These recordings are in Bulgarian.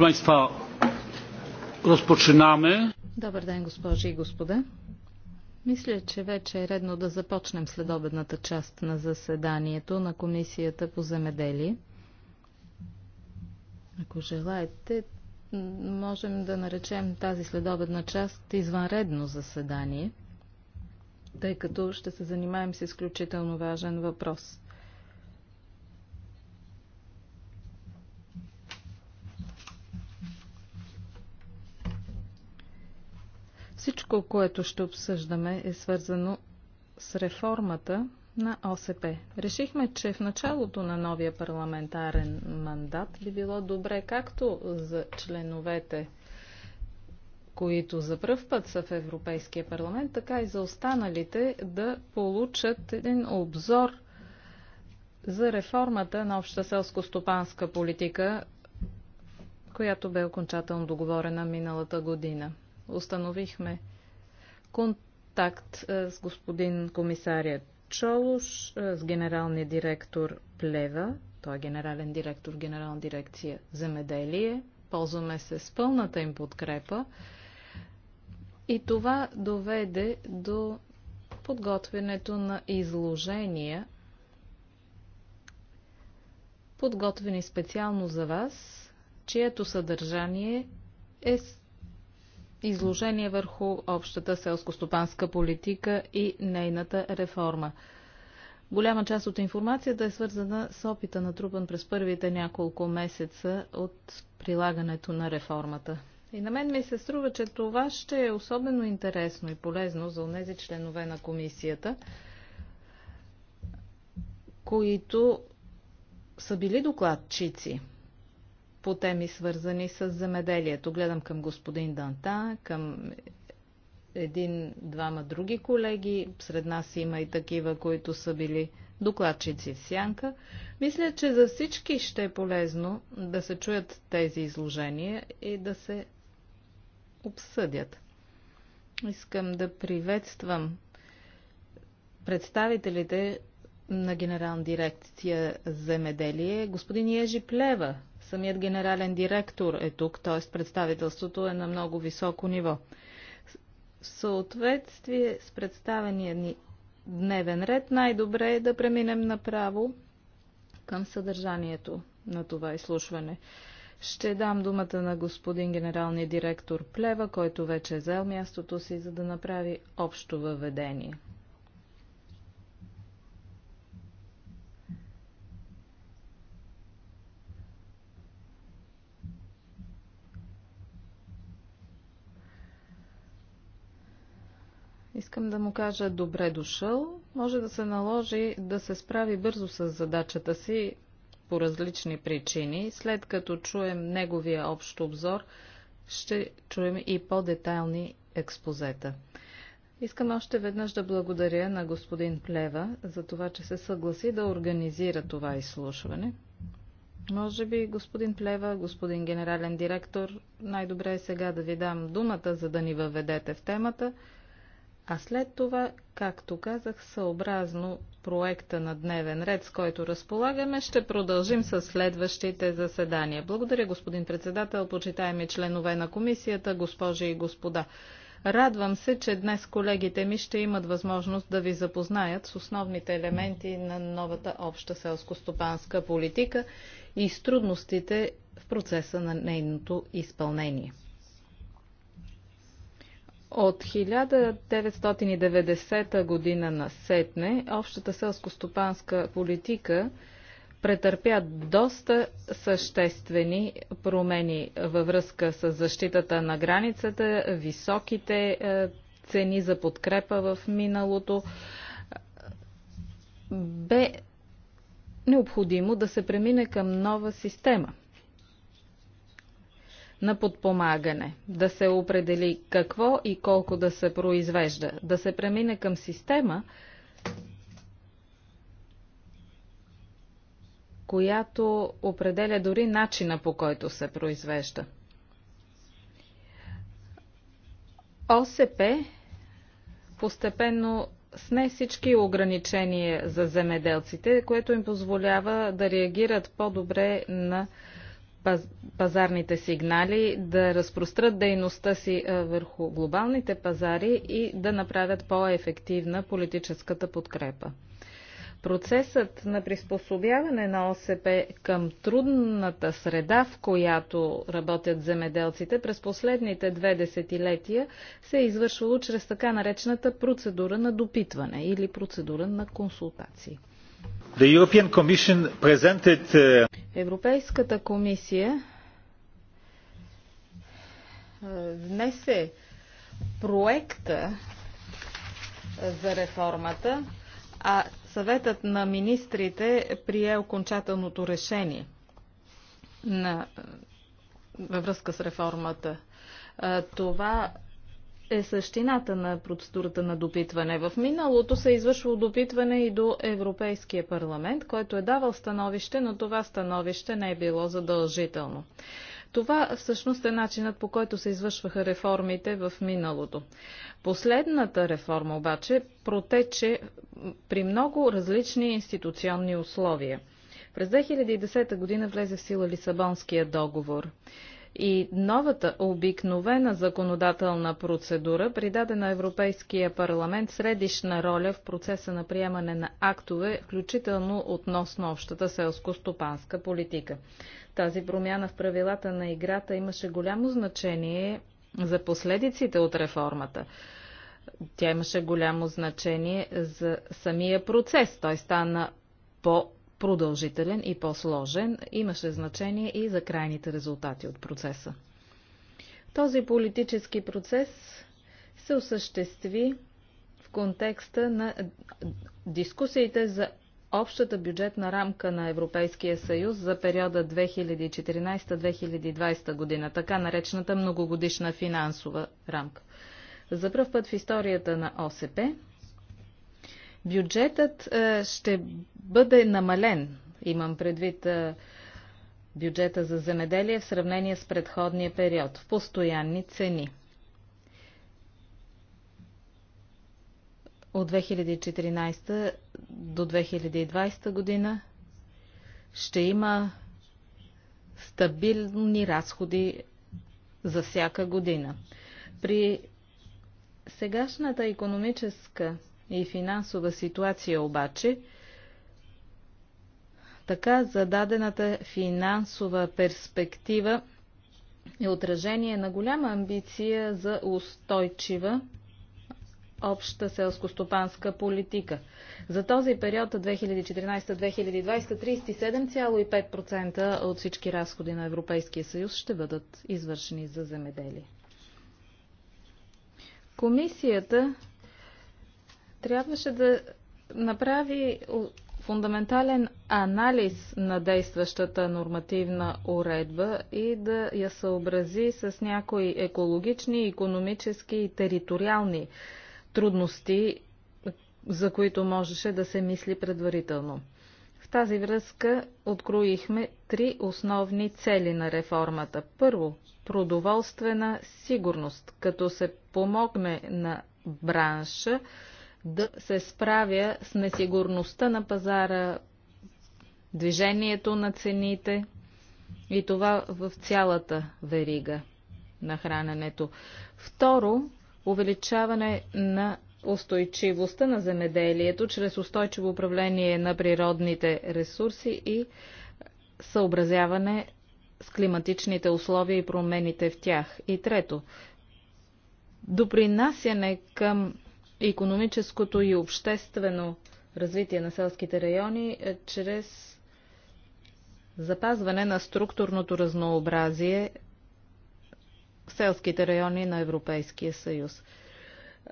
Państwa, rozpoczynamy. Добър ден, госпожи и господа. Мисля, че вече е редно да започнем следобедната част на заседанието на Комисията по земеделие. Ако желаете, можем да наречем тази следобедна част извънредно заседание, тъй като ще се занимаем с изключително важен въпрос. Всичко, което ще обсъждаме, е свързано с реформата на ОСП. Решихме, че в началото на новия парламентарен мандат би било добре както за членовете, които за пръв път са в Европейския парламент, така и за останалите да получат един обзор за реформата на обща селско-стопанска политика, която бе окончателно договорена миналата година. Установихме, контакт е, с господин комисаря Чолуш, е, с генералния директор Плева, той е генерален директор в генерална дирекция Земеделие. Ползваме се с пълната им подкрепа. И това доведе до подготвянето на изложения, подготвени специално за вас, чието съдържание е изложение върху общата селско-стопанска политика и нейната реформа. Голяма част от информацията е свързана с опита на трупан през първите няколко месеца от прилагането на реформата. И на мен ми се струва, че това ще е особено интересно и полезно за тези членове на комисията, които са били докладчици по теми свързани с земеделието. Гледам към господин Данта, към един-двама други колеги. Сред нас има и такива, които са били докладчици в сянка. Мисля, че за всички ще е полезно да се чуят тези изложения и да се обсъдят. Искам да приветствам представителите на генерална дирекция земеделие, господин Ежи Плева, Самият генерален директор е тук, т.е. представителството е на много високо ниво. В съответствие с представения ни дневен ред, най-добре е да преминем направо към съдържанието на това изслушване. Ще дам думата на господин генералния директор Плева, който вече е взел мястото си, за да направи общо въведение. Искам да му кажа добре дошъл. Може да се наложи да се справи бързо с задачата си по различни причини. След като чуем неговия общ обзор, ще чуем и по-детайлни експозета. Искам още веднъж да благодаря на господин Плева за това, че се съгласи да организира това изслушване. Може би, господин Плева, господин генерален директор, най-добре е сега да ви дам думата, за да ни въведете в темата а след това, както казах, съобразно проекта на дневен ред, с който разполагаме, ще продължим с следващите заседания. Благодаря, господин председател, почитаеми членове на комисията, госпожи и господа. Радвам се, че днес колегите ми ще имат възможност да ви запознаят с основните елементи на новата обща селско-стопанска политика и с трудностите в процеса на нейното изпълнение. От 1990 година на Сетне, общата селско-стопанска политика претърпя доста съществени промени във връзка с защитата на границата, високите е, цени за подкрепа в миналото. Бе необходимо да се премине към нова система на подпомагане, да се определи какво и колко да се произвежда, да се премине към система, която определя дори начина по който се произвежда. ОСП постепенно сне всички ограничения за земеделците, което им позволява да реагират по-добре на пазарните сигнали, да разпрострат дейността си върху глобалните пазари и да направят по-ефективна политическата подкрепа. Процесът на приспособяване на ОСП към трудната среда, в която работят земеделците през последните две десетилетия, се е извършвало чрез така наречената процедура на допитване или процедура на консултации. Uh, Европейската комисия внесе проекта за реформата, а съветът на министрите прие окончателното решение на, във връзка с реформата. Това е същината на процедурата на допитване. В миналото се е извършвало допитване и до Европейския парламент, който е давал становище, но това становище не е било задължително. Това всъщност е начинът по който се извършваха реформите в миналото. Последната реформа обаче протече при много различни институционни условия. През 2010 година влезе в сила Лисабонския договор и новата обикновена законодателна процедура придаде на Европейския парламент средишна роля в процеса на приемане на актове, включително относно общата селско-стопанска политика. Тази промяна в правилата на играта имаше голямо значение за последиците от реформата. Тя имаше голямо значение за самия процес. Той стана по продължителен и по-сложен, имаше значение и за крайните резултати от процеса. Този политически процес се осъществи в контекста на дискусиите за общата бюджетна рамка на Европейския съюз за периода 2014-2020 година, така наречената многогодишна финансова рамка. За пръв път в историята на ОСП Бюджетът е, ще бъде намален, имам предвид е, бюджета за земеделие в сравнение с предходния период, в постоянни цени. От 2014 до 2020 година ще има стабилни разходи за всяка година. При сегашната економическа и финансова ситуация обаче, така зададената финансова перспектива е отражение на голяма амбиция за устойчива обща селскостопанска политика. За този период 2014-2020 37,5% от всички разходи на Европейския съюз ще бъдат извършени за земеделие. Комисията трябваше да направи фундаментален анализ на действащата нормативна уредба и да я съобрази с някои екологични, економически и териториални трудности, за които можеше да се мисли предварително. В тази връзка откроихме три основни цели на реформата. Първо, продоволствена сигурност, като се помогне на бранша да се справя с несигурността на пазара, движението на цените и това в цялата верига на храненето. Второ, увеличаване на устойчивостта на земеделието чрез устойчиво управление на природните ресурси и съобразяване с климатичните условия и промените в тях. И трето, допринасяне към економическото и обществено развитие на селските райони е чрез запазване на структурното разнообразие в селските райони на Европейския съюз.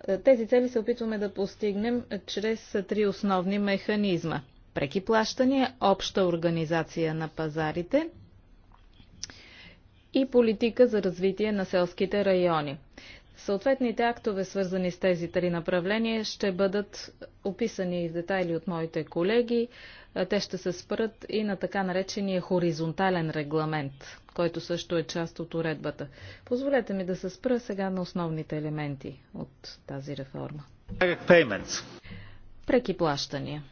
Е, тези цели се опитваме да постигнем чрез три основни механизма. Преки плащания, обща организация на пазарите и политика за развитие на селските райони. Съответните актове, свързани с тези три направления, ще бъдат описани в детайли от моите колеги. Те ще се спрат и на така наречения хоризонтален регламент, който също е част от уредбата. Позволете ми да се спра сега на основните елементи от тази реформа. Преки плащания.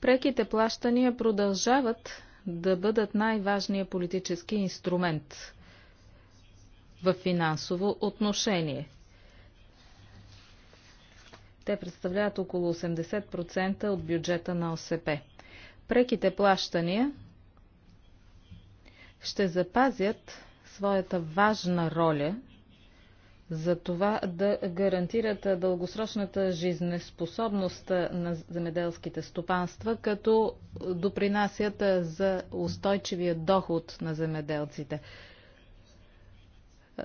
Преките плащания продължават да бъдат най-важният политически инструмент в финансово отношение. Те представляват около 80% от бюджета на ОСП. Преките плащания ще запазят своята важна роля за това да гарантират дългосрочната жизнеспособност на земеделските стопанства, като допринасят за устойчивия доход на земеделците.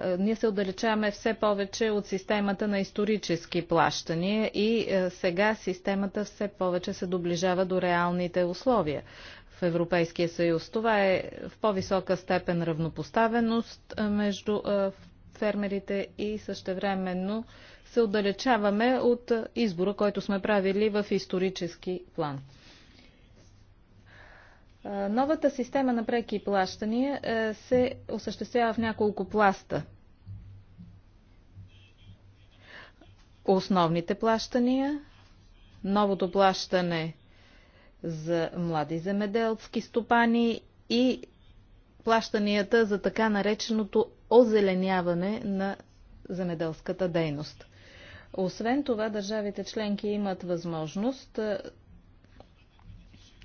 Е, ние се отдалечаваме все повече от системата на исторически плащания и е, сега системата все повече се доближава до реалните условия в Европейския съюз. Това е в по-висока степен равнопоставеност е, между фермерите и същевременно се отдалечаваме от избора, който сме правили в исторически план. Новата система на преки плащания се осъществява в няколко пласта. Основните плащания, новото плащане за млади земеделски стопани и плащанията за така нареченото озеленяване на земеделската дейност. Освен това, държавите членки имат възможност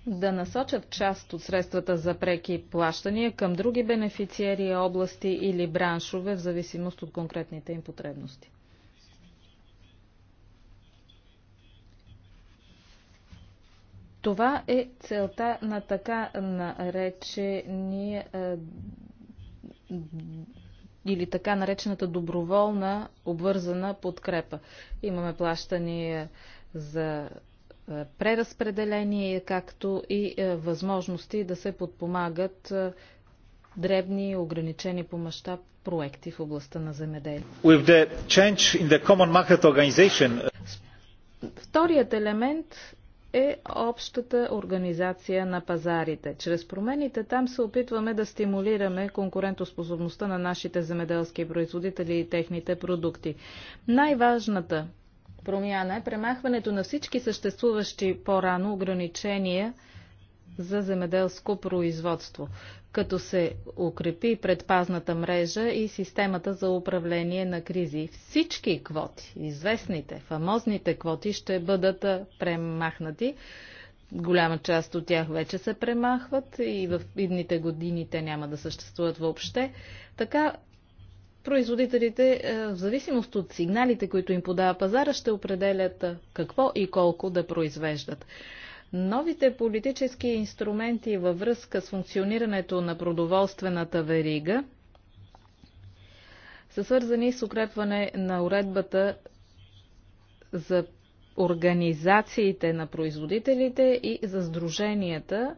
да насочат част от средствата за преки плащания към други бенефициери, области или браншове в зависимост от конкретните им потребности. Това е целта на така наречения е, или така наречената доброволна обвързана подкрепа. Имаме плащания за е, преразпределение, както и е, възможности да се подпомагат е, дребни и ограничени по мащаб проекти в областта на земеделие. Вторият елемент е общата организация на пазарите. Чрез промените там се опитваме да стимулираме конкурентоспособността на нашите земеделски производители и техните продукти. Най-важната промяна е премахването на всички съществуващи по-рано ограничения за земеделско производство, като се укрепи предпазната мрежа и системата за управление на кризи. Всички квоти, известните, фамозните квоти, ще бъдат премахнати. Голяма част от тях вече се премахват и в идните години те няма да съществуват въобще. Така производителите, е, в зависимост от сигналите, които им подава пазара, ще определят е, какво и колко да произвеждат. Новите политически инструменти във връзка с функционирането на продоволствената верига са свързани с укрепване на уредбата за организациите на производителите и за сдруженията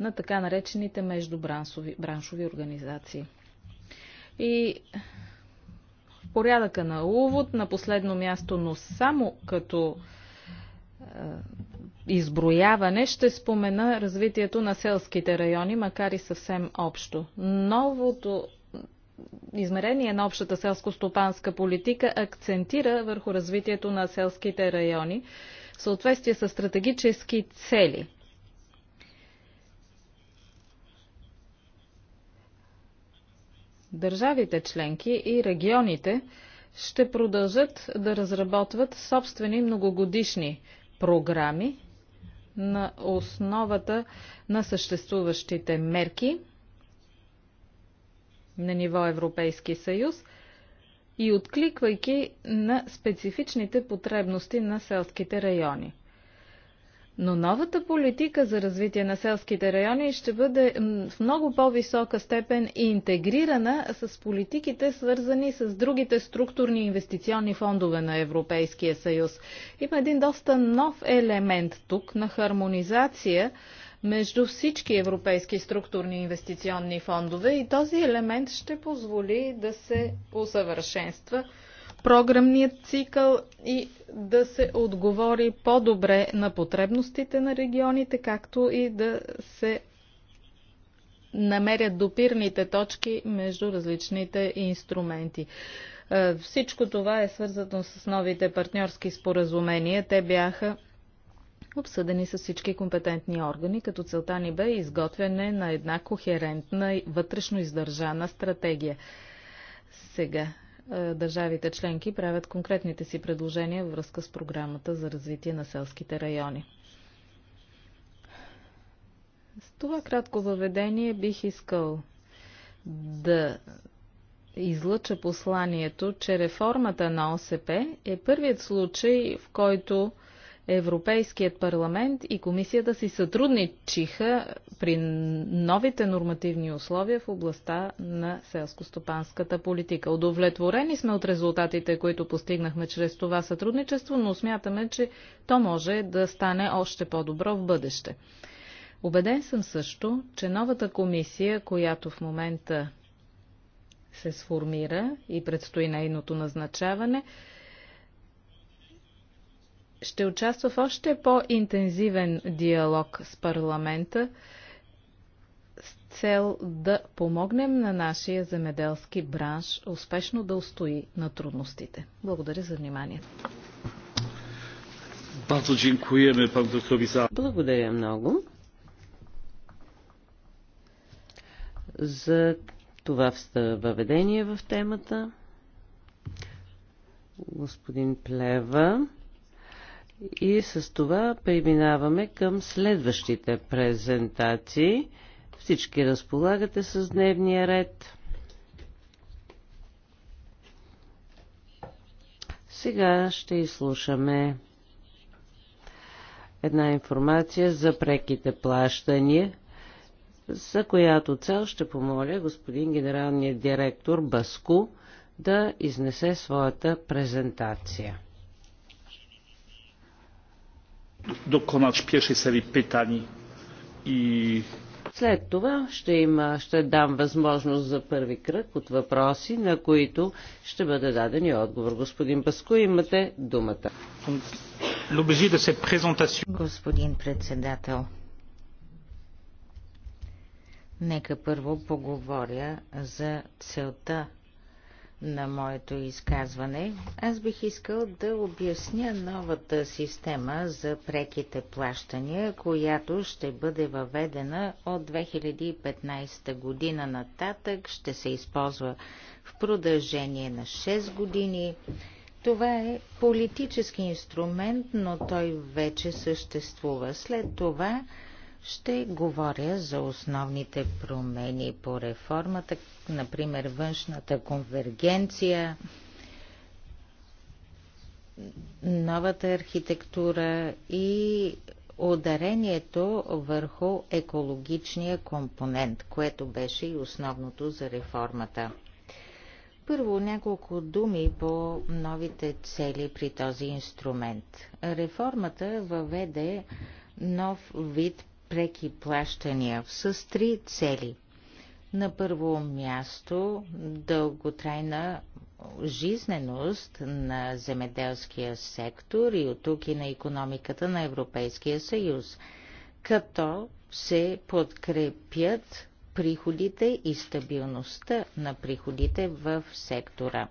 на така наречените междубраншови организации. И порядъка на увод, на последно място, но само като е, изброяване ще спомена развитието на селските райони, макар и съвсем общо. Новото измерение на общата селско-стопанска политика акцентира върху развитието на селските райони в съответствие с стратегически цели – Държавите членки и регионите ще продължат да разработват собствени многогодишни програми на основата на съществуващите мерки на ниво Европейски съюз и откликвайки на специфичните потребности на селските райони. Но новата политика за развитие на селските райони ще бъде в много по-висока степен и интегрирана с политиките, свързани с другите структурни инвестиционни фондове на Европейския съюз. Има един доста нов елемент тук на хармонизация между всички европейски структурни инвестиционни фондове и този елемент ще позволи да се усъвършенства програмният цикъл и да се отговори по-добре на потребностите на регионите, както и да се намерят допирните точки между различните инструменти. Е, всичко това е свързано с новите партньорски споразумения. Те бяха обсъдени с всички компетентни органи, като целта ни бе изготвяне на една кохерентна и вътрешно издържана стратегия. Сега е, държавите членки правят конкретните си предложения във връзка с програмата за развитие на селските райони. С това кратко въведение бих искал да излъча посланието, че реформата на ОСП е първият случай, в който Европейският парламент и комисията си сътрудничиха при новите нормативни условия в областта на селско-стопанската политика. Удовлетворени сме от резултатите, които постигнахме чрез това сътрудничество, но смятаме, че то може да стане още по-добро в бъдеще. Обеден съм също, че новата комисия, която в момента се сформира и предстои нейното назначаване, ще участва в още по-интензивен диалог с парламента с цел да помогнем на нашия земеделски бранш успешно да устои на трудностите. Благодаря за вниманието. Благодаря много за това въведение в темата. Господин Плева. И с това преминаваме към следващите презентации. Всички разполагате с дневния ред. Сега ще изслушаме една информация за преките плащания, за която цел ще помоля господин генералният директор Баску да изнесе своята презентация dokonać pierwszej serii pytań i след това ще, има, ще дам възможност за първи кръг от въпроси, на които ще бъде даден и отговор. Господин Паско, имате думата. Господин председател, нека първо поговоря за целта на моето изказване. Аз бих искал да обясня новата система за преките плащания, която ще бъде въведена от 2015 година нататък, ще се използва в продължение на 6 години. Това е политически инструмент, но той вече съществува. След това ще говоря за основните промени по реформата, например външната конвергенция, новата архитектура и ударението върху екологичния компонент, което беше и основното за реформата. Първо няколко думи по новите цели при този инструмент. Реформата въведе нов вид преки плащания с три цели. На първо място дълготрайна жизненост на земеделския сектор и от тук и на економиката на Европейския съюз, като се подкрепят приходите и стабилността на приходите в сектора.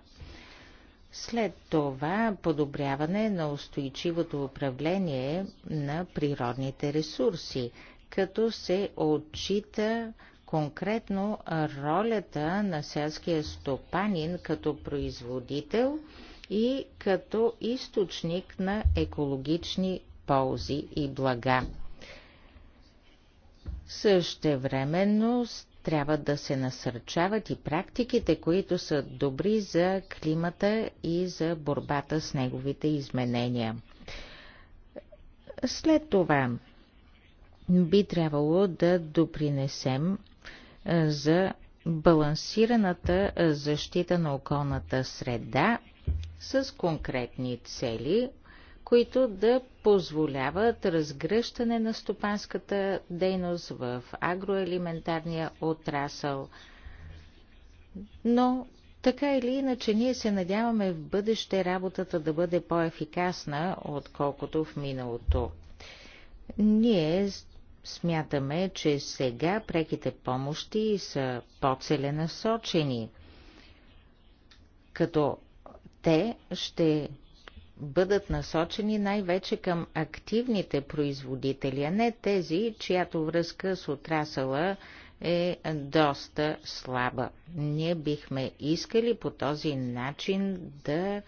След това подобряване на устойчивото управление на природните ресурси – като се отчита конкретно ролята на селския стопанин като производител и като източник на екологични ползи и блага. Същевременно трябва да се насърчават и практиките, които са добри за климата и за борбата с неговите изменения. След това би трябвало да допринесем е, за балансираната защита на околната среда с конкретни цели, които да позволяват разгръщане на стопанската дейност в агроелементарния отрасъл. Но така или иначе ние се надяваме в бъдеще работата да бъде по-ефикасна, отколкото в миналото. Ние Смятаме, че сега преките помощи са по-целенасочени, като те ще бъдат насочени най-вече към активните производители, а не тези, чиято връзка с отрасъла е доста слаба. Ние бихме искали по този начин да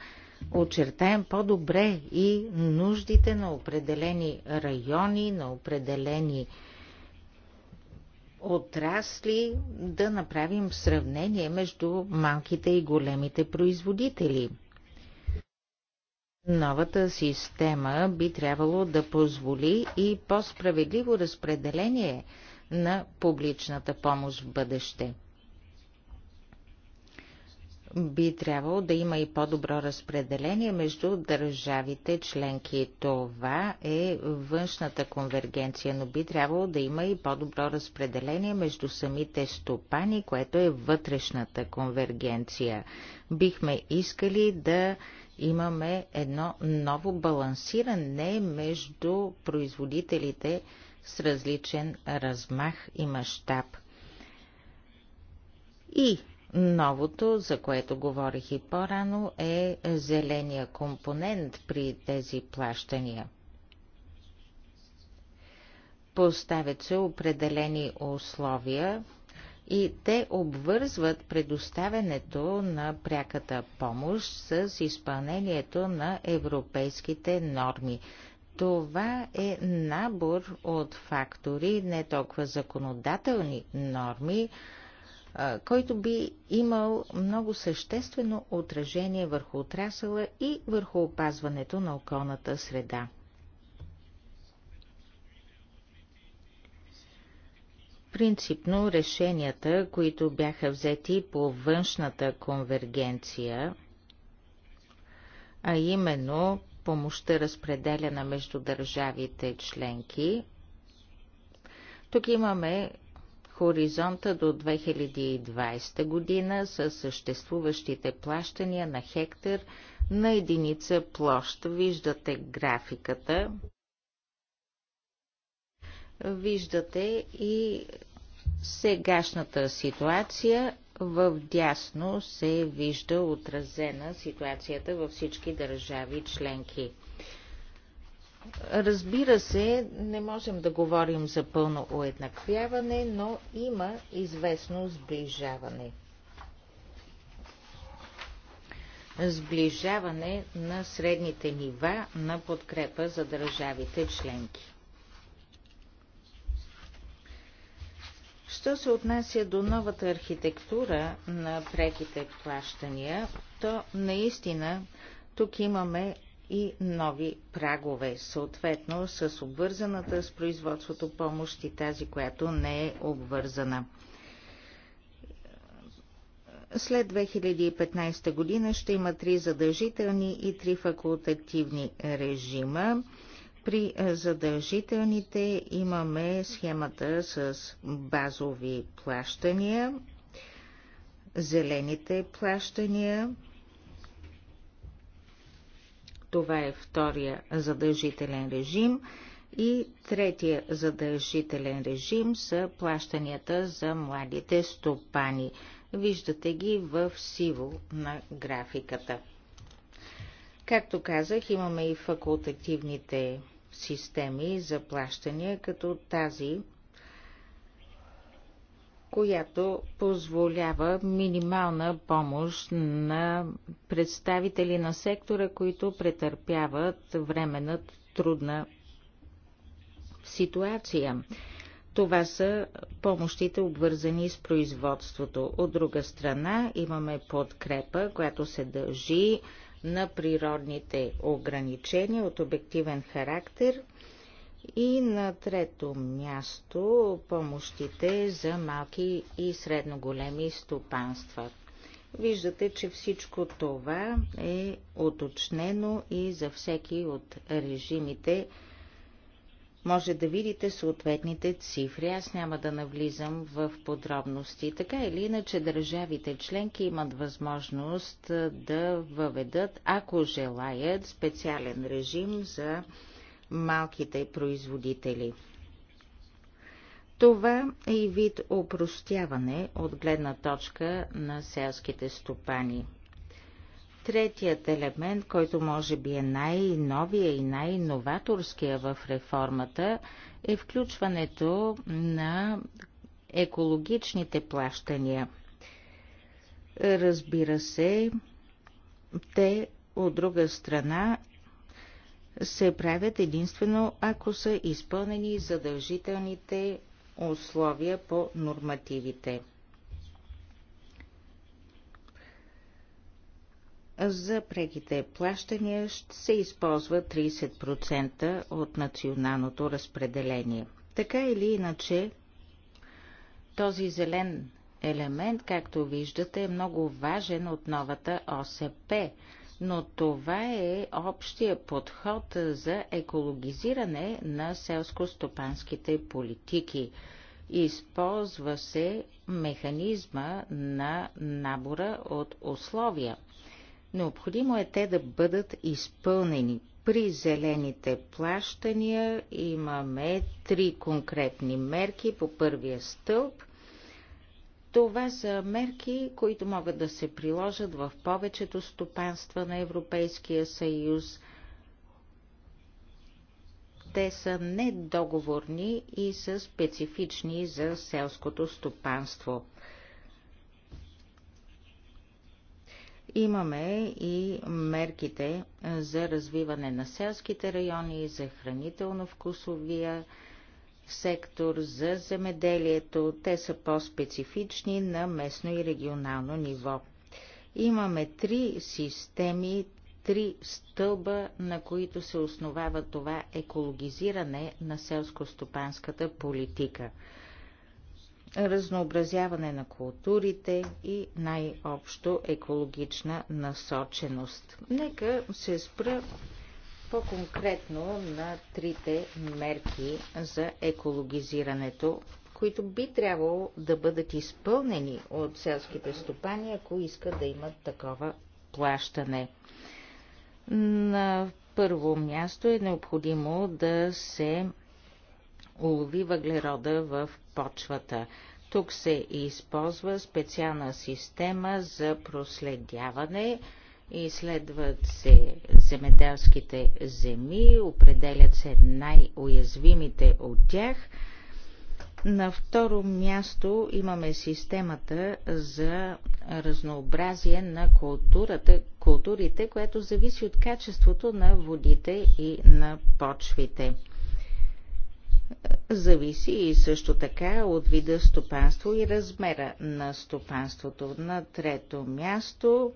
очертаем по-добре и нуждите на определени райони, на определени отрасли, да направим сравнение между малките и големите производители. Новата система би трябвало да позволи и по-справедливо разпределение на публичната помощ в бъдеще – би трябвало да има и по-добро разпределение между държавите членки. Това е външната конвергенция, но би трябвало да има и по-добро разпределение между самите стопани, което е вътрешната конвергенция. Бихме искали да имаме едно ново балансиране между производителите с различен размах и мащаб. И Новото, за което говорих и по-рано, е зеления компонент при тези плащания. Поставят се определени условия и те обвързват предоставянето на пряката помощ с изпълнението на европейските норми. Това е набор от фактори, не толкова законодателни норми, който би имал много съществено отражение върху отрасъла и върху опазването на околната среда. Принципно решенията, които бяха взети по външната конвергенция, а именно помощта разпределена между държавите членки, тук имаме хоризонта до 2020 година с съществуващите плащания на хектар на единица площ. Виждате графиката. Виждате и сегашната ситуация. В дясно се вижда отразена ситуацията във всички държави членки. Разбира се, не можем да говорим за пълно уеднаквяване, но има известно сближаване. Сближаване на средните нива на подкрепа за държавите членки. Що се отнася до новата архитектура на преките плащания, то наистина тук имаме и нови прагове, съответно с обвързаната с производството помощ и тази, която не е обвързана. След 2015 година ще има три задължителни и три факултативни режима. При задължителните имаме схемата с базови плащания, зелените плащания, това е втория задължителен режим. И третия задължителен режим са плащанията за младите стопани. Виждате ги в сиво на графиката. Както казах, имаме и факултативните системи за плащания, като тази която позволява минимална помощ на представители на сектора, които претърпяват времена трудна ситуация. Това са помощите обвързани с производството. От друга страна имаме подкрепа, която се дължи на природните ограничения от обективен характер и на трето място помощите за малки и средно големи стопанства. Виждате, че всичко това е оточнено и за всеки от режимите може да видите съответните цифри. Аз няма да навлизам в подробности. Така или иначе държавите членки имат възможност да въведат, ако желаят, специален режим за малките производители. Това е и вид опростяване от гледна точка на селските стопани. Третият елемент, който може би е най-новия и най-новаторския в реформата, е включването на екологичните плащания. Разбира се, те от друга страна се правят единствено ако са изпълнени задължителните условия по нормативите. За преките плащания ще се използва 30% от националното разпределение. Така или иначе, този зелен елемент, както виждате, е много важен от новата ОСП но това е общия подход за екологизиране на селско-стопанските политики. Използва се механизма на набора от условия. Необходимо е те да бъдат изпълнени. При зелените плащания имаме три конкретни мерки по първия стълб – това са мерки, които могат да се приложат в повечето стопанства на Европейския съюз. Те са недоговорни и са специфични за селското стопанство. Имаме и мерките за развиване на селските райони, за хранително-вкусовия сектор, за земеделието. Те са по-специфични на местно и регионално ниво. Имаме три системи, три стълба, на които се основава това екологизиране на селско-стопанската политика. Разнообразяване на културите и най-общо екологична насоченост. Нека се спра по-конкретно на трите мерки за екологизирането, които би трябвало да бъдат изпълнени от селските стопани, ако искат да имат такова плащане. На първо място е необходимо да се улови въглерода в почвата. Тук се използва специална система за проследяване, изследват се земеделските земи, определят се най-уязвимите от тях. На второ място имаме системата за разнообразие на културата, културите, което зависи от качеството на водите и на почвите. Зависи и също така от вида стопанство и размера на стопанството. На трето място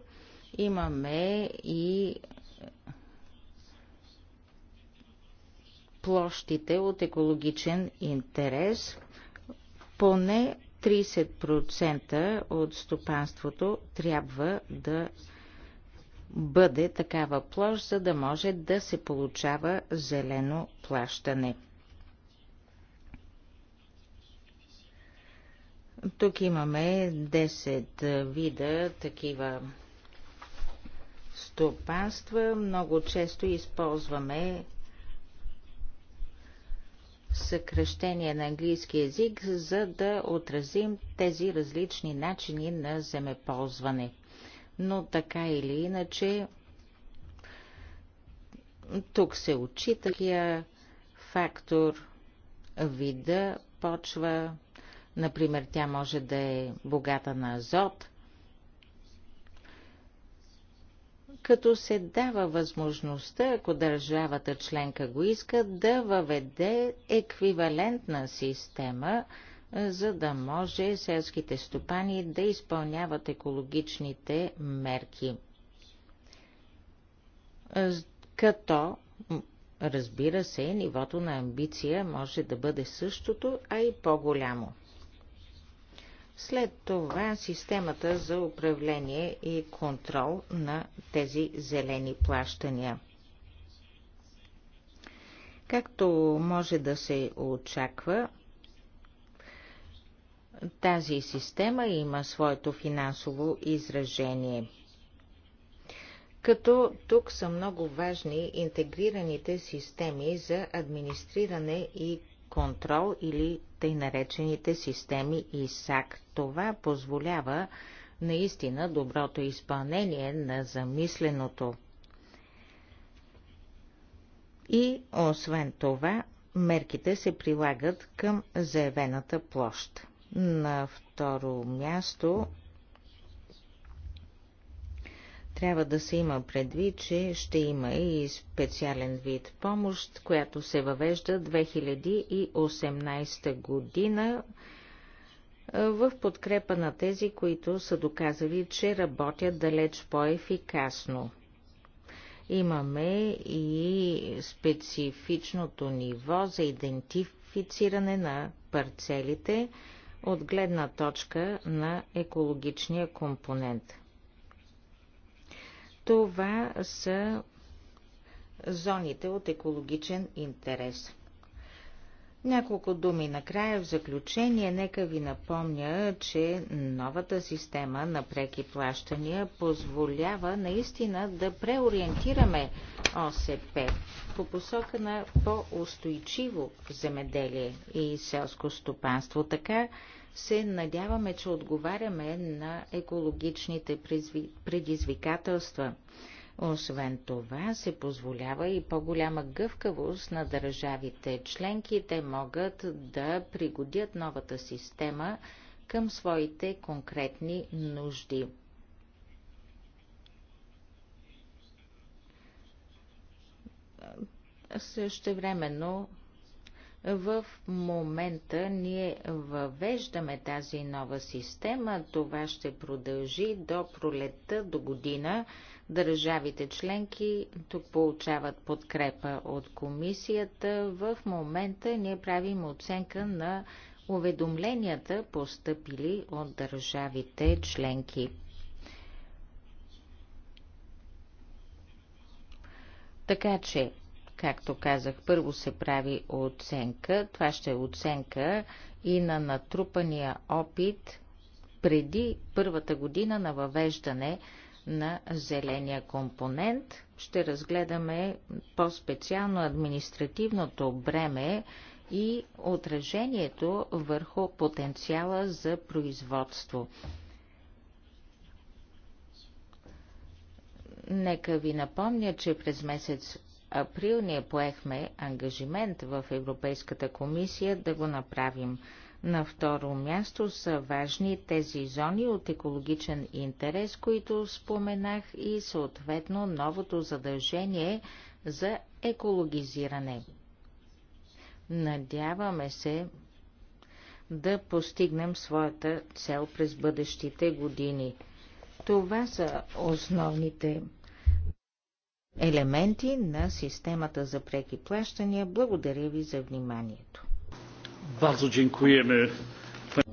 Имаме и площите от екологичен интерес. Поне 30% от стопанството трябва да бъде такава площ, за да може да се получава зелено плащане. Тук имаме 10 вида такива стопанства. Много често използваме съкръщение на английски язик, за да отразим тези различни начини на земеползване. Но така или иначе, тук се учи, такия фактор, вида, почва. Например, тя може да е богата на азот – като се дава възможността, ако държавата членка го иска, да въведе еквивалентна система, за да може селските стопани да изпълняват екологичните мерки. Като, разбира се, нивото на амбиция може да бъде същото, а и по-голямо. След това системата за управление и контрол на тези зелени плащания. Както може да се очаква, тази система има своето финансово изражение. Като тук са много важни интегрираните системи за администриране и контрол или тъй наречените системи ИСАК. Това позволява наистина доброто изпълнение на замисленото. И освен това, мерките се прилагат към заявената площ. На второ място трябва да се има предвид, че ще има и специален вид помощ, която се въвежда 2018 година в подкрепа на тези, които са доказали, че работят далеч по-ефикасно. Имаме и специфичното ниво за идентифициране на парцелите от гледна точка на екологичния компонент – това са зоните от екологичен интерес. Няколко думи накрая в заключение. Нека ви напомня, че новата система на преки плащания позволява наистина да преориентираме ОСП по посока на по-устойчиво земеделие и селско стопанство. Така се надяваме, че отговаряме на екологичните предизвикателства. Освен това, се позволява и по-голяма гъвкавост на държавите членки. Те могат да пригодят новата система към своите конкретни нужди. Същевременно в момента ние въвеждаме тази нова система. Това ще продължи до пролетта, до година. Държавите членки тук получават подкрепа от комисията. В момента ние правим оценка на уведомленията, постъпили от държавите членки. Така че Както казах, първо се прави оценка. Това ще е оценка и на натрупания опит преди първата година на въвеждане на зеления компонент. Ще разгледаме по-специално административното бреме и отражението върху потенциала за производство. Нека ви напомня, че през месец април ние поехме ангажимент в Европейската комисия да го направим. На второ място са важни тези зони от екологичен интерес, които споменах и съответно новото задължение за екологизиране. Надяваме се да постигнем своята цел през бъдещите години. Това са основните елементи на системата за преки плащания. Благодаря ви за вниманието.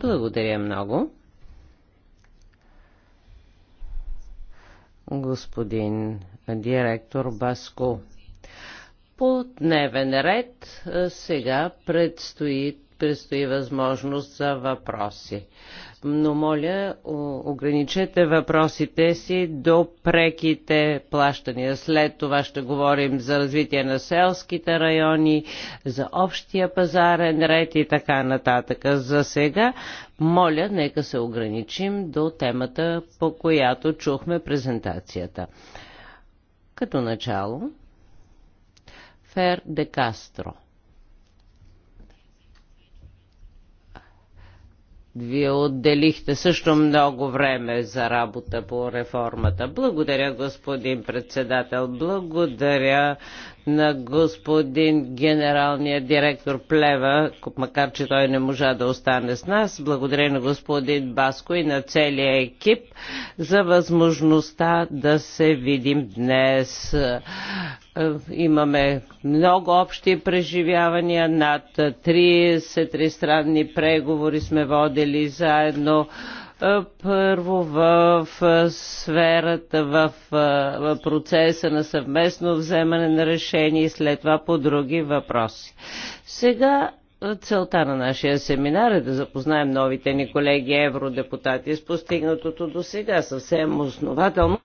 Благодаря много. Господин директор Баско, по дневен ред сега предстои, предстои възможност за въпроси но моля, ограничете въпросите си до преките плащания. След това ще говорим за развитие на селските райони, за общия пазарен ред и така нататък. За сега, моля, нека се ограничим до темата, по която чухме презентацията. Като начало, Фер де Кастро. Вие отделихте също много време за работа по реформата. Благодаря, господин председател. Благодаря на господин генералния директор Плева, макар че той не можа да остане с нас. Благодаря на господин Баско и на целия екип за възможността да се видим днес. Е, имаме много общи преживявания, над 30 странни преговори сме водили заедно първо в сферата, в процеса на съвместно вземане на решение и след това по други въпроси. Сега целта на нашия семинар е да запознаем новите ни колеги евродепутати с постигнатото до сега съвсем основателно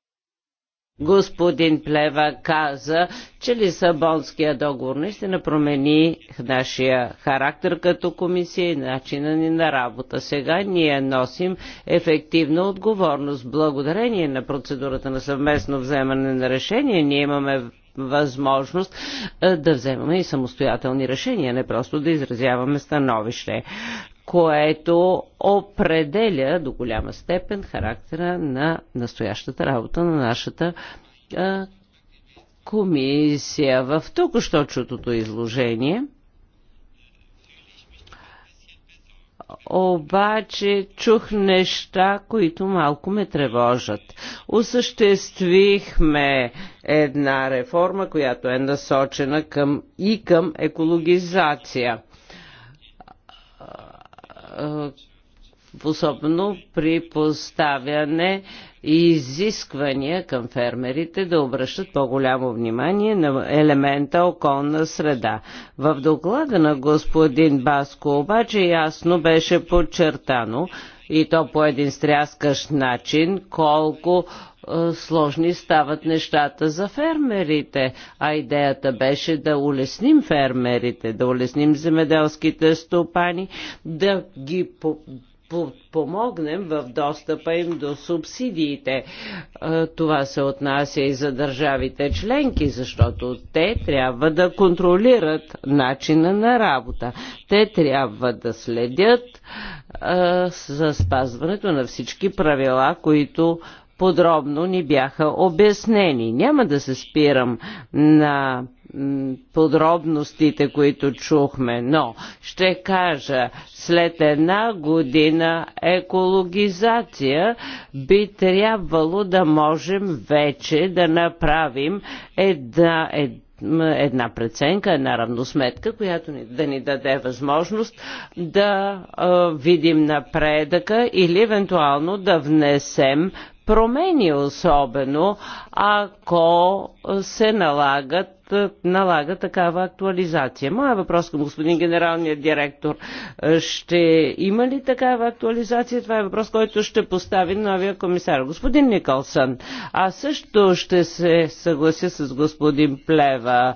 Господин Плева каза, че Лисабонския договор наистина промени нашия характер като комисия и начина ни на работа. Сега ние носим ефективна отговорност. Благодарение на процедурата на съвместно вземане на решение ние имаме възможност е, да вземаме и самостоятелни решения, не просто да изразяваме становище което определя до голяма степен характера на настоящата работа на нашата а, комисия. В току-що чутото изложение обаче чух неща, които малко ме тревожат. Осъществихме една реформа, която е насочена към и към екологизация. Е, особено при поставяне и изисквания към фермерите да обръщат по-голямо внимание на елемента околна среда. В доклада на господин Баско обаче ясно беше подчертано, и то по един стряскащ начин, колко е, сложни стават нещата за фермерите, а идеята беше да улесним фермерите, да улесним земеделските стопани, да ги помогнем в достъпа им до субсидиите. Това се отнася и за държавите членки, защото те трябва да контролират начина на работа. Те трябва да следят за спазването на всички правила, които подробно ни бяха обяснени. Няма да се спирам на подробностите, които чухме, но ще кажа, след една година екологизация би трябвало да можем вече да направим една, една преценка, една равносметка, която ни, да ни даде възможност да а, видим напредъка или евентуално да внесем промени, особено ако се налагат налага такава актуализация. Моя въпрос към господин генералния директор. Ще има ли такава актуализация? Това е въпрос, който ще постави новия комисар. Господин Николсън, аз също ще се съглася с господин Плева.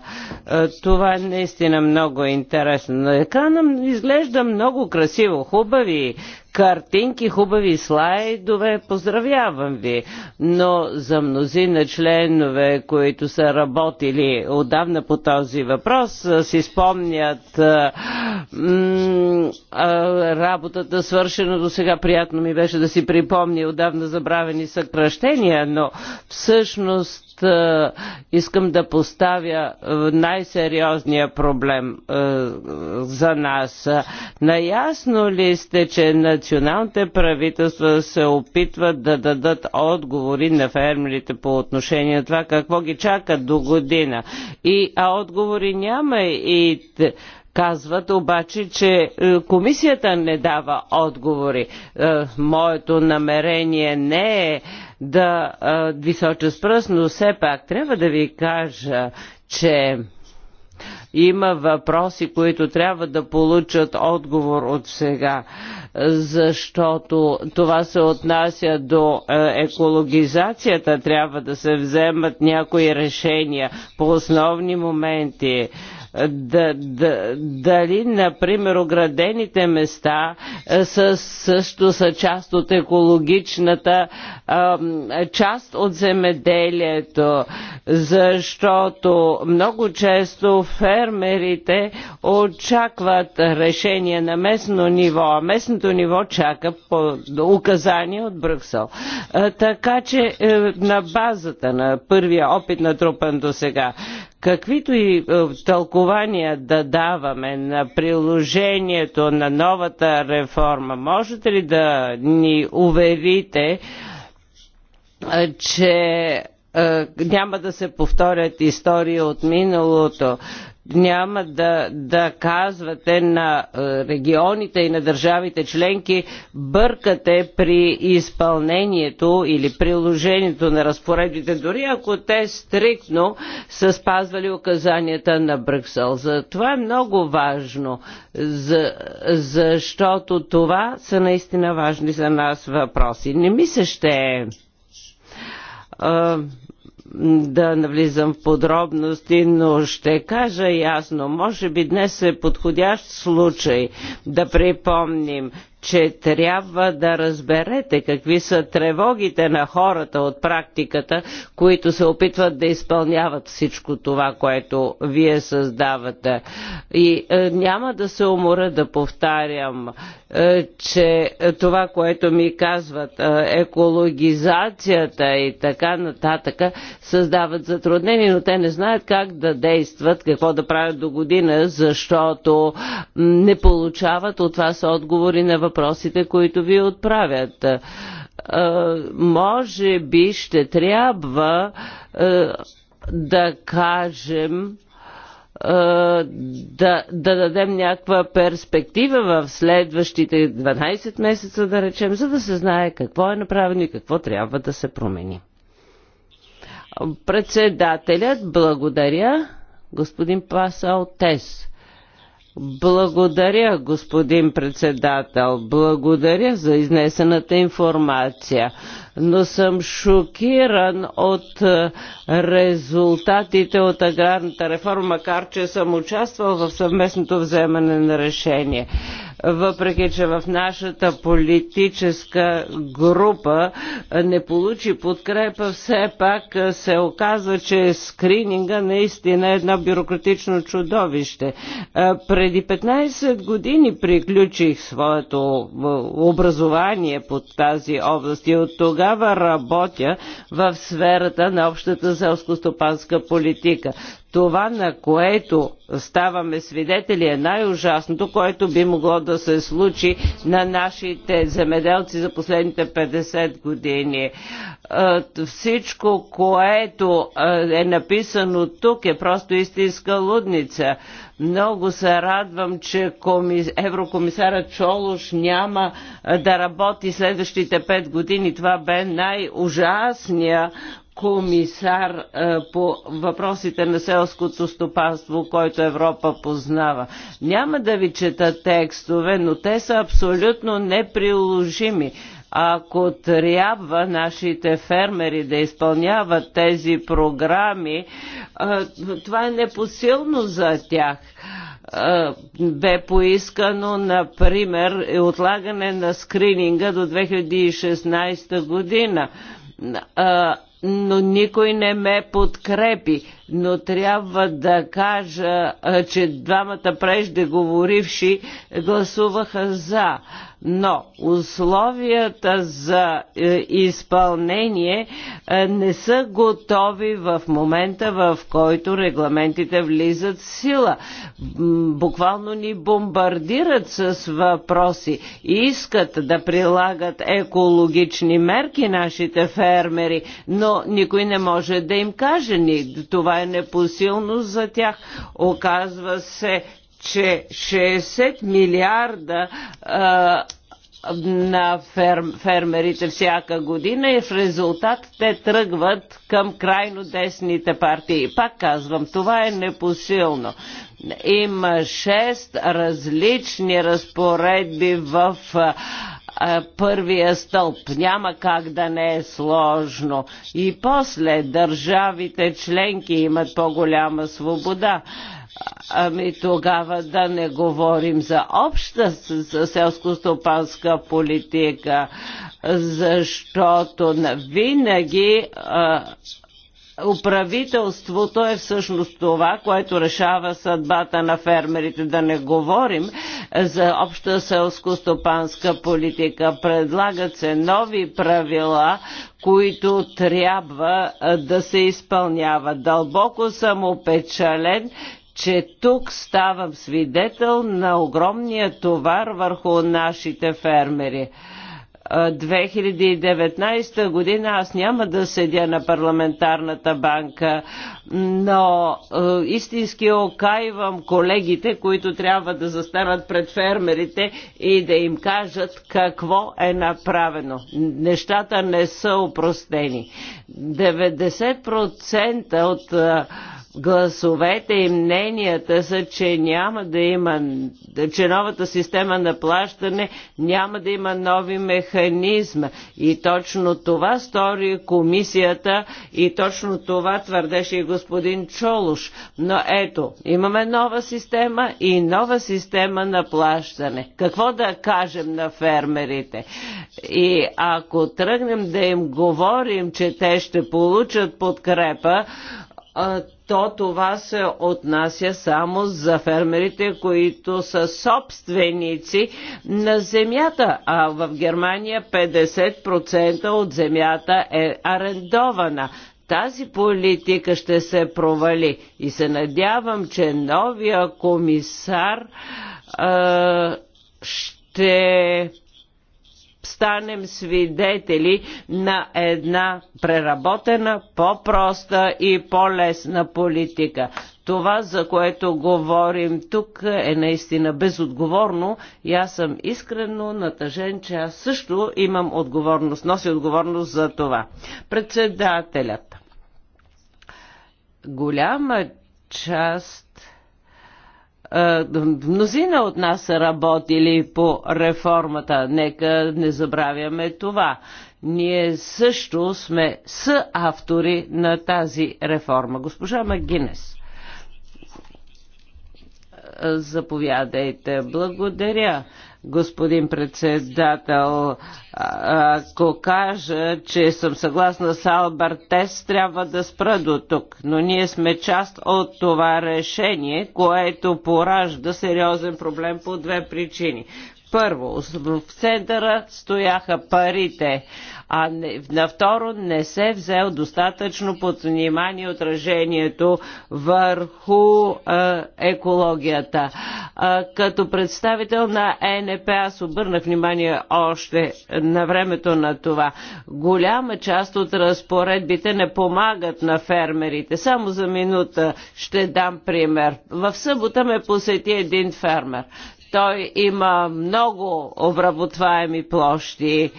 Е, това е наистина много интересно. На екрана изглежда много красиво, хубави картинки, хубави слайдове, поздравявам ви. Но за мнозина членове, които са работили отдавна по този въпрос, си спомнят работата свършена до сега. Приятно ми беше да си припомня отдавна забравени съкръщения, но всъщност искам да поставя най-сериозния проблем за нас. Наясно ли сте, че националните правителства се опитват да дадат отговори на фермерите по отношение на това какво ги чака до година? И, а отговори няма и Казват обаче, че е, комисията не дава отговори. Е, моето намерение не е да а, ви соча с пръст, но все пак трябва да ви кажа, че има въпроси, които трябва да получат отговор от сега, защото това се отнася до екологизацията. Трябва да се вземат някои решения по основни моменти да, да, дали, например, оградените места е, са, също са част от екологичната а, част от земеделието, защото много често фермерите очакват решение на местно ниво, а местното ниво чака по указания от Брюксел. Е, така че е, на базата на първия опит на трупан до сега Каквито и е, тълкования да даваме на приложението на новата реформа, можете ли да ни уверите, е, че е, няма да се повторят истории от миналото, няма да, да казвате на е, регионите и на държавите членки бъркате при изпълнението или приложението на разпоредбите, дори ако те стриктно са спазвали указанията на Брюксел. За това е много важно, за, защото това са наистина важни за нас въпроси. Не ми се ще е да навлизам в подробности, но ще кажа ясно. Може би днес е подходящ случай да припомним, че трябва да разберете какви са тревогите на хората от практиката, които се опитват да изпълняват всичко това, което вие създавате. И е, няма да се умора да повтарям, е, че това, което ми казват, е, екологизацията и така нататък, създават затруднения, но те не знаят как да действат, какво да правят до година, защото не получават от вас отговори на въпроса въпросите, които ви отправят. Е, може би ще трябва е, да кажем, е, да, да дадем някаква перспектива в следващите 12 месеца, да речем, за да се знае какво е направено и какво трябва да се промени. Председателят, благодаря, господин Пасал Тес. Благодаря, господин председател. Благодаря за изнесената информация. Но съм шокиран от е, резултатите от аграрната реформа, макар че съм участвал в съвместното вземане на решение въпреки че в нашата политическа група не получи подкрепа, все пак се оказва, че скрининга наистина е едно бюрократично чудовище. Преди 15 години приключих своето образование под тази област и от тогава работя в сферата на общата селско-стопанска политика. Това, на което ставаме свидетели, е най-ужасното, което би могло да се случи на нашите земеделци за последните 50 години. Е, всичко, което е, е написано тук, е просто истинска лудница. Много се радвам, че еврокомисара Чолош няма е, да работи следващите 5 години. Това бе най-ужасния комисар е, по въпросите на селското стопанство, който Европа познава. Няма да ви чета текстове, но те са абсолютно неприложими. Ако трябва нашите фермери да изпълняват тези програми, е, това е непосилно за тях е, бе поискано, например, отлагане на скрининга до 2016 година но никой не ме подкрепи но трябва да кажа, че двамата преждеговоривши гласуваха за. Но условията за е, изпълнение е, не са готови в момента, в който регламентите влизат в сила. Буквално ни бомбардират с въпроси. Искат да прилагат екологични мерки нашите фермери, но никой не може да им каже ни. Това е е непосилно за тях. Оказва се, че 60 милиарда а, на ферм, фермерите всяка година и в резултат те тръгват към крайно десните партии. Пак казвам, това е непосилно. Има 6 различни разпоредби в а, е, първия стълб. Няма как да не е сложно. И после държавите членки имат по-голяма свобода. Ами тогава да не говорим за обща селско-стопанска политика, защото винаги Управителството е всъщност това, което решава съдбата на фермерите. Да не говорим за обща селско-стопанска политика. Предлагат се нови правила, които трябва да се изпълняват. Дълбоко съм опечален, че тук ставам свидетел на огромния товар върху нашите фермери. 2019 година аз няма да седя на парламентарната банка, но е, истински окайвам колегите, които трябва да застанат пред фермерите и да им кажат какво е направено. Нещата не са упростени. 90% от е, гласовете и мненията са, че няма да има, че новата система на плащане няма да има нови механизма. И точно това стори комисията и точно това твърдеше и господин Чолуш. Но ето, имаме нова система и нова система на плащане. Какво да кажем на фермерите? И ако тръгнем да им говорим, че те ще получат подкрепа, то това се отнася само за фермерите, които са собственици на земята, а в Германия 50% от земята е арендована тази политика ще се провали. И се надявам, че новия комисар а, ще станем свидетели на една преработена, по-проста и по-лесна политика. Това, за което говорим тук, е наистина безотговорно и аз съм искрено натъжен, че аз също имам отговорност, носи отговорност за това. Председателят. Голяма част е, мнозина от нас са работили по реформата. Нека не забравяме това. Ние също сме съавтори на тази реформа. Госпожа Магинес. Е, заповядайте. Благодаря господин председател. Ако кажа, че съм съгласна с Алберт Тес, трябва да спра до тук. Но ние сме част от това решение, което поражда сериозен проблем по две причини. Първо, в центъра стояха парите, а не, на второ не се взел достатъчно под внимание отражението върху е, екологията. Като представител на ЕНП аз обърнах внимание още на времето на това. Голяма част от разпоредбите не помагат на фермерите. Само за минута ще дам пример. В събота ме посети един фермер. Той има много обработваеми площи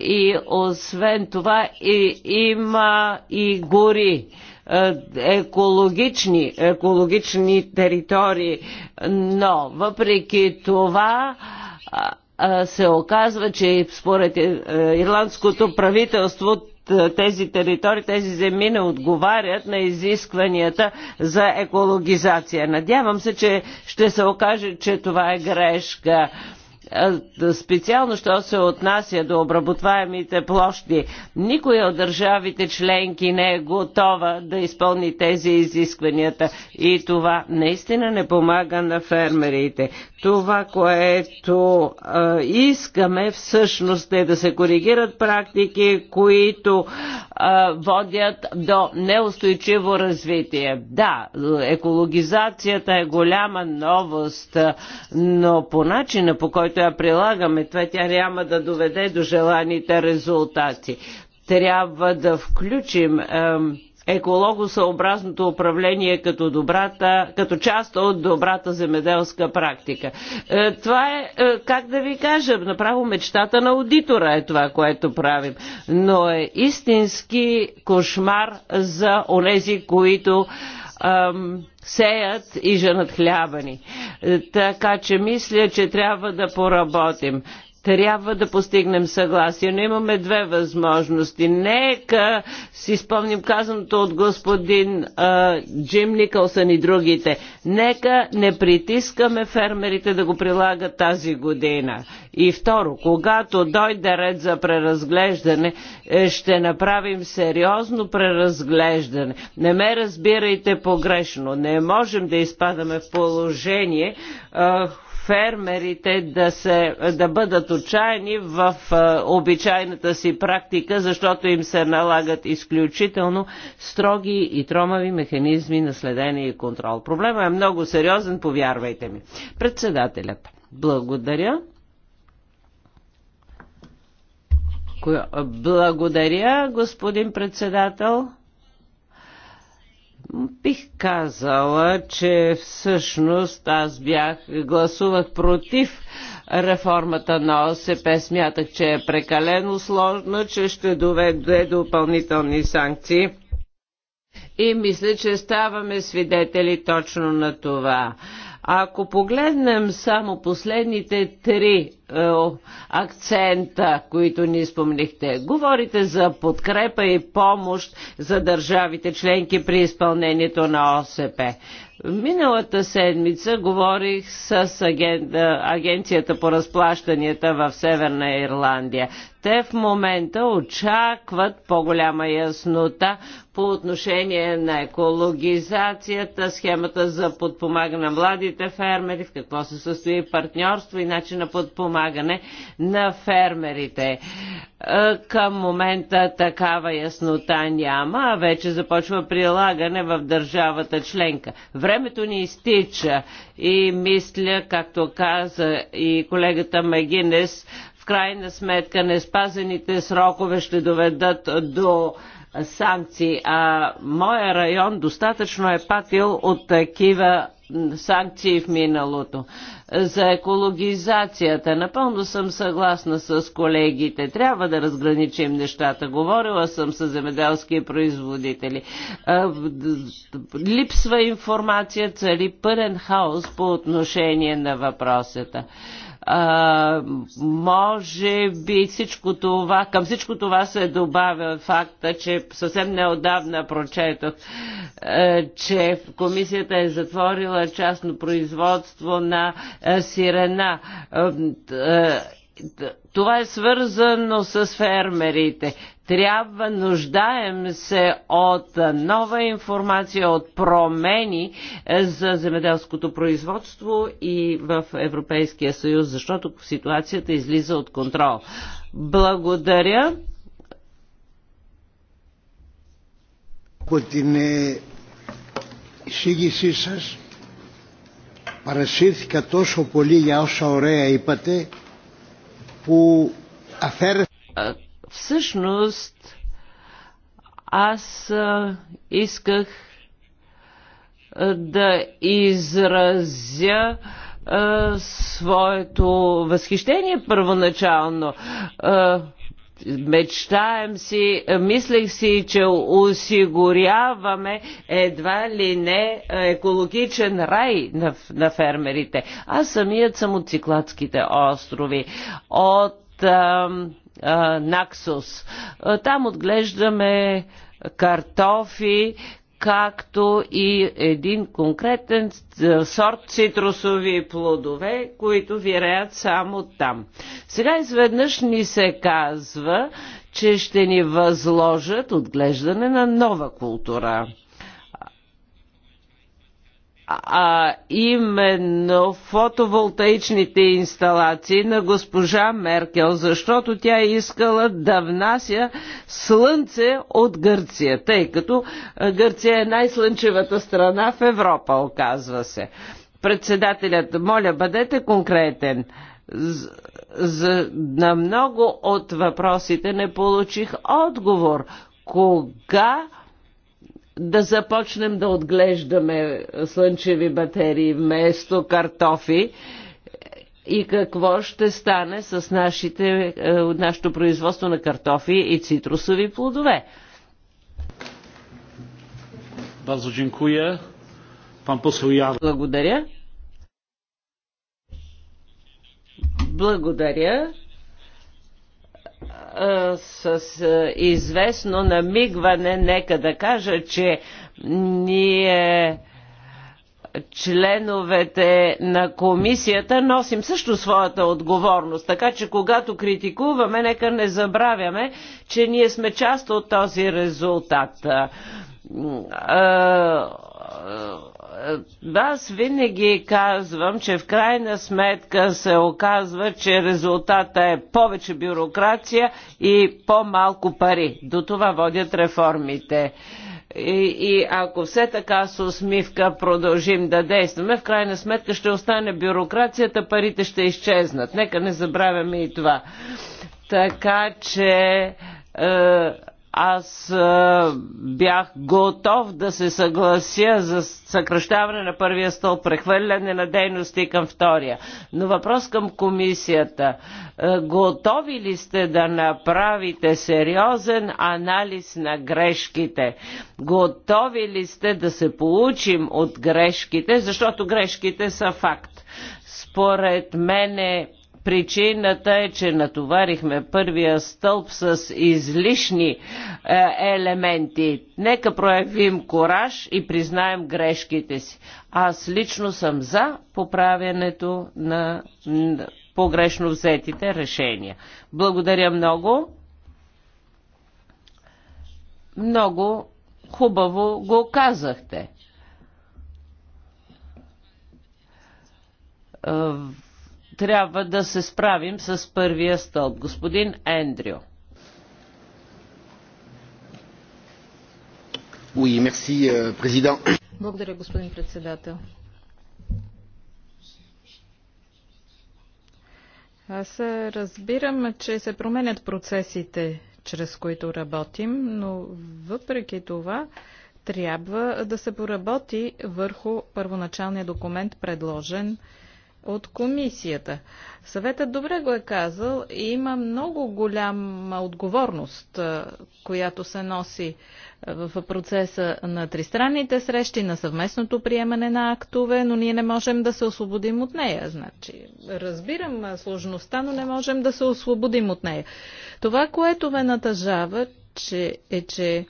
и освен това и, има и гори. Е, екологични, екологични територии, но въпреки това се оказва, че според е, ирландското правителство тези територии, тези земи не отговарят на изискванията за екологизация. Надявам се, че ще се окаже, че това е грешка. Специално, що се отнася до обработваемите площи, никоя от държавите членки не е готова да изпълни тези изискванията. И това наистина не помага на фермерите. Това, което а, искаме всъщност е да се коригират практики, които а, водят до неустойчиво развитие. Да, екологизацията е голяма новост, но по начина по който я прилагаме, това тя няма да доведе до желаните резултати. Трябва да включим екологосъобразното управление като, добрата, като част от добрата земеделска практика. Е, това е, е, как да ви кажа, направо мечтата на аудитора е това, което правим. Но е истински кошмар за онези, които сеят и женат хляба ни. Е, така че мисля, че трябва да поработим трябва да постигнем съгласие, но имаме две възможности. Нека си спомним казаното от господин а, Джим Никълсън и другите. Нека не притискаме фермерите да го прилагат тази година. И второ, когато дойде ред за преразглеждане, е, ще направим сериозно преразглеждане. Не ме разбирайте погрешно. Не можем да изпадаме в положение, а, фермерите да, се, да бъдат отчаяни в е, обичайната си практика, защото им се налагат изключително строги и тромави механизми на следение и контрол. Проблема е много сериозен, повярвайте ми. Председателят. Благодаря. Е, благодаря, господин председател. Бих казала, че всъщност аз бях, гласувах против реформата на ОСП. Смятах, че е прекалено сложно, че ще доведе до допълнителни санкции. И мисля, че ставаме свидетели точно на това. Ако погледнем само последните три е, акцента, които ни спомнихте, говорите за подкрепа и помощ за държавите членки при изпълнението на ОСП. Миналата седмица говорих с аген... Е, агенцията по разплащанията в Северна Ирландия те в момента очакват по-голяма яснота по отношение на екологизацията, схемата за подпомагане на младите фермери, в какво се състои партньорство и начин на подпомагане на фермерите. Е, към момента такава яснота няма, а вече започва прилагане в държавата членка. Времето ни изтича и мисля, както каза и колегата Магинес, крайна сметка неспазените срокове ще доведат до санкции, а моя район достатъчно е патил от такива санкции в миналото. За екологизацията напълно съм съгласна с колегите. Трябва да разграничим нещата. Говорила съм с земеделски производители. Липсва информация, цари пълен хаос по отношение на въпросата. А, може би всичко това, към всичко това се добавя факта, че съвсем неодавна прочетох, е, че комисията е затворила частно производство на е, сирена. Е, това е свързано с фермерите. Трябва, нуждаем се от нова информация, от промени е, за земеделското производство и в Европейския съюз, защото ситуацията излиза от контрол. Благодаря. Από την е, εισήγησή σας παρασύρθηκα τόσο πολύ για όσα ωραία είπατε που αφαίρεσα Всъщност, аз исках да изразя своето възхищение първоначално. Мечтаем си, мислех си, че осигуряваме едва ли не екологичен рай на, на фермерите. Аз самият съм от Цикладските острови. От ам, Наксус. Там отглеждаме картофи, както и един конкретен сорт цитрусови плодове, които виреят само там. Сега изведнъж ни се казва, че ще ни възложат отглеждане на нова култура а именно фотоволтаичните инсталации на госпожа Меркел, защото тя искала да внася слънце от Гърция, тъй като Гърция е най-слънчевата страна в Европа, оказва се. Председателят, моля, бъдете конкретен за, на много от въпросите не получих отговор. Кога да започнем да отглеждаме слънчеви батерии вместо картофи и какво ще стане с нашите, е, нашето производство на картофи и цитрусови плодове. Благодаря. Благодаря с известно намигване, нека да кажа, че ние членовете на комисията носим също своята отговорност. Така че когато критикуваме, нека не забравяме, че ние сме част от този резултат аз винаги казвам, че в крайна сметка се оказва, че резултата е повече бюрокрация и по-малко пари. До това водят реформите. И, и ако все така с усмивка продължим да действаме, в крайна сметка ще остане бюрокрацията, парите ще изчезнат. Нека не забравяме и това. Така че е, аз а, бях готов да се съглася за съкръщаване на първия стол прехвърляне на дейности към втория. Но въпрос към комисията. А, готови ли сте да направите сериозен анализ на грешките? Готови ли сте да се получим от грешките? Защото грешките са факт. Според мен Причината е, че натоварихме първия стълб с излишни е, елементи. Нека проявим кораж и признаем грешките си. Аз лично съм за поправянето на погрешно взетите решения. Благодаря много. Много хубаво го казахте е, трябва да се справим с първия стълб. Господин Ендрю. Oui, merci, euh, Благодаря, господин председател. Аз разбирам, че се променят процесите, чрез които работим, но въпреки това трябва да се поработи върху първоначалния документ, предложен от комисията. Съветът добре го е казал и има много голяма отговорност, която се носи в процеса на тристранните срещи, на съвместното приемане на актове, но ние не можем да се освободим от нея. Значи, разбирам сложността, но не можем да се освободим от нея. Това, което ме натъжава, че, е, че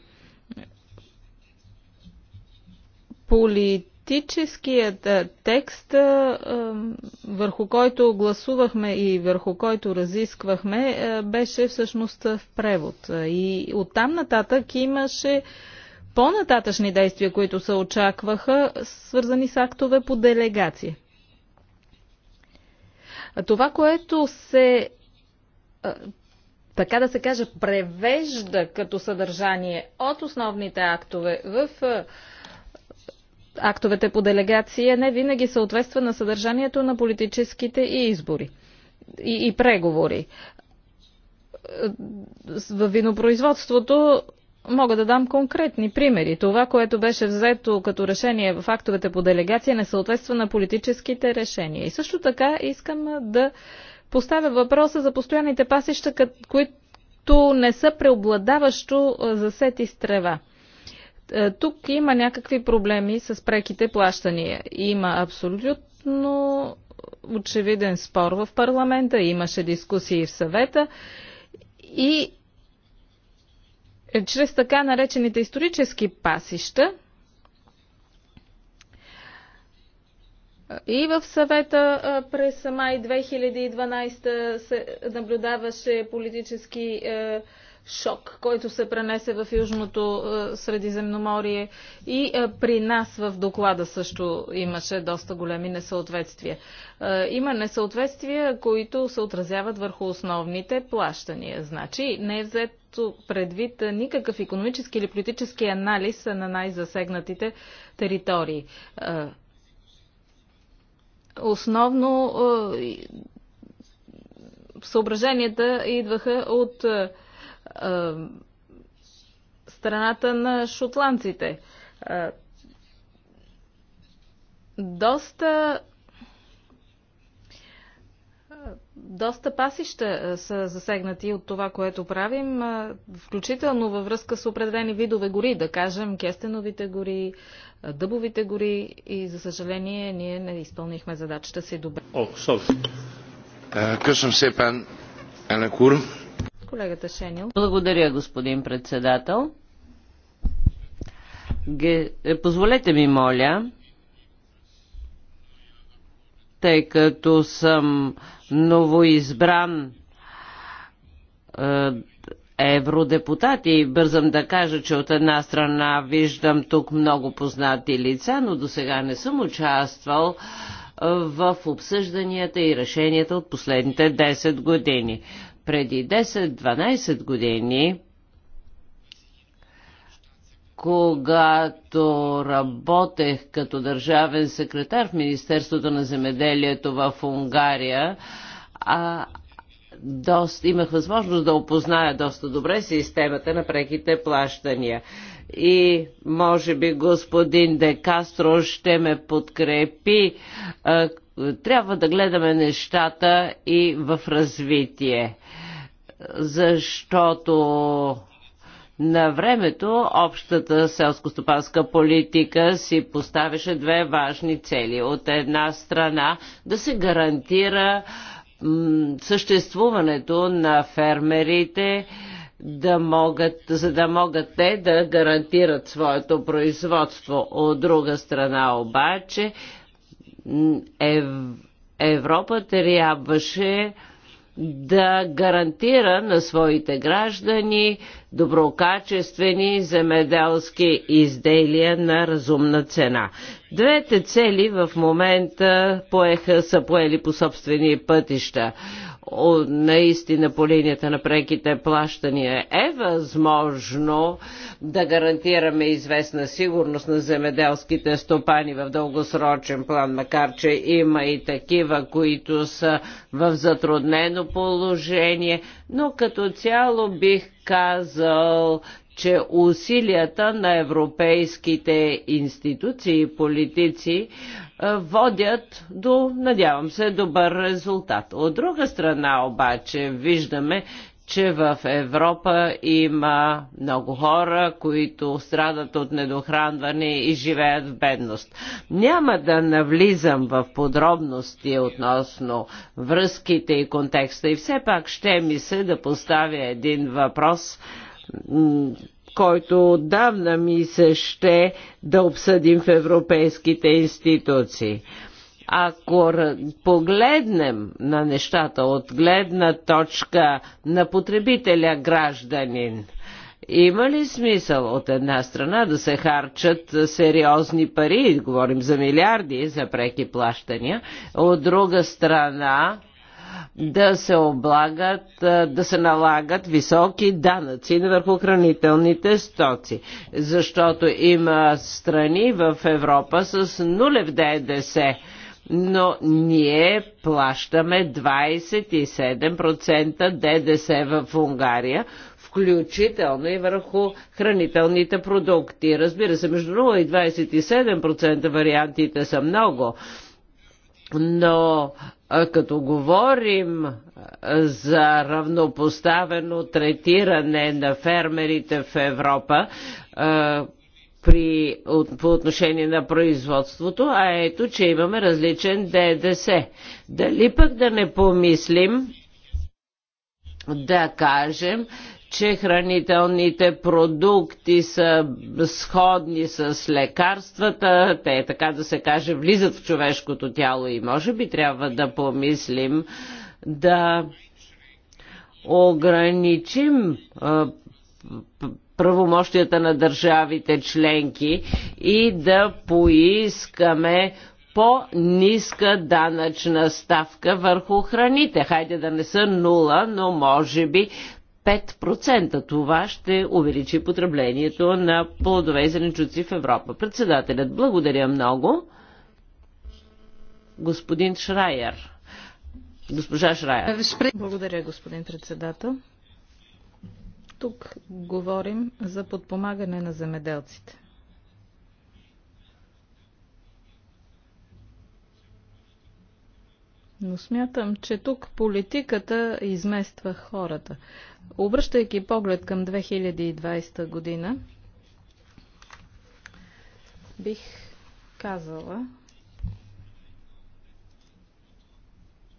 полит политическият текст, върху който гласувахме и върху който разисквахме, беше всъщност в превод. И оттам нататък имаше по-нататъчни действия, които се очакваха, свързани с актове по делегация. Това, което се така да се каже, превежда като съдържание от основните актове в актовете по делегация не винаги съответства на съдържанието на политическите и избори и, и преговори. В винопроизводството мога да дам конкретни примери. Това, което беше взето като решение в актовете по делегация, не съответства на политическите решения. И също така искам да поставя въпроса за постоянните пасища, които не са преобладаващо засети с трева. Е, тук има някакви проблеми с преките плащания. Има абсолютно очевиден спор в парламента, имаше дискусии в съвета и е, чрез така наречените исторически пасища И в съвета е, през май 2012 се наблюдаваше политически е, шок, който се пренесе в Южното е, Средиземноморие. И е, при нас в доклада също имаше доста големи несъответствия. Е, има несъответствия, които се отразяват върху основните плащания. Значи не е взет предвид никакъв економически или политически анализ на най-засегнатите територии. Основно съображенията идваха от страната на шотландците. Доста доста пасища са засегнати от това, което правим, включително във връзка с определени видове гори, да кажем кестеновите гори, дъбовите гори и за съжаление ние не изпълнихме задачата си добре. О, е, Късъм пан Анакур. Колегата Шенил. Благодаря, господин председател. Ге... Е, позволете ми, моля, тъй като съм новоизбран е, евродепутат и бързам да кажа, че от една страна виждам тук много познати лица, но до сега не съм участвал е, в обсъжданията и решенията от последните 10 години преди 10-12 години, когато работех като държавен секретар в Министерството на земеделието в Унгария, а, доста, имах възможност да опозная доста добре системата на преките плащания. И може би господин Декастро ще ме подкрепи, трябва да гледаме нещата и в развитие, защото на времето общата селско-стопанска политика си поставяше две важни цели. От една страна да се гарантира съществуването на фермерите, да могат, за да могат те да гарантират своето производство. От друга страна обаче Ев... Европа трябваше да гарантира на своите граждани доброкачествени земеделски изделия на разумна цена. Двете цели в момента поеха, са поели по собствени пътища наистина по линията на преките плащания е възможно да гарантираме известна сигурност на земеделските стопани в дългосрочен план, макар че има и такива, които са в затруднено положение, но като цяло бих казал, че усилията на европейските институции и политици е, водят до, надявам се, добър резултат. От друга страна обаче виждаме, че в Европа има много хора, които страдат от недохранване и живеят в бедност. Няма да навлизам в подробности относно връзките и контекста и все пак ще ми се да поставя един въпрос който отдавна ми се ще да обсъдим в европейските институции. Ако погледнем на нещата от гледна точка на потребителя гражданин, има ли смисъл от една страна да се харчат сериозни пари, говорим за милиарди за преки плащания, от друга страна да се облагат, да се налагат високи данъци върху хранителните стоци. Защото има страни в Европа с нулев ДДС но ние плащаме 27% ДДС в Унгария, включително и върху хранителните продукти. Разбира се, между 0 и 27% вариантите са много, но като говорим за равнопоставено третиране на фермерите в Европа, при, от, по отношение на производството, а ето, че имаме различен ДДС. Дали пък да не помислим да кажем, че хранителните продукти са сходни с лекарствата, те така да се каже влизат в човешкото тяло и може би трябва да помислим да ограничим правомощията на държавите членки и да поискаме по-ниска данъчна ставка върху храните. Хайде да не са нула, но може би 5%. Това ще увеличи потреблението на плодове и зеленчуци в Европа. Председателят, благодаря много. Господин Шрайер. Госпожа Шрайер. Благодаря, господин председател. Тук говорим за подпомагане на земеделците. Но смятам, че тук политиката измества хората. Обръщайки поглед към 2020 година, бих казала,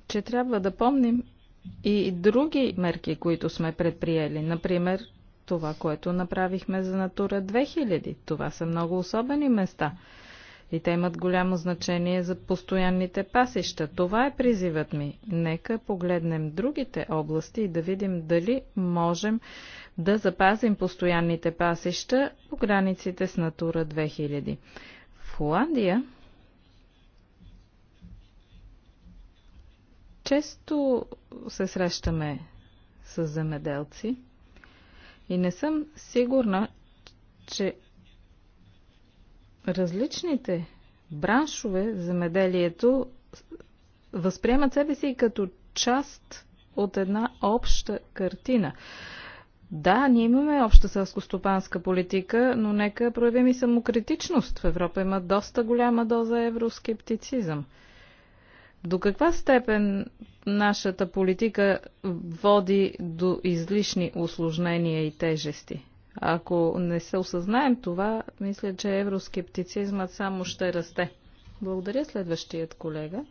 че трябва да помним и други мерки, които сме предприели. Например, това, което направихме за Натура 2000. Това са много особени места – и те имат голямо значение за постоянните пасища. Това е призивът ми. Нека погледнем другите области и да видим дали можем да запазим постоянните пасища по границите с Натура 2000. В Холандия често се срещаме с земеделци и не съм сигурна, че Различните браншове земеделието възприемат себе си като част от една обща картина. Да, ние имаме обща селскостопанска политика, но нека проявим и самокритичност. В Европа има доста голяма доза евроскептицизъм. До каква степен нашата политика води до излишни осложнения и тежести? Ако не се осъзнаем това, мисля, че евроскептицизмът само ще расте. Благодаря следващият колега.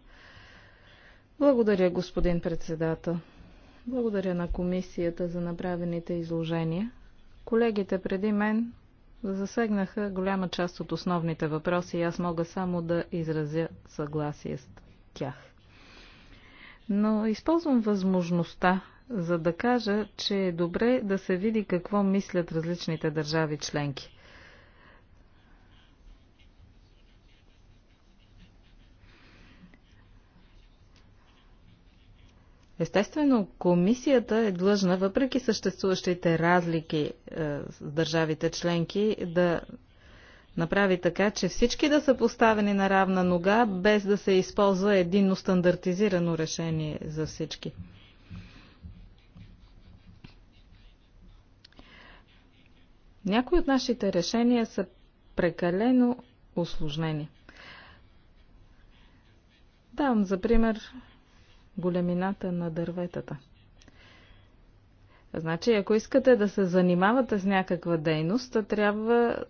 Благодаря, господин председател. Благодаря на комисията за направените изложения. Колегите преди мен засегнаха голяма част от основните въпроси и аз мога само да изразя съгласие с тях. Но използвам възможността за да кажа, че е добре да се види какво мислят различните държави членки. Естествено, комисията е длъжна, въпреки съществуващите разлики е, с държавите членки, да направи така, че всички да са поставени на равна нога, без да се използва единно стандартизирано решение за всички. Някои от нашите решения са прекалено осложнени. Давам за пример големината на дърветата. Значи, ако искате да се занимавате с някаква дейност, трябва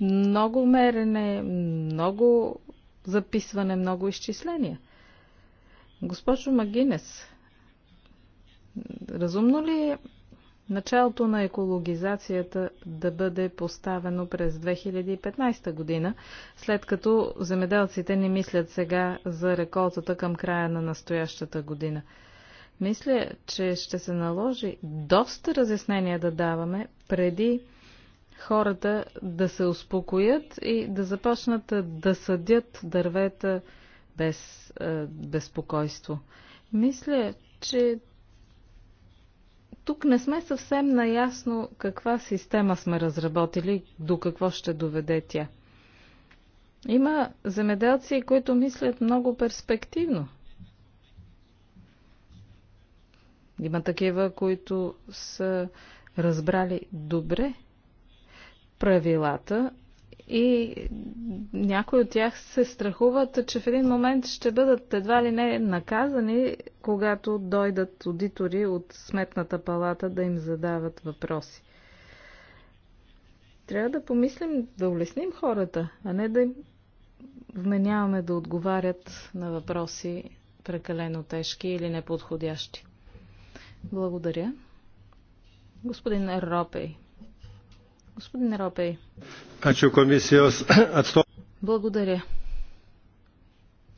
много мерене, много записване, много изчисления. Госпожо Магинес, разумно ли е началото на екологизацията да бъде поставено през 2015 година, след като земеделците не мислят сега за реколтата към края на настоящата година. Мисля, че ще се наложи доста разяснения да даваме преди хората да се успокоят и да започнат да съдят дървета без е, безпокойство. Мисля, че тук не сме съвсем наясно каква система сме разработили, до какво ще доведе тя. Има земеделци, които мислят много перспективно. Има такива, които са разбрали добре правилата и някои от тях се страхуват, че в един момент ще бъдат едва ли не наказани, когато дойдат аудитори от Сметната палата да им задават въпроси. Трябва да помислим да улесним хората, а не да им вменяваме да отговарят на въпроси прекалено тежки или неподходящи. Благодаря. Господин Ропей. Господин Ропей. Ачу комисиос отстоп. Благодаря.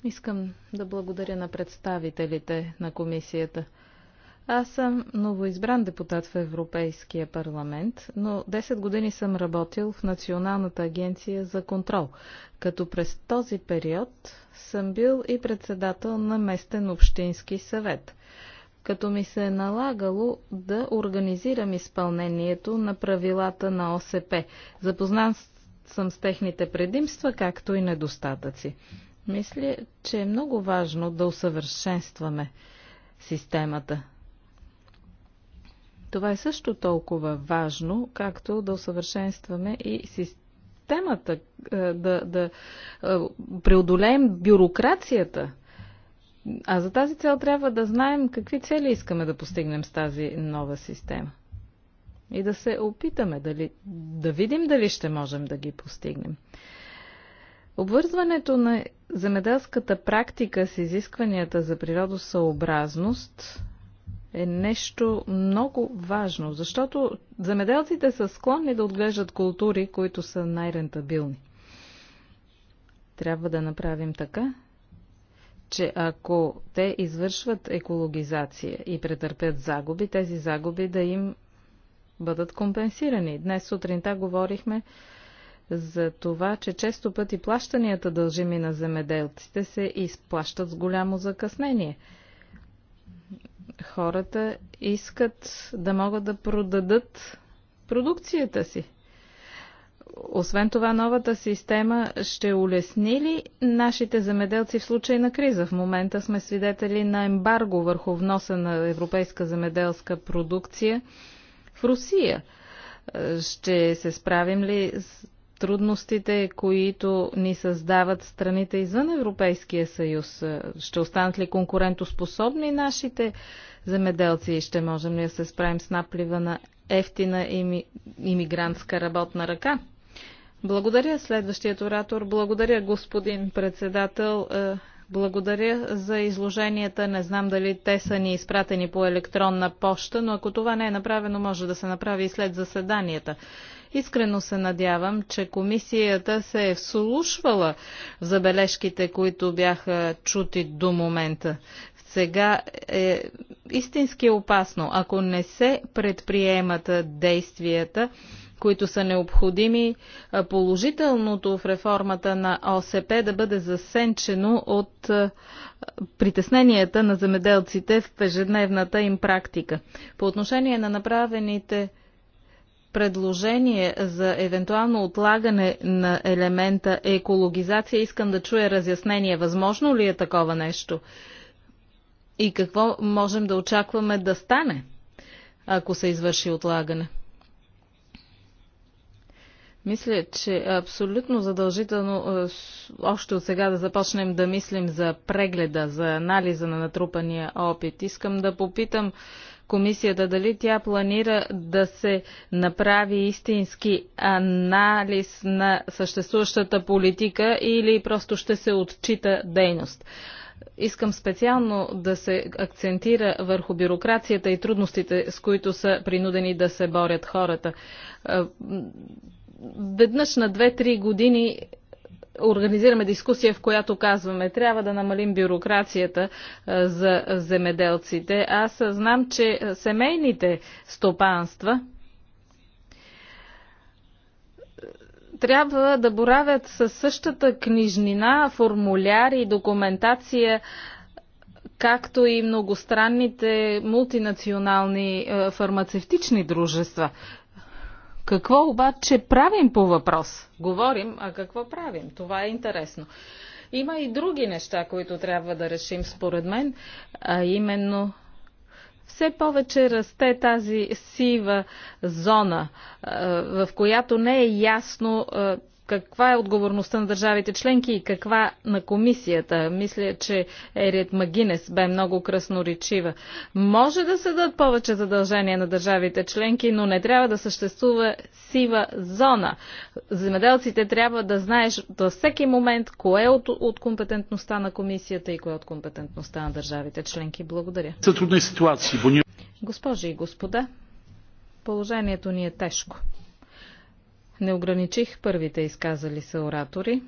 Искам да благодаря на представителите на комисията. Аз съм новоизбран депутат в Европейския парламент, но 10 години съм работил в Националната агенция за контрол, като през този период съм бил и председател на местен общински съвет като ми се е налагало да организирам изпълнението на правилата на ОСП. Запознан съм с техните предимства, както и недостатъци. Мисля, че е много важно да усъвършенстваме системата. Това е също толкова важно, както да усъвършенстваме и системата, е, да, да е, преодолеем бюрокрацията, а за тази цел трябва да знаем какви цели искаме да постигнем с тази нова система. И да се опитаме дали, да видим дали ще можем да ги постигнем. Обвързването на земеделската практика с изискванията за природосъобразност е нещо много важно, защото земеделците са склонни да отглеждат култури, които са най-рентабилни. Трябва да направим така, че ако те извършват екологизация и претърпят загуби, тези загуби да им бъдат компенсирани. Днес сутринта говорихме за това, че често пъти плащанията дължими на земеделците се изплащат с голямо закъснение. Хората искат да могат да продадат продукцията си. Освен това, новата система ще улесни ли нашите земеделци в случай на криза? В момента сме свидетели на ембарго върху вноса на европейска земеделска продукция в Русия. Ще се справим ли с трудностите, които ни създават страните извън Европейския съюз? Ще останат ли конкурентоспособни нашите земеделци и ще можем ли да се справим с наплива на ефтина ими, иммигрантска работна ръка? Благодаря следващият оратор. Благодаря господин председател. Е, благодаря за изложенията. Не знам дали те са ни изпратени по електронна поща, но ако това не е направено, може да се направи и след заседанията. Искрено се надявам, че комисията се е вслушвала в забележките, които бяха чути до момента. Сега е истински опасно, ако не се предприемат действията, които са необходими, положителното в реформата на ОСП да бъде засенчено от притесненията на замеделците в ежедневната им практика. По отношение на направените предложение за евентуално отлагане на елемента екологизация, искам да чуя разяснение. Възможно ли е такова нещо? И какво можем да очакваме да стане, ако се извърши отлагане? Мисля, че е абсолютно задължително е, още от сега да започнем да мислим за прегледа, за анализа на натрупания опит. Искам да попитам комисията дали тя планира да се направи истински анализ на съществуващата политика или просто ще се отчита дейност. Искам специално да се акцентира върху бюрокрацията и трудностите, с които са принудени да се борят хората е, веднъж на 2-3 години организираме дискусия, в която казваме, трябва да намалим бюрокрацията за земеделците. Аз знам, че семейните стопанства трябва да боравят със същата книжнина, формуляри и документация, както и многостранните мултинационални фармацевтични дружества. Какво обаче правим по въпрос? Говорим, а какво правим? Това е интересно. Има и други неща, които трябва да решим според мен, а именно все повече расте тази сива зона, в която не е ясно каква е отговорността на държавите членки и каква на комисията. Мисля, че Ерит Магинес бе много красноречива. Може да се дадат повече задължения на държавите членки, но не трябва да съществува сива зона. Земеделците трябва да знаеш до всеки момент кое е от, от компетентността на комисията и кое е от компетентността на държавите членки. Благодаря. трудни ситуации. Госпожи и господа, положението ни е тежко. Не ограничих първите изказали се оратори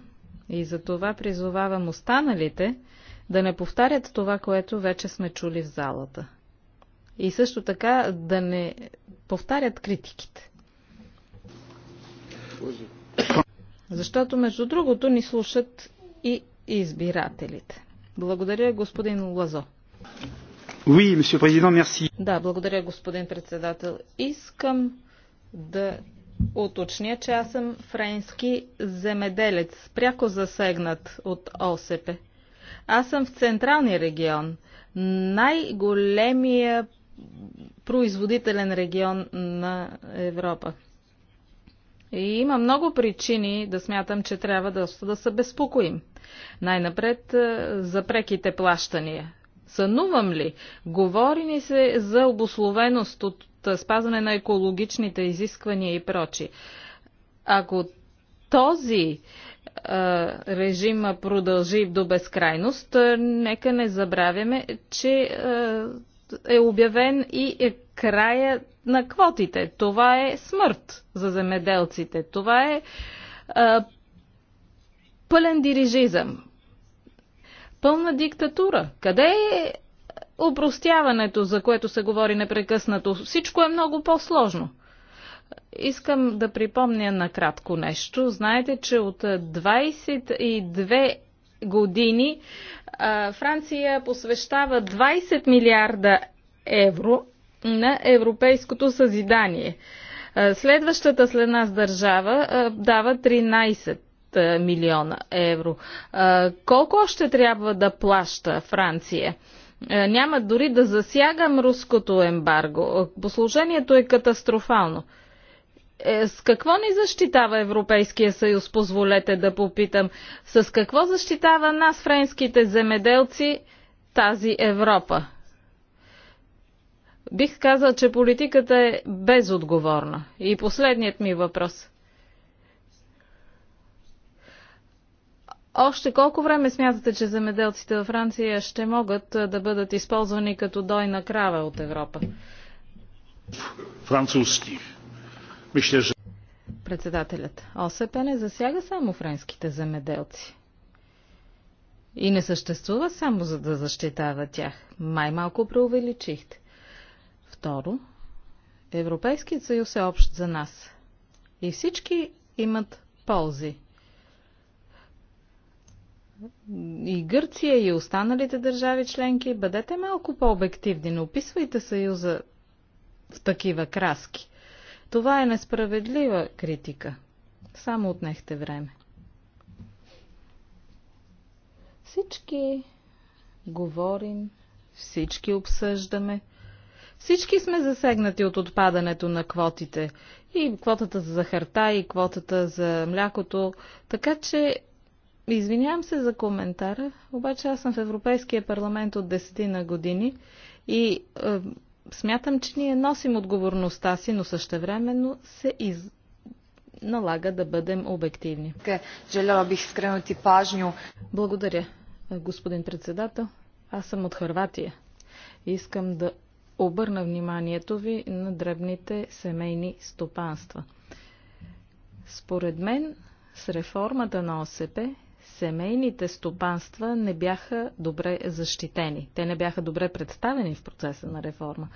и за това призовавам останалите да не повтарят това, което вече сме чули в залата. И също така да не повтарят критиките. Защото, между другото, ни слушат и избирателите. Благодаря, господин Лазо. Oui, monsieur président, merci. Да, благодаря, господин председател. Искам да уточня, че аз съм френски земеделец, пряко засегнат от ОСП. Аз съм в централния регион, най-големия производителен регион на Европа. И има много причини да смятам, че трябва да, да се безпокоим. Най-напред е, за преките плащания. Сънувам ли? Говори ни се за обословеност от спазване на екологичните изисквания и прочи. Ако този режим продължи до безкрайност, нека не забравяме, че е обявен и е края на квотите. Това е смърт за земеделците. Това е а, пълен дирижизъм. Пълна диктатура. Къде е Опростяването, за което се говори непрекъснато, всичко е много по-сложно. Искам да припомня накратко нещо. Знаете, че от 22 години Франция посвещава 20 милиарда евро на европейското съзидание. Следващата след нас държава дава 13 милиона евро. Колко още трябва да плаща Франция? Е, няма дори да засягам руското ембарго. Е, послужението е катастрофално. Е, с какво ни защитава Европейския съюз, позволете да попитам? С какво защитава нас, френските земеделци, тази Европа? Бих казал, че политиката е безотговорна. И последният ми въпрос – Още колко време смятате, че земеделците във Франция ще могат да бъдат използвани като дойна крава от Европа? Французски. Мисля, че... Председателят. ОСП не засяга само френските земеделци. И не съществува само за да защитава тях. Май малко преувеличихте. Второ, Европейският съюз е общ за нас. И всички имат ползи и Гърция, и останалите държави членки, бъдете малко по-обективни, не описвайте Съюза в такива краски. Това е несправедлива критика. Само отнехте време. Всички говорим, всички обсъждаме, всички сме засегнати от отпадането на квотите. И квотата за захарта, и квотата за млякото. Така че Извинявам се за коментара, обаче аз съм в Европейския парламент от десетина години и е, смятам, че ние носим отговорността си, но същевременно се из... налага да бъдем обективни. Желала бих скренути пажню. Благодаря, е, господин председател. Аз съм от Харватия. Искам да обърна вниманието ви на дребните семейни стопанства. Според мен, с реформата на ОСП семейните стопанства не бяха добре защитени. Те не бяха добре представени в процеса на реформа.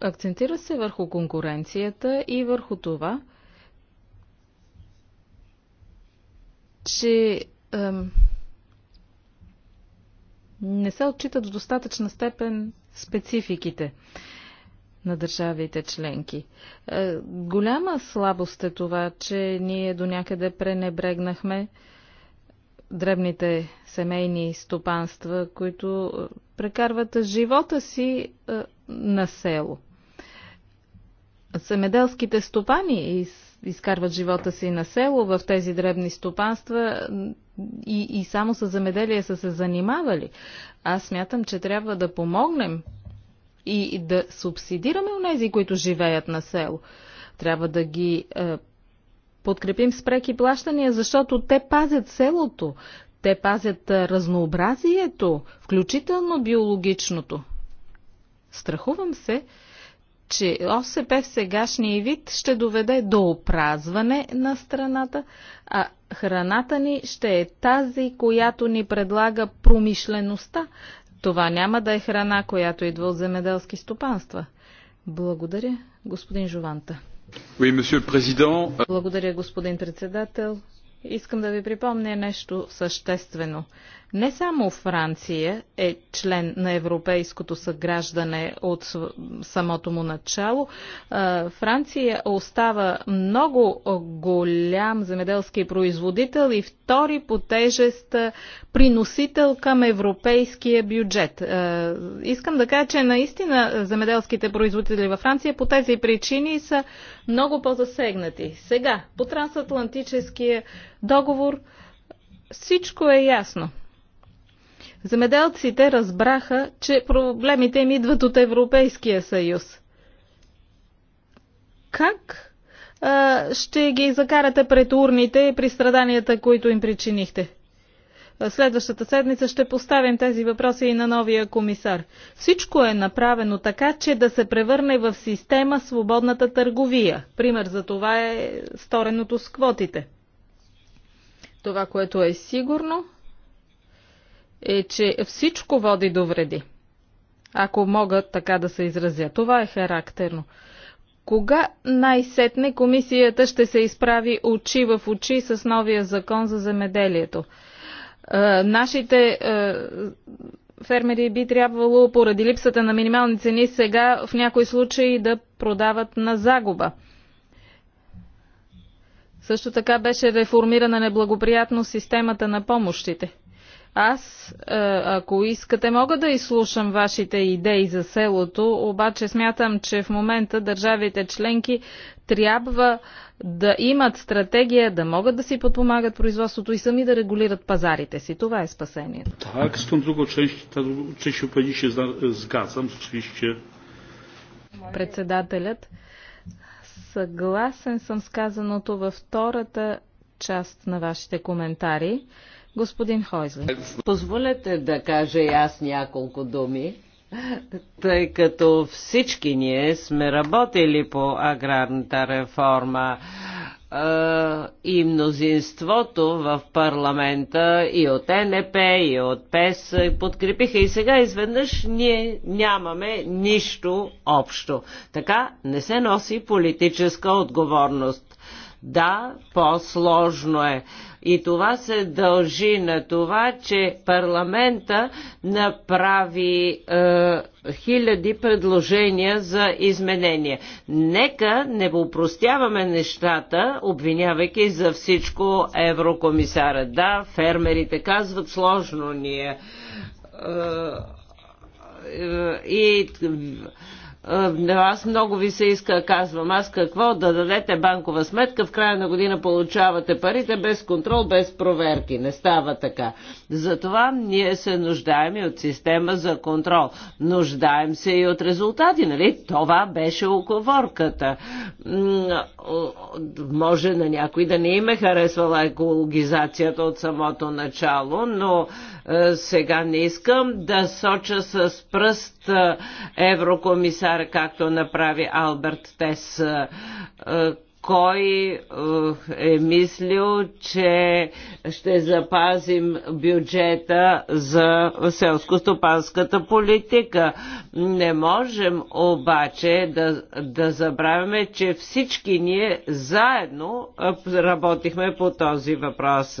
Акцентира се върху конкуренцията и върху това, че ем, не се отчитат в достатъчна степен спецификите. Ем, на държавите членки. Е, голяма слабост е това, че ние до някъде пренебрегнахме дребните семейни стопанства, които е, прекарват живота си е, на село. Семеделските стопани изкарват живота си на село в тези дребни стопанства и, и само с земеделие са се занимавали. Аз смятам, че трябва да помогнем и да субсидираме онези, които живеят на село. Трябва да ги е, подкрепим с преки плащания, защото те пазят селото, те пазят е, разнообразието, включително биологичното. Страхувам се, че ОСП в сегашния вид ще доведе до опразване на страната, а храната ни ще е тази, която ни предлага промишлеността. Това няма да е храна, която идва от земеделски стопанства. Благодаря, господин Жованта. Oui, Благодаря, господин председател. Искам да ви припомня нещо съществено. Не само Франция е член на европейското съграждане от самото му начало. Франция остава много голям земеделски производител и втори по тежест приносител към европейския бюджет. Искам да кажа, че наистина земеделските производители във Франция по тези причини са много по-засегнати. Сега, по трансатлантическия договор, всичко е ясно. Земеделците разбраха, че проблемите им идват от Европейския съюз. Как а, ще ги закарате пред урните и при страданията, които им причинихте? Следващата седмица ще поставим тези въпроси и на новия комисар. Всичко е направено така, че да се превърне в система свободната търговия. Пример за това е стореното с квотите. Това, което е сигурно, е, че всичко води до вреди. Ако мога така да се изразя. Това е характерно. Кога най-сетне комисията ще се изправи очи в очи с новия закон за земеделието? Е, нашите е, фермери би трябвало поради липсата на минимални цени сега в някои случаи да продават на загуба. Също така беше реформирана неблагоприятно системата на помощите. Аз, е, ако искате, мога да изслушам вашите идеи за селото, обаче смятам, че в момента държавите членки трябва да имат стратегия, да могат да си подпомагат производството и сами да регулират пазарите си. Това е спасението. Так, с друго част, та друго ще сгазам, че... Председателят, съгласен съм с казаното във втората част на вашите коментари. Господин Хойзлин. Позволете да кажа и аз няколко думи тъй като всички ние сме работили по аграрната реформа и мнозинството в парламента и от НП, и от ПЕС подкрепиха и сега изведнъж ние нямаме нищо общо. Така не се носи политическа отговорност. Да, по-сложно е и това се дължи на това, че парламента направи е, хиляди предложения за изменения. Нека не упростяваме нещата, обвинявайки за всичко еврокомисара. Да, фермерите казват сложно ние. е. е, е и е, аз много ви се иска, казвам аз какво, да дадете банкова сметка, в края на година получавате парите без контрол, без проверки. Не става така. Затова ние се нуждаем и от система за контрол. Нуждаем се и от резултати, нали? Това беше оговорката. Може на някой да не им е харесвала екологизацията от самото начало, но е, сега не искам да соча с пръст е, еврокомисар, както направи Алберт Тес, е, кой е мислил, че ще запазим бюджета за селско-стопанската политика. Не можем обаче да, да забравяме, че всички ние заедно работихме по този въпрос.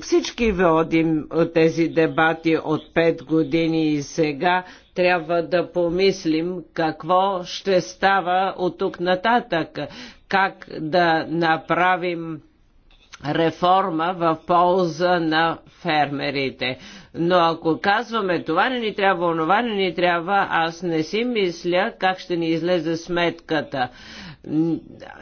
Всички водим тези дебати от 5 години и сега трябва да помислим какво ще става от тук нататък, как да направим реформа в полза на фермерите. Но ако казваме това не ни трябва, онова не ни трябва, аз не си мисля как ще ни излезе сметката.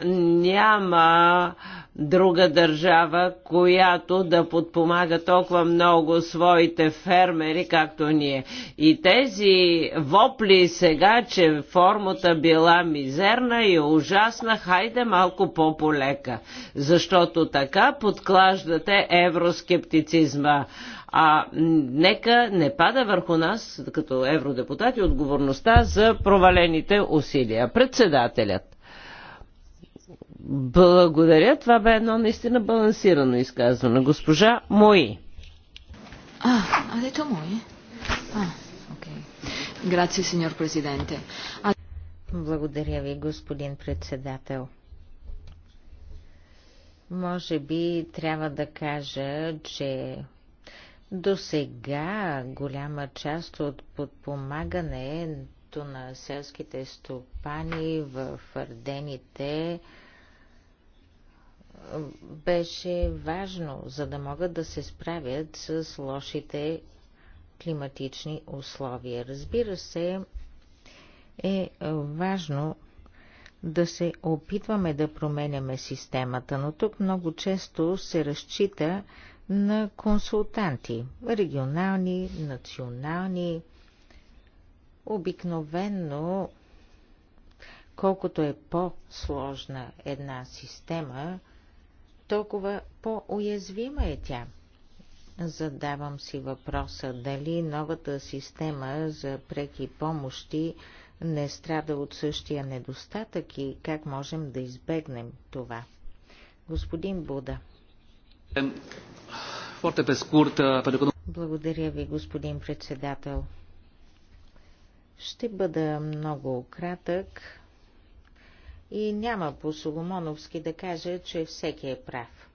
Няма друга държава, която да подпомага толкова много своите фермери, както ние. И тези вопли сега, че формата била мизерна и ужасна, хайде малко по-полека. Защото така подклаждате евроскептицизма. А нека не пада върху нас, като евродепутати, отговорността за провалените усилия. Председателят. Благодаря. Това бе едно наистина балансирано изказване. Госпожа Мои. А, а дето Мои? А, окей. Грация, сеньор президенте. А... Благодаря ви, господин председател. Може би трябва да кажа, че до сега голяма част от подпомагането на селските стопани в Ардените беше важно, за да могат да се справят с лошите климатични условия. Разбира се, е важно да се опитваме да променяме системата, но тук много често се разчита на консултанти регионални, национални. Обикновенно, колкото е по-сложна една система, толкова по-уязвима е тя. Задавам си въпроса дали новата система за преки помощи не страда от същия недостатък и как можем да избегнем това. Господин Буда, Eh, Благодаря ви, господин председател. Ще бъда много кратък и няма по Соломоновски да кажа, че всеки е прав.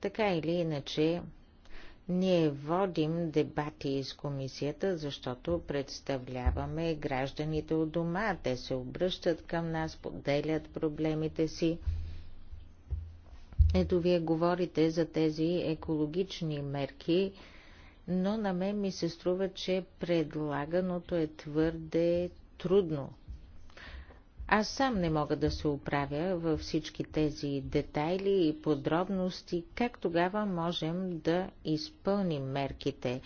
Така или иначе, ние водим дебати с комисията, защото представляваме гражданите от дома. Те се обръщат към нас, поделят проблемите си. Ето вие говорите за тези екологични мерки, но на мен ми се струва, че предлаганото е твърде трудно. Аз сам не мога да се оправя във всички тези детайли и подробности, как тогава можем да изпълним мерките.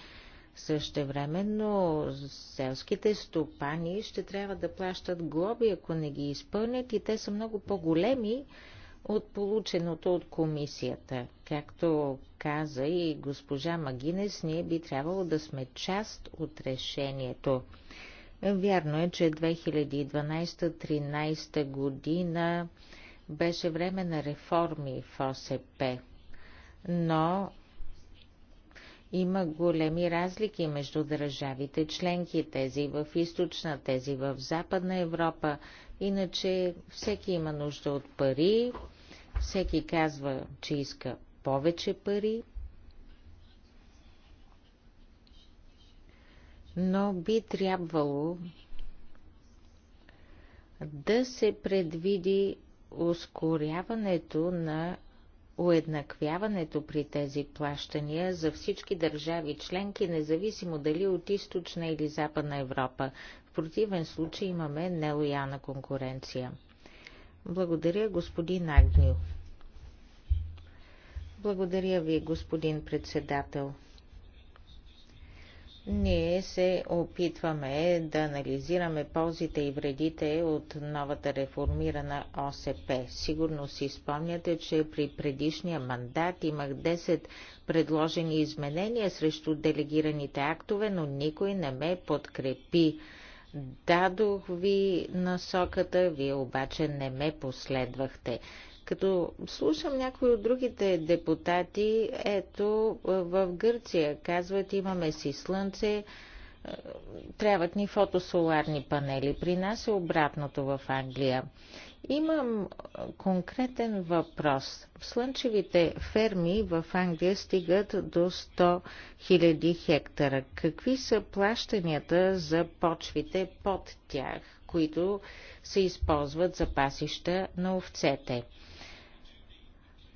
Същевременно селските стопани ще трябва да плащат глоби, ако не ги изпълнят и те са много по-големи, от полученото от комисията. Както каза и госпожа Магинес, ние би трябвало да сме част от решението. Вярно е, че 2012-13 година беше време на реформи в ОСП, но има големи разлики между държавите членки, тези в източна, тези в западна Европа. Иначе всеки има нужда от пари, всеки казва, че иска повече пари, но би трябвало да се предвиди ускоряването на уеднаквяването при тези плащания за всички държави членки, независимо дали от източна или западна Европа. В противен случай имаме нелояна конкуренция. Благодаря, господин Агнил. Благодаря ви, господин председател. Ние се опитваме да анализираме ползите и вредите от новата реформирана ОСП. Сигурно си спомняте, че при предишния мандат имах 10 предложени изменения срещу делегираните актове, но никой не ме подкрепи. Дадох ви насоката, вие обаче не ме последвахте. Като слушам някои от другите депутати, ето в Гърция казват имаме си слънце, е, трябват ни фотосоларни панели. При нас е обратното в Англия. Имам конкретен въпрос. Слънчевите ферми в Англия стигат до 100 000 хектара. Какви са плащанията за почвите под тях, които се използват за пасища на овцете?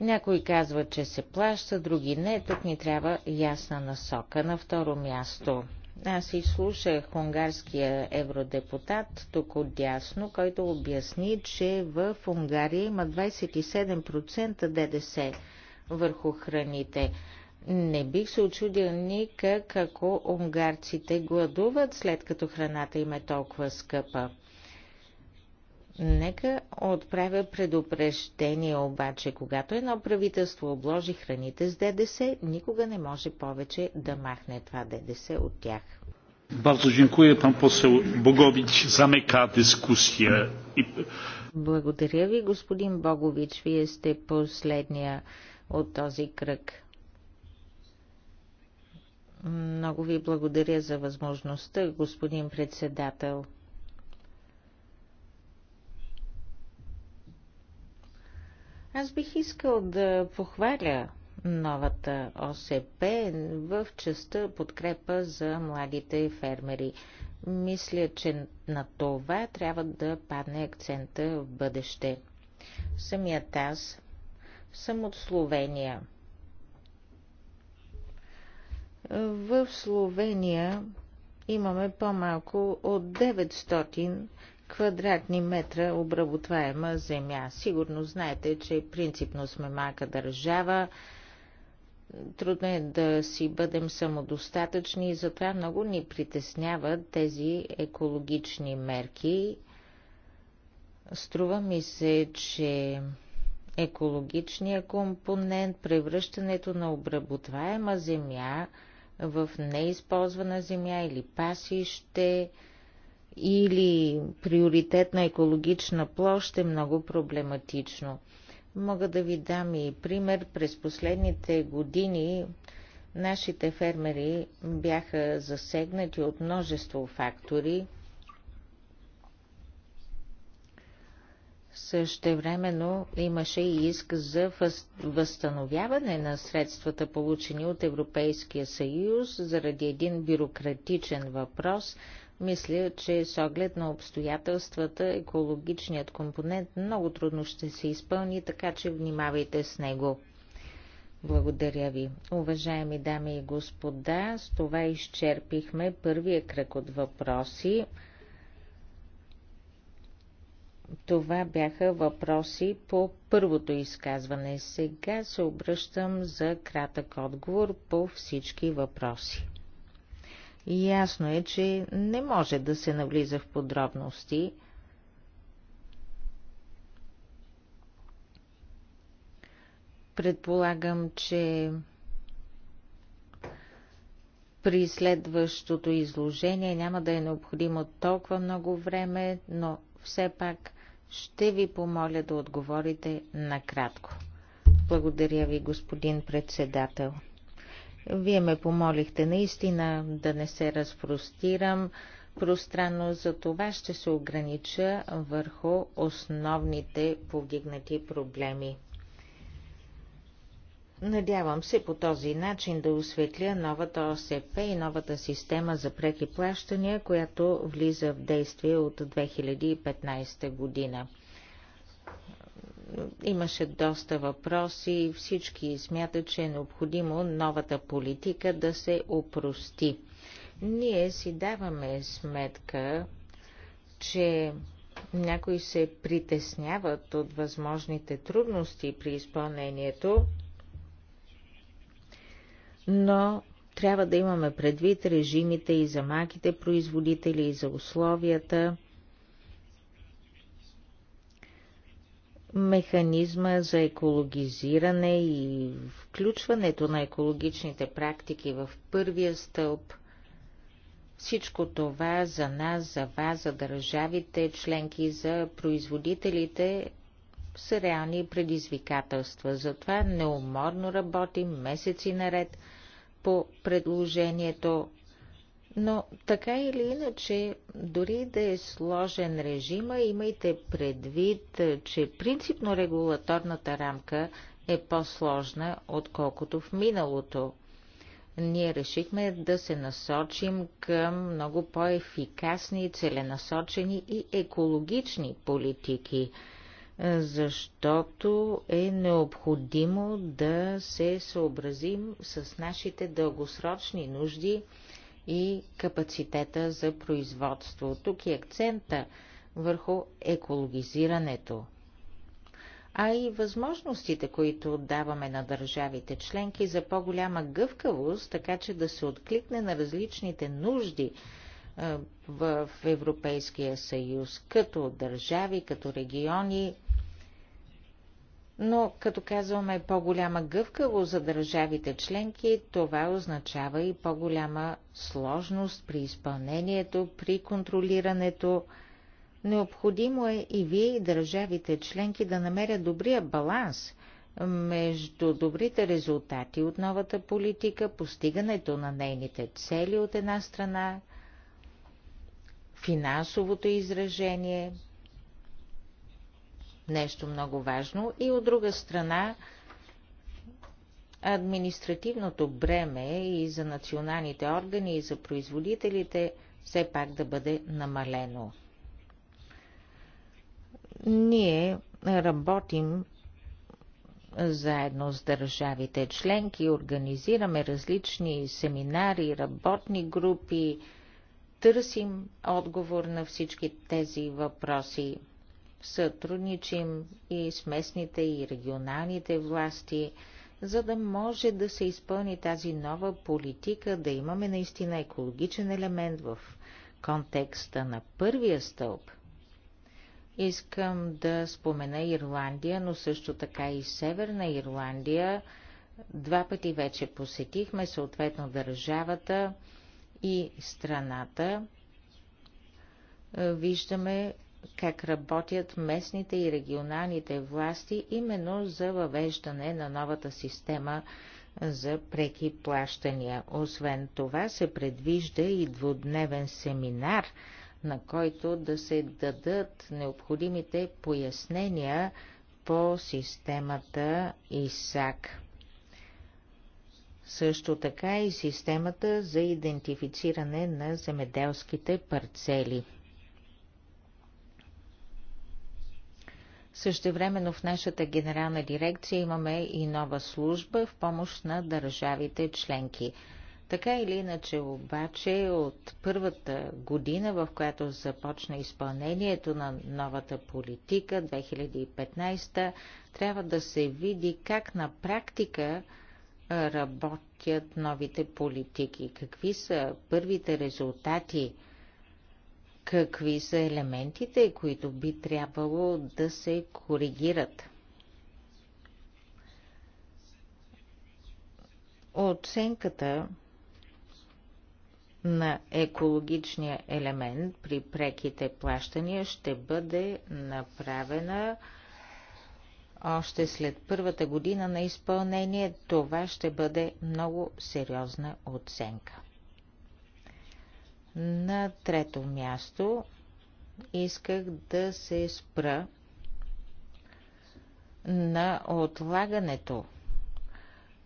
Някои казват, че се плаща, други не. Тук ни трябва ясна насока. На второ място – аз изслушах унгарския евродепутат тук отдясно, който обясни, че в Унгария има 27% ДДС върху храните. Не бих се очудил никак, ако унгарците гладуват, след като храната им е толкова скъпа. Нека отправя предупреждение обаче, когато едно правителство обложи храните с ДДС, никога не може повече да махне това ДДС от тях. Bardzo dziękuję. Pan poseł Bogowicz zamyka dyskusję. Благодаря ви, господин Богович. Вие сте последния от този кръг. Много ви благодаря за възможността, господин председател. Аз бих искал да похваля новата ОСП в частта подкрепа за младите фермери. Мисля, че на това трябва да падне акцента в бъдеще. Самият аз съм от Словения. В Словения имаме по-малко от 900 квадратни метра обработваема земя. Сигурно знаете, че принципно сме малка държава. Трудно е да си бъдем самодостатъчни и затова много ни притесняват тези екологични мерки. Струва ми се, че екологичният компонент, превръщането на обработваема земя в неизползвана земя или пасище, или приоритет на екологична площ е много проблематично. Мога да ви дам и пример. През последните години нашите фермери бяха засегнати от множество фактори. Същевременно имаше и иск за възстановяване на средствата, получени от Европейския съюз, заради един бюрократичен въпрос – мисля, че с оглед на обстоятелствата, екологичният компонент много трудно ще се изпълни, така че внимавайте с него. Благодаря ви. Уважаеми дами и господа, с това изчерпихме първия кръг от въпроси. Това бяха въпроси по първото изказване. Сега се обръщам за кратък отговор по всички въпроси. Ясно е, че не може да се навлиза в подробности. Предполагам, че при следващото изложение няма да е необходимо толкова много време, но все пак ще ви помоля да отговорите накратко. Благодаря ви, господин председател. Вие ме помолихте наистина да не се разпростирам пространно, за това ще се огранича върху основните повдигнати проблеми. Надявам се по този начин да осветля новата ОСП и новата система за преки плащания, която влиза в действие от 2015 година. Имаше доста въпроси. Всички смятат, че е необходимо новата политика да се опрости. Ние си даваме сметка, че някои се притесняват от възможните трудности при изпълнението, но трябва да имаме предвид режимите и за малките производители, и за условията – механизма за екологизиране и включването на екологичните практики в първия стълб. Всичко това за нас, за вас, за държавите, членки, за производителите са реални предизвикателства. Затова неуморно работим месеци наред по предложението но така или иначе, дори да е сложен режима, имайте предвид, че принципно регулаторната рамка е по-сложна, отколкото в миналото. Ние решихме да се насочим към много по-ефикасни, целенасочени и екологични политики, защото е необходимо да се съобразим с нашите дългосрочни нужди – и капацитета за производство. Тук е акцента върху екологизирането, а и възможностите, които даваме на държавите членки за по-голяма гъвкавост, така че да се откликне на различните нужди е, в Европейския съюз, като държави, като региони, но като казваме по-голяма гъвкаво за държавите членки, това означава и по-голяма сложност при изпълнението, при контролирането. Необходимо е и вие и държавите членки да намерят добрия баланс между добрите резултати от новата политика, постигането на нейните цели от една страна, финансовото изражение, нещо много важно и от друга страна административното бреме и за националните органи и за производителите все пак да бъде намалено. Ние работим заедно с държавите членки, организираме различни семинари, работни групи, търсим отговор на всички тези въпроси сътрудничим и с местните и регионалните власти, за да може да се изпълни тази нова политика, да имаме наистина екологичен елемент в контекста на първия стълб. Искам да спомена Ирландия, но също така и Северна Ирландия. Два пъти вече посетихме съответно държавата и страната. Виждаме как работят местните и регионалните власти именно за въвеждане на новата система за преки плащания. Освен това се предвижда и двудневен семинар, на който да се дадат необходимите пояснения по системата ИСАК. Също така и системата за идентифициране на земеделските парцели. Същевременно в нашата генерална дирекция имаме и нова служба в помощ на държавите членки. Така или иначе обаче от първата година, в която започна изпълнението на новата политика 2015, трябва да се види как на практика работят новите политики, какви са първите резултати – какви са елементите, които би трябвало да се коригират. Оценката на екологичния елемент при преките плащания ще бъде направена още след първата година на изпълнение. Това ще бъде много сериозна оценка. На трето място исках да се спра на отлагането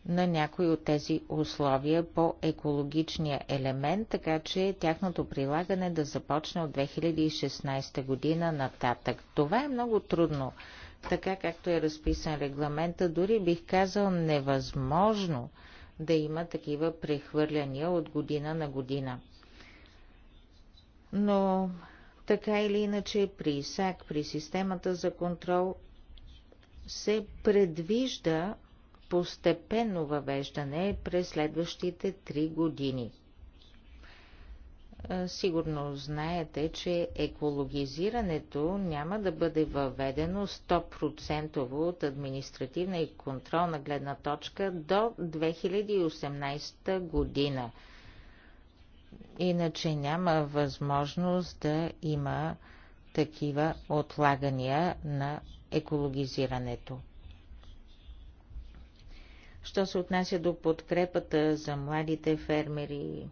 на някои от тези условия по екологичния елемент, така че тяхното прилагане да започне от 2016 година нататък. Това е много трудно, така както е разписан регламента, дори бих казал невъзможно да има такива прехвърляния от година на година но така или иначе при ИСАК, при системата за контрол се предвижда постепенно въвеждане през следващите три години. Сигурно знаете, че екологизирането няма да бъде въведено 100% от административна и контролна гледна точка до 2018 година – Иначе няма възможност да има такива отлагания на екологизирането. Що се отнася до подкрепата за младите фермери,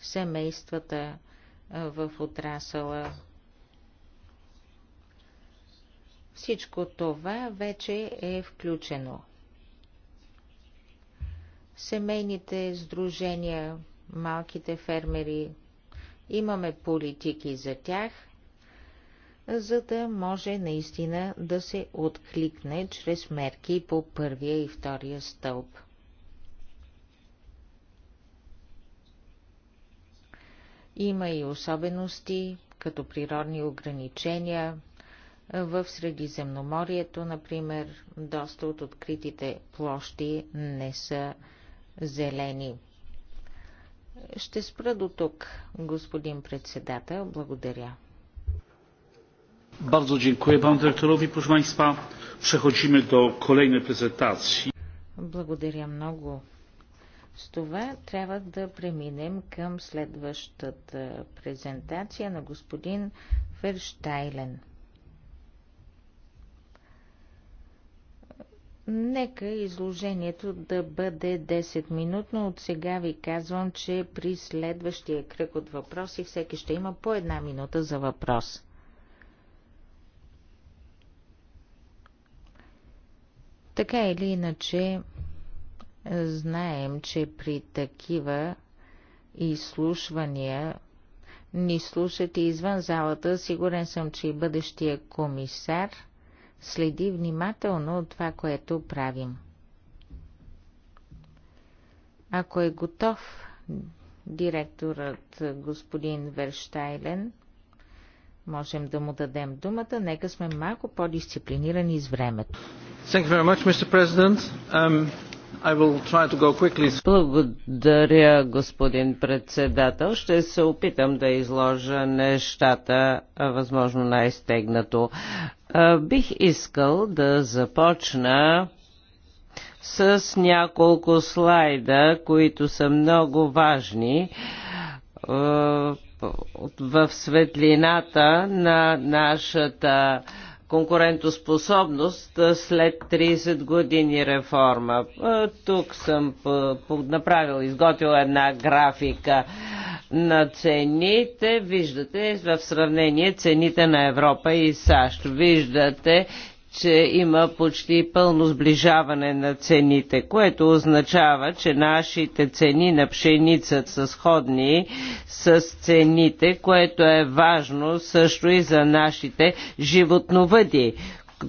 семействата в отрасъла, всичко това вече е включено. Семейните сдружения малките фермери. Имаме политики за тях, за да може наистина да се откликне чрез мерки по първия и втория стълб. Има и особености, като природни ограничения. В Средиземноморието, например, доста от откритите площи не са зелени. Ще спра до тук, господин председател. Благодаря. Bardzo dziękuję panu dyrektorowi. Proszę państwa, przechodzimy do kolejnej prezentacji. Благодаря много. С това трябва да преминем към следващата презентация на господин Ферштайлен. Нека изложението да бъде 10-минутно. От сега ви казвам, че при следващия кръг от въпроси всеки ще има по една минута за въпрос. Така или иначе, знаем, че при такива изслушвания ни слушате извън залата. Сигурен съм, че и бъдещия комисар – следи внимателно от това, което правим. Ако е готов директорът господин Верштайлен, можем да му дадем думата. Нека сме малко по-дисциплинирани с времето. Thank you very much, Mr. President. Um... Благодаря, господин председател. Ще се опитам да изложа нещата възможно най-стегнато. Бих искал да започна с няколко слайда, които са много важни в светлината на нашата конкурентоспособност след 30 години реформа. Тук съм направил, изготвил една графика на цените. Виждате в сравнение цените на Европа и САЩ. Виждате, че има почти пълно сближаване на цените, което означава, че нашите цени на пшеница са сходни с цените, което е важно също и за нашите животновъди,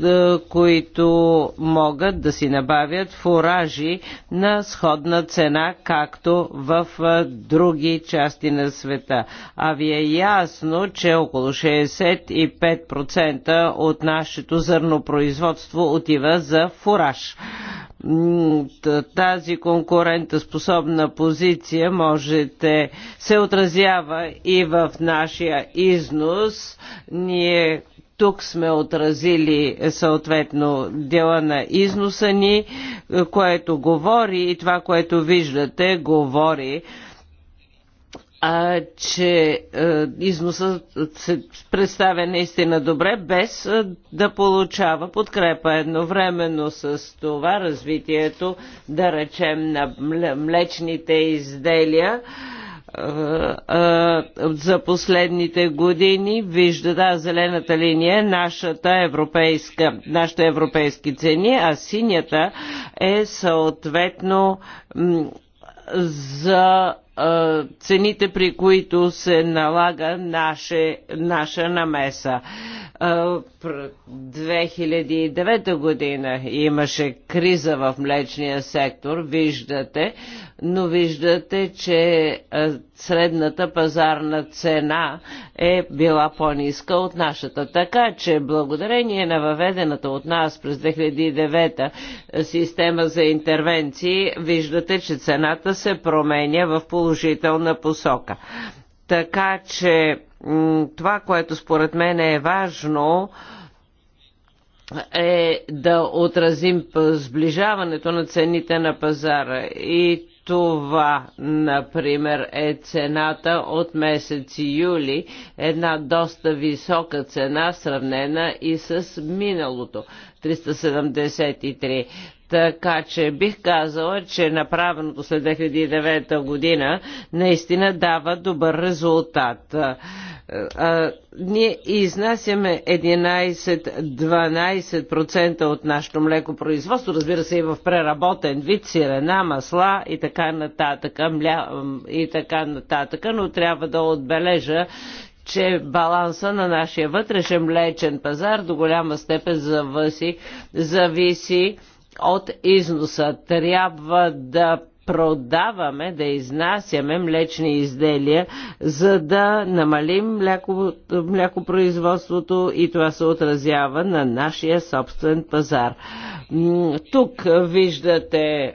е, които могат да си набавят фуражи на сходна цена, както в е, други части на света. А ви е ясно, че около 65% от нашето зърнопроизводство отива за фураж. Тази конкурентоспособна позиция можете се отразява и в нашия износ. Ние тук сме отразили е, съответно дела на износа ни, е, което говори и това, което виждате, говори а, че а, е, износът се представя наистина добре, без а, да получава подкрепа. Едновременно с това развитието, да речем, на млечните изделия, е, е, за последните години. Вижда, да, зелената линия е нашата европейска, нашите европейски цени, а синята е съответно за цените, при които се налага наше, наша намеса. 2009 година имаше криза в млечния сектор, виждате, но виждате, че средната пазарна цена е била по-ниска от нашата. Така че благодарение на въведената от нас през 2009 система за интервенции, виждате, че цената се променя в половината положителна посока. Така че това, което според мен е важно, е да отразим сближаването на цените на пазара и това, например, е цената от месец юли, една доста висока цена, сравнена и с миналото. 373. Така че бих казала, че направеното след 2009 година наистина дава добър резултат. Ние изнасяме 11-12% от нашето млекопроизводство, разбира се и в преработен вид, сирена, масла и така нататък, мля, и така нататък, но трябва да отбележа, че баланса на нашия вътрешен млечен пазар до голяма степен зависи, зависи от износа. Трябва да продаваме, да изнасяме млечни изделия, за да намалим мляко, млякопроизводството и това се отразява на нашия собствен пазар. Тук виждате е,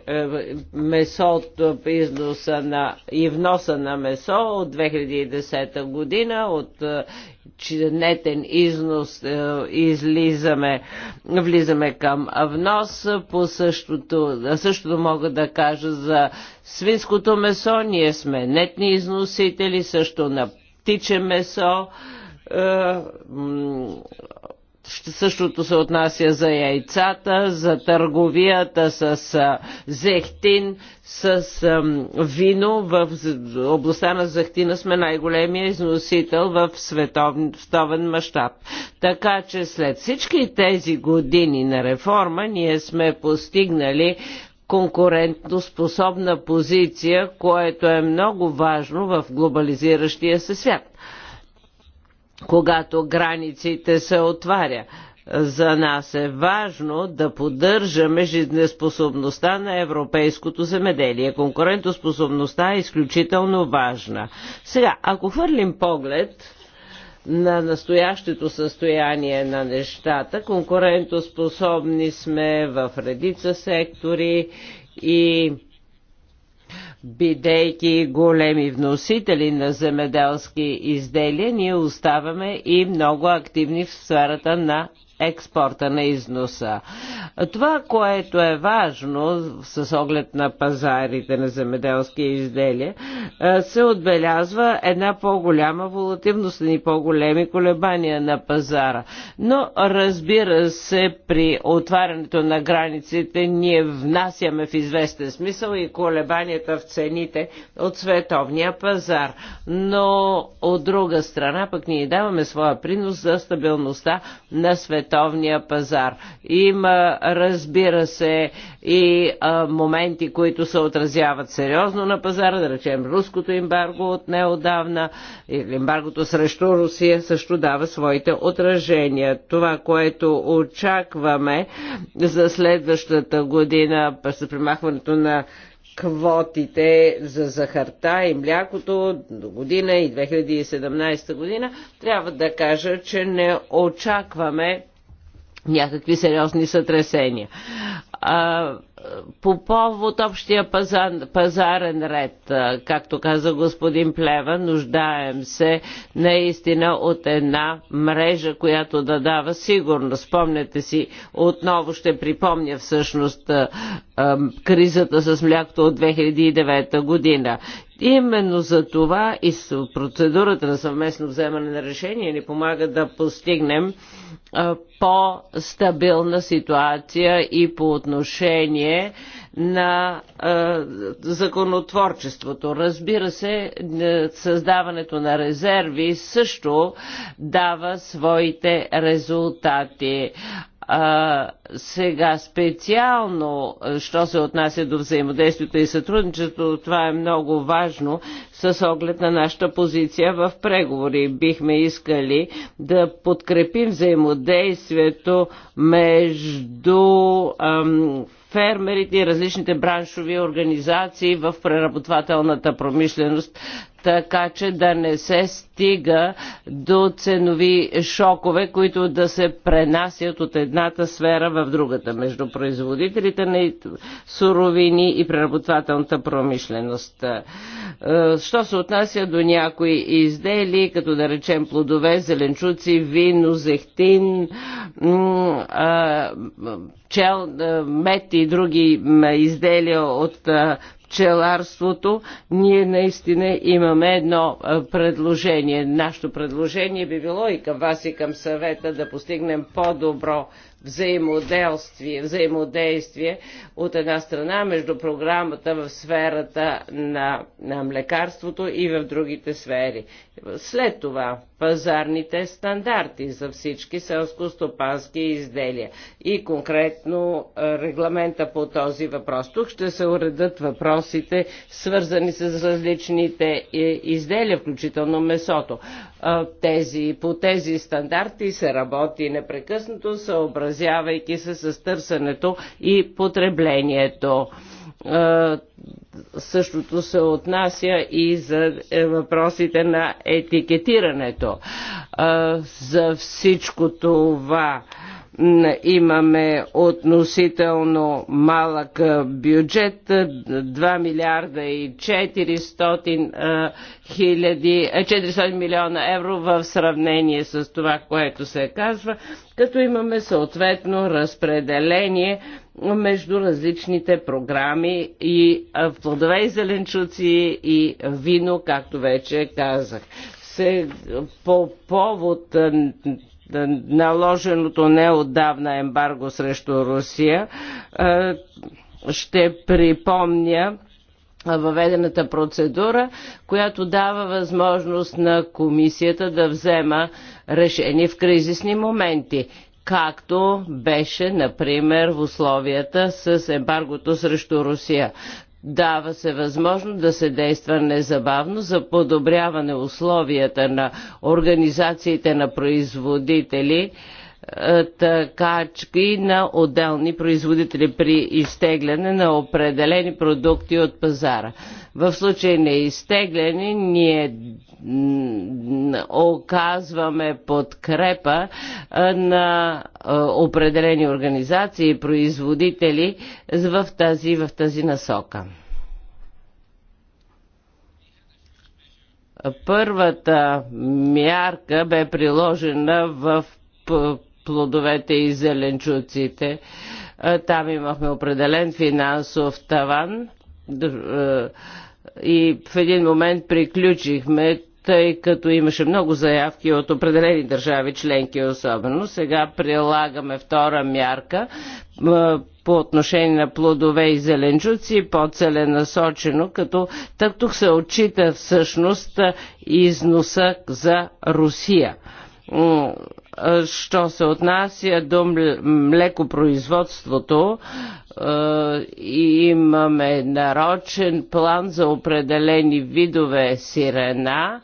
месото, износа на, и вноса на месо от 2010 година от е, чинетен износ е, излизаме, влизаме към внос. По същото, същото мога да кажа за свинското месо. Ние сме нетни износители, също на птиче месо е, Същото се отнася за яйцата, за търговията с зехтин, с вино. В областта на зехтина сме най-големия износител в световен, мащаб. Така че след всички тези години на реформа ние сме постигнали конкурентоспособна позиция, което е много важно в глобализиращия се свят когато границите се отваря. За нас е важно да поддържаме жизнеспособността на европейското земеделие. Конкурентоспособността е изключително важна. Сега, ако хвърлим поглед на настоящето състояние на нещата, конкурентоспособни сме в редица сектори и бидейки големи вносители на земеделски изделия, ние оставаме и много активни в сферата на експорта, на износа. Това, което е важно с оглед на пазарите на земеделски изделия, е, се отбелязва една по-голяма волативност и по-големи колебания на пазара. Но разбира се, при отварянето на границите ние внасяме в известен смисъл и колебанията в цените от световния пазар. Но от друга страна пък ние даваме своя принос за стабилността на света световния пазар. Има, разбира се, и а, моменти, които се отразяват сериозно на пазара, да речем руското ембарго от неодавна, или ембаргото срещу Русия също дава своите отражения. Това, което очакваме за следващата година, през примахването на квотите за захарта и млякото до година и 2017 година, трябва да кажа, че не очакваме някакви сериозни сътресения. А, по повод общия пазар, пазарен ред, както каза господин Плева, нуждаем се наистина от една мрежа, която да дава сигурност. Спомнете си, отново ще припомня всъщност кризата с млякото от 2009 година. Именно за това и процедурата на съвместно вземане на решение ни помага да постигнем по-стабилна ситуация и по отношение на законотворчеството. Разбира се, създаването на резерви също дава своите резултати. А, сега специално, що се отнася до взаимодействието и сътрудничеството, това е много важно с оглед на нашата позиция в преговори. Бихме искали да подкрепим взаимодействието между ам, фермерите и различните браншови организации в преработвателната промишленост, така че да не се стига до ценови шокове, които да се пренасят от едната сфера в другата, между производителите на суровини и преработвателната промишленост. Е, що се отнася до някои изделия, като да речем плодове, зеленчуци, вино, зехтин, чел, е, мед и други изделия от е, пчеларството, ние наистина имаме едно предложение. Нашето предложение би било и към вас, и към съвета да постигнем по-добро взаимодействие, взаимодействие от една страна между програмата в сферата на, на млекарството и в другите сфери. След това пазарните стандарти за всички селско-стопански изделия и конкретно е, регламента по този въпрос. Тук ще се уредат въпросите, свързани с различните е, изделия, включително месото. Е, тези, по тези стандарти се работи непрекъснато, съобразявайки се с търсенето и потреблението. Същото се отнася и за е, въпросите на етикетирането. За всичко това имаме относително малък бюджет 2 милиарда и 400 хиляди, 400 е, милиона евро в сравнение с това, което се казва, като имаме съответно разпределение между различните програми и плодове и зеленчуци и вино, както вече казах. Се, по повод наложеното неотдавна ембарго срещу Русия, ще припомня въведената процедура, която дава възможност на комисията да взема решение в кризисни моменти както беше, например, в условията с ембаргото срещу Русия. Дава се възможност да се действа незабавно за подобряване условията на организациите на производители, е, така и на отделни производители при изтегляне на определени продукти от пазара. В случай на изтегляне ние оказваме подкрепа на определени организации и производители в тази, в тази насока. Първата мярка бе приложена в плодовете и зеленчуците. Там имахме определен финансов таван и в един момент приключихме тъй като имаше много заявки от определени държави членки особено. Сега прилагаме втора мярка по отношение на плодове и зеленчуци по-целенасочено, като так тук се отчита всъщност износа за Русия Що се отнася до млекопроизводството, имаме нарочен план за определени видове сирена.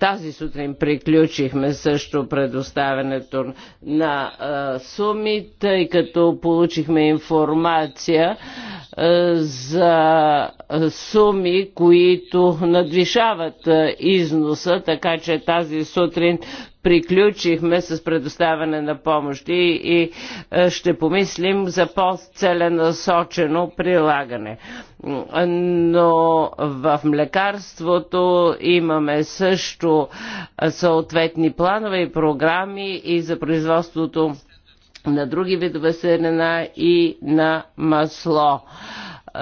Тази сутрин приключихме също предоставянето на сумите, тъй като получихме информация е, за суми, които надвишават е, износа, така че тази сутрин приключихме с предоставяне на помощи и е, ще помислим за по-целенасочено прилагане. Но в млекарството имаме също съответни планове и програми и за производството на други видове сирена и на масло.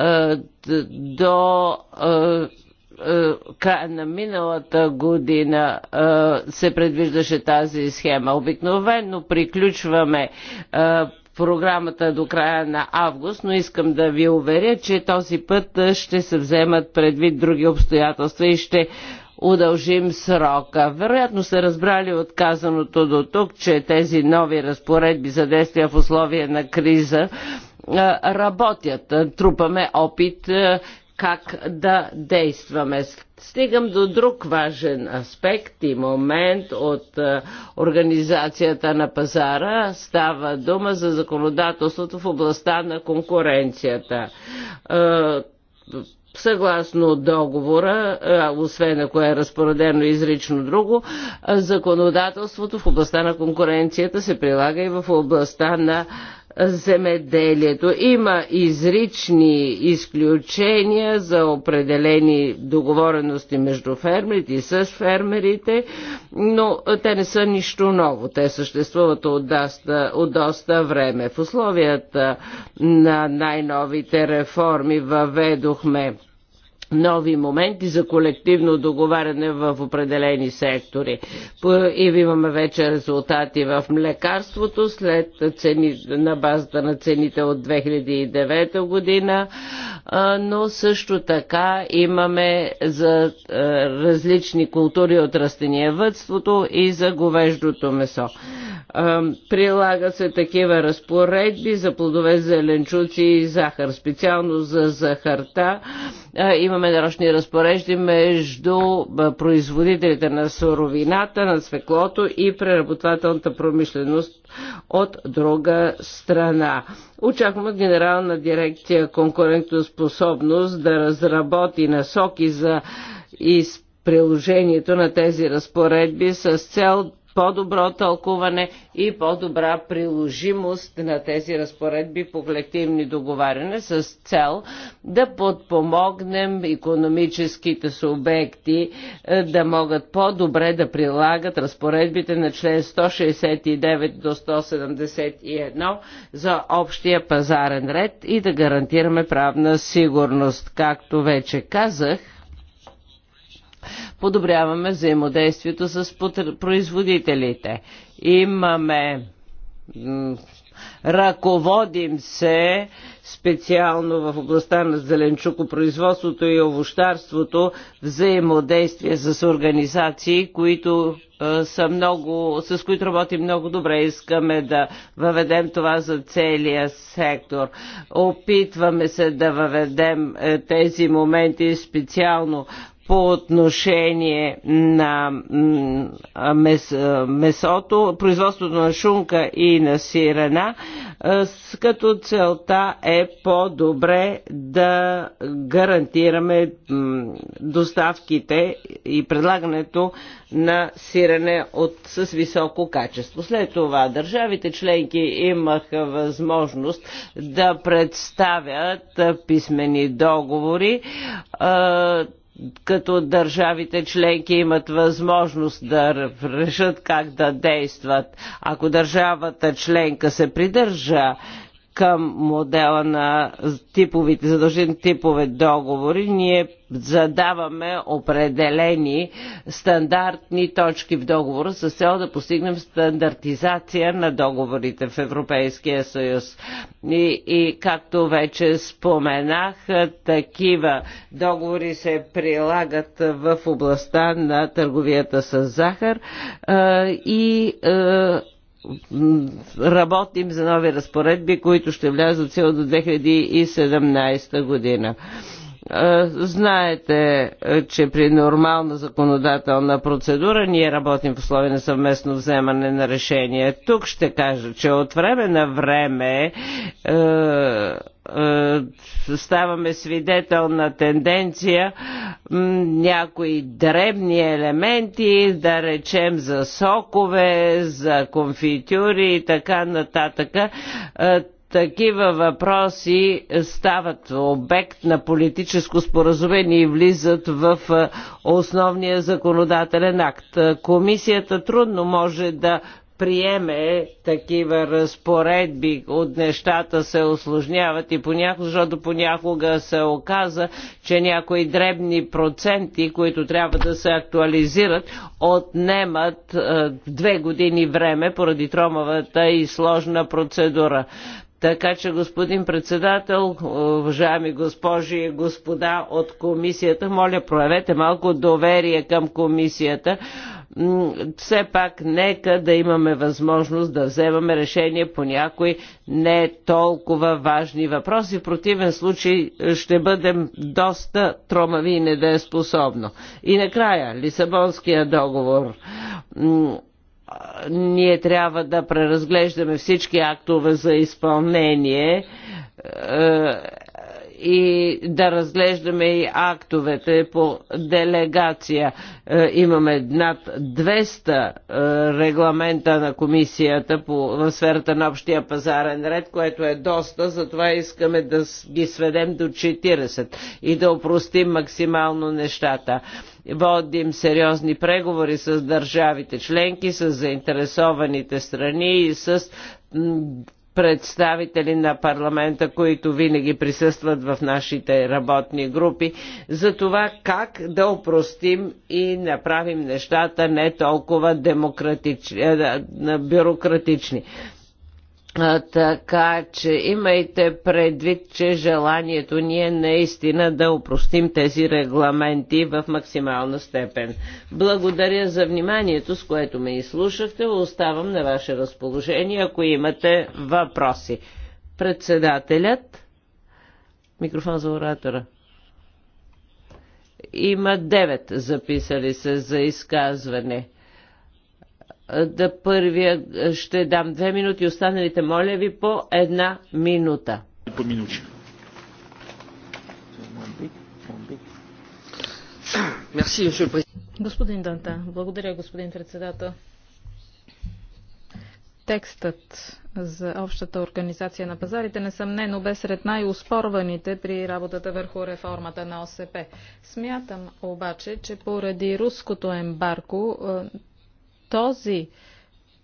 Е, до е, е, края на миналата година се предвиждаше тази схема. Обикновено приключваме програмата до края на август, но искам да ви уверя, че този път ще се вземат предвид други обстоятелства и ще удължим срока. Вероятно сте разбрали от казаното до тук, че тези нови разпоредби за действия в условия на криза работят. Трупаме опит как да действаме. Стигам до друг важен аспект и момент от организацията на пазара. Става дума за законодателството в областта на конкуренцията Съгласно договора, освен ако е разпоредено изрично друго, законодателството в областта на конкуренцията се прилага и в областта на земеделието. Има изрични изключения за определени договорености между фермерите и с фермерите, но те не са нищо ново. Те съществуват от доста, от доста време. В условията на най-новите реформи въведохме нови моменти за колективно договаряне в определени сектори. И имаме вече резултати в млекарството след цени, на базата на цените от 2009 година но също така имаме за различни култури от растениевътството и за говеждото месо. Прилагат се такива разпоредби за плодове, зеленчуци и захар. Специално за захарта имаме нарочни разпорежди между производителите на суровината, на свеклото и преработвателната промишленост от друга страна. Очакваме Генерална дирекция конкурентоспособност да разработи насоки за приложението на тези разпоредби с цел по-добро тълкуване и по-добра приложимост на тези разпоредби по колективни договаряне с цел да подпомогнем економическите субекти е, да могат по-добре да прилагат разпоредбите на член 169 до 171 за общия пазарен ред и да гарантираме правна сигурност. Както вече казах, подобряваме взаимодействието с производителите. Имаме ръководим се специално в областта на зеленчукопроизводството и овощарството взаимодействие с организации, които са много, с които работим много добре. Искаме да въведем това за целия сектор. Опитваме се да въведем е, тези моменти специално по отношение на мес, месото, производството на шунка и на сирена, като целта е по-добре да гарантираме доставките и предлагането на сирене от, с високо качество. След това държавите членки имаха възможност да представят писмени договори като държавите членки имат възможност да решат как да действат. Ако държавата членка се придържа към модела на типовите, задължени типове договори, ние задаваме определени стандартни точки в договора с цел да постигнем стандартизация на договорите в Европейския съюз. И, и както вече споменах, такива договори се прилагат в областта на търговията с захар и работим за нови разпоредби, които ще влязат в сила до 2017 година. Знаете, че при нормална законодателна процедура ние работим в условия на съвместно вземане на решение. Тук ще кажа, че от време на време ставаме свидетел на тенденция някои дребни елементи, да речем за сокове, за конфитюри и така нататък, такива въпроси стават обект на политическо споразумение и влизат в основния законодателен акт. Комисията трудно може да приеме такива разпоредби от нещата се осложняват и понякога, защото понякога се оказа, че някои дребни проценти, които трябва да се актуализират, отнемат е, две години време поради тромавата и сложна процедура. Така че, господин председател, уважаеми госпожи и господа от комисията, моля проявете малко доверие към комисията. Все пак нека да имаме възможност да вземаме решение по някои не толкова важни въпроси. В противен случай ще бъдем доста тромави и недееспособно. И накрая, Лисабонския договор ние трябва да преразглеждаме всички актове за изпълнение е, и да разглеждаме и актовете по делегация. Е, имаме над 200 е, регламента на комисията по, в сферата на общия пазарен ред, което е доста, затова искаме да ги сведем до 40 и да опростим максимално нещата. Водим сериозни преговори с държавите членки, с заинтересованите страни и с представители на парламента, които винаги присъстват в нашите работни групи, за това как да опростим и направим нещата не толкова демократич... Е, бюрократични. Така че имайте предвид, че желанието ни е наистина да упростим тези регламенти в максимална степен. Благодаря за вниманието, с което ме изслушахте. Оставам на ваше разположение, ако имате въпроси. Председателят. Микрофон за оратора. Има девет записали се за изказване да първия е, ще дам две минути, останалите моля ви по една минута. По минути. Господин Данта, благодаря господин председател. Текстът за общата организация на пазарите несъмнено бе сред най-успорваните при работата върху реформата на ОСП. Смятам обаче, че поради руското ембарко е, този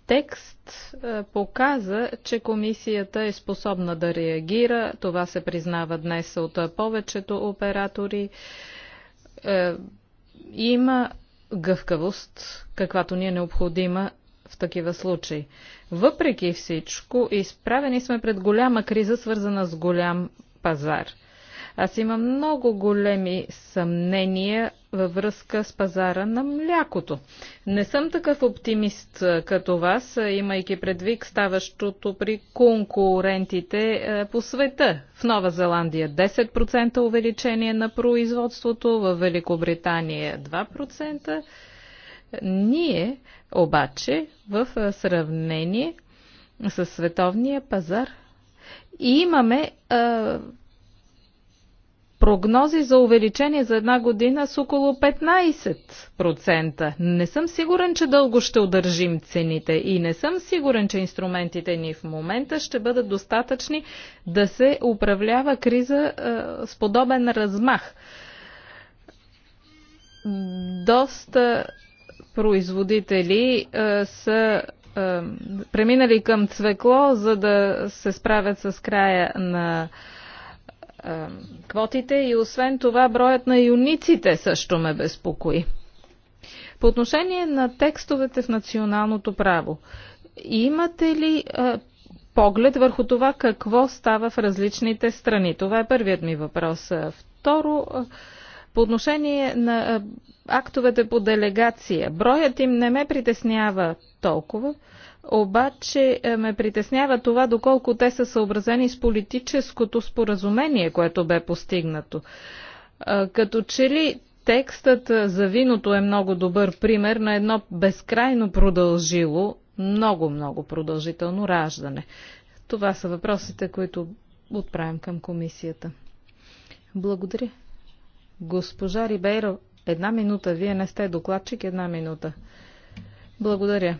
текст е, показа, че комисията е способна да реагира. Това се признава днес от е, повечето оператори. Е, има гъвкавост, каквато ни е необходима в такива случаи. Въпреки всичко, изправени сме пред голяма криза, свързана с голям пазар – аз имам много големи съмнения във връзка с пазара на млякото. Не съм такъв оптимист като вас, имайки предвид ставащото при конкурентите по света. В Нова Зеландия 10% увеличение на производството, в Великобритания 2%. Ние обаче в сравнение с световния пазар имаме а, прогнози за увеличение за една година с около 15%. Не съм сигурен, че дълго ще удържим цените и не съм сигурен, че инструментите ни в момента ще бъдат достатъчни да се управлява криза е, с подобен размах. Доста производители е, са е, преминали към цвекло, за да се справят с края на квотите и освен това броят на юниците също ме безпокои. По отношение на текстовете в националното право, имате ли а, поглед върху това какво става в различните страни? Това е първият ми въпрос. Второ, по отношение на актовете по делегация, броят им не ме притеснява толкова. Обаче е, ме притеснява това доколко те са съобразени с политическото споразумение, което бе постигнато. Е, като че ли текстът е, за виното е много добър пример на едно безкрайно продължило, много-много продължително раждане. Това са въпросите, които отправям към комисията. Благодаря. Госпожа Рибейро, една минута. Вие не сте докладчик, една минута. Благодаря.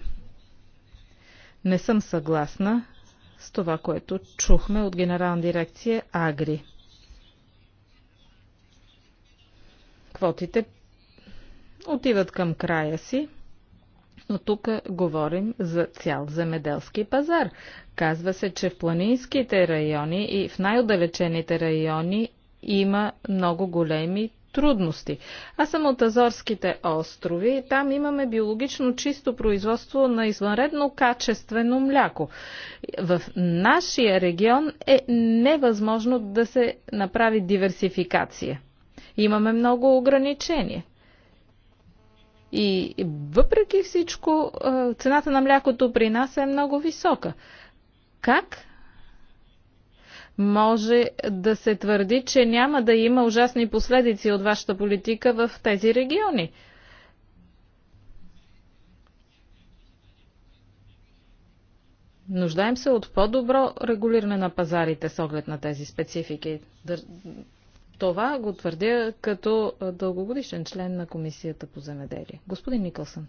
Не съм съгласна с това, което чухме от генерална дирекция Агри. Квотите отиват към края си, но тук говорим за цял земеделски пазар. Казва се, че в планинските райони и в най-отдалечените райони има много големи трудности. Аз съм от Азорските острови и там имаме биологично чисто производство на извънредно качествено мляко. В нашия регион е невъзможно да се направи диверсификация. Имаме много ограничения. И въпреки всичко, цената на млякото при нас е много висока. Как може да се твърди, че няма да има ужасни последици от вашата политика в тези региони. Нуждаем се от по-добро регулиране на пазарите с оглед на тези специфики. Това го твърдя като дългогодишен член на Комисията по земеделие. Господин Никълсън.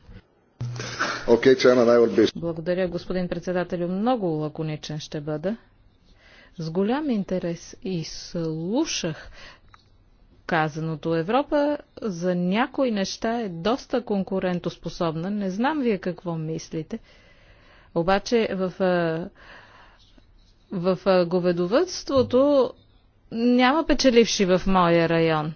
Okay, Благодаря, господин председател, Много лаконичен ще бъда. С голям интерес и слушах казаното. Европа за някои неща е доста конкурентоспособна. Не знам вие какво мислите. Обаче в, в говедовътството няма печеливши в моя район.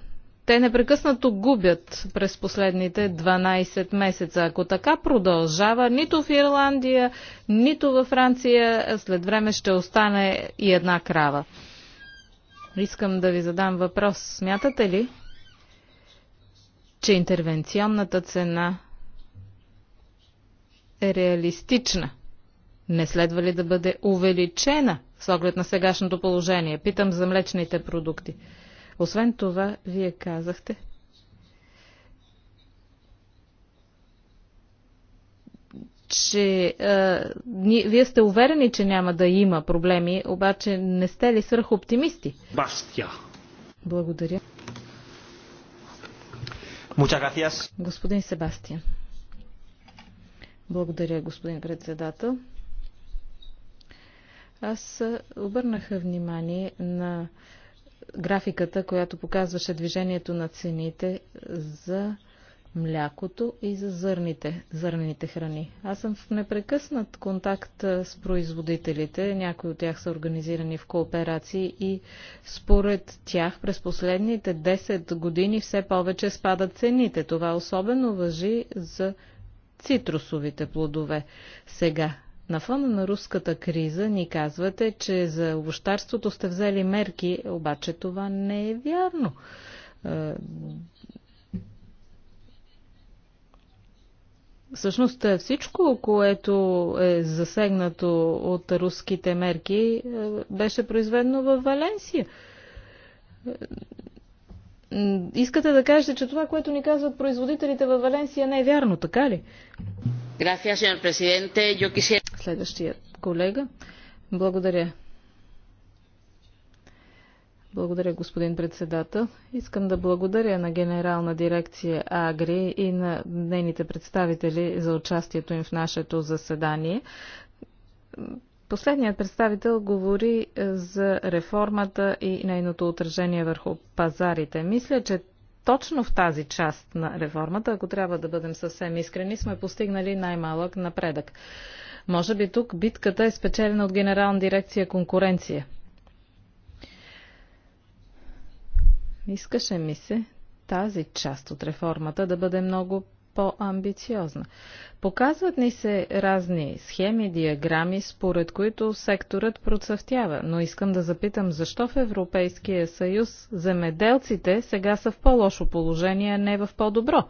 Те непрекъснато губят през последните 12 месеца. Ако така продължава, нито в Ирландия, нито във Франция, след време ще остане и една крава. Искам да ви задам въпрос. Смятате ли, че интервенционната цена е реалистична? Не следва ли да бъде увеличена с оглед на сегашното положение? Питам за млечните продукти. Освен това, вие казахте, че а, ни, вие сте уверени, че няма да има проблеми, обаче не сте ли оптимисти? Бастя. Благодаря. Господин Себастиан. Благодаря, господин председател. Аз обърнах внимание на графиката, която показваше движението на цените за млякото и за зърните, зърнените храни. Аз съм в непрекъснат контакт с производителите. Някои от тях са организирани в кооперации и според тях през последните 10 години все повече спадат цените. Това особено въжи за цитрусовите плодове. Сега на фона на руската криза ни казвате, че за овощарството сте взели мерки, обаче това не е вярно. Всъщност всичко, което е засегнато от руските мерки, е, беше произведено в Валенсия. Искате да кажете, че това, което ни казват производителите във Валенсия, не е вярно, така ли? Gracias, señor presidente. Yo quisiera следващия колега. Благодаря. Благодаря, господин председател. Искам да благодаря на генерална дирекция Агри и на нейните представители за участието им в нашето заседание. Последният представител говори за реформата и нейното отражение върху пазарите. Мисля, че точно в тази част на реформата, ако трябва да бъдем съвсем искрени, сме постигнали най-малък напредък. Може би тук битката е спечелена от Генерална дирекция конкуренция. Искаше ми се тази част от реформата да бъде много по-амбициозна. Показват ни се разни схеми, диаграми, според които секторът процъфтява, но искам да запитам защо в Европейския съюз земеделците сега са в по-лошо положение, а не в по-добро.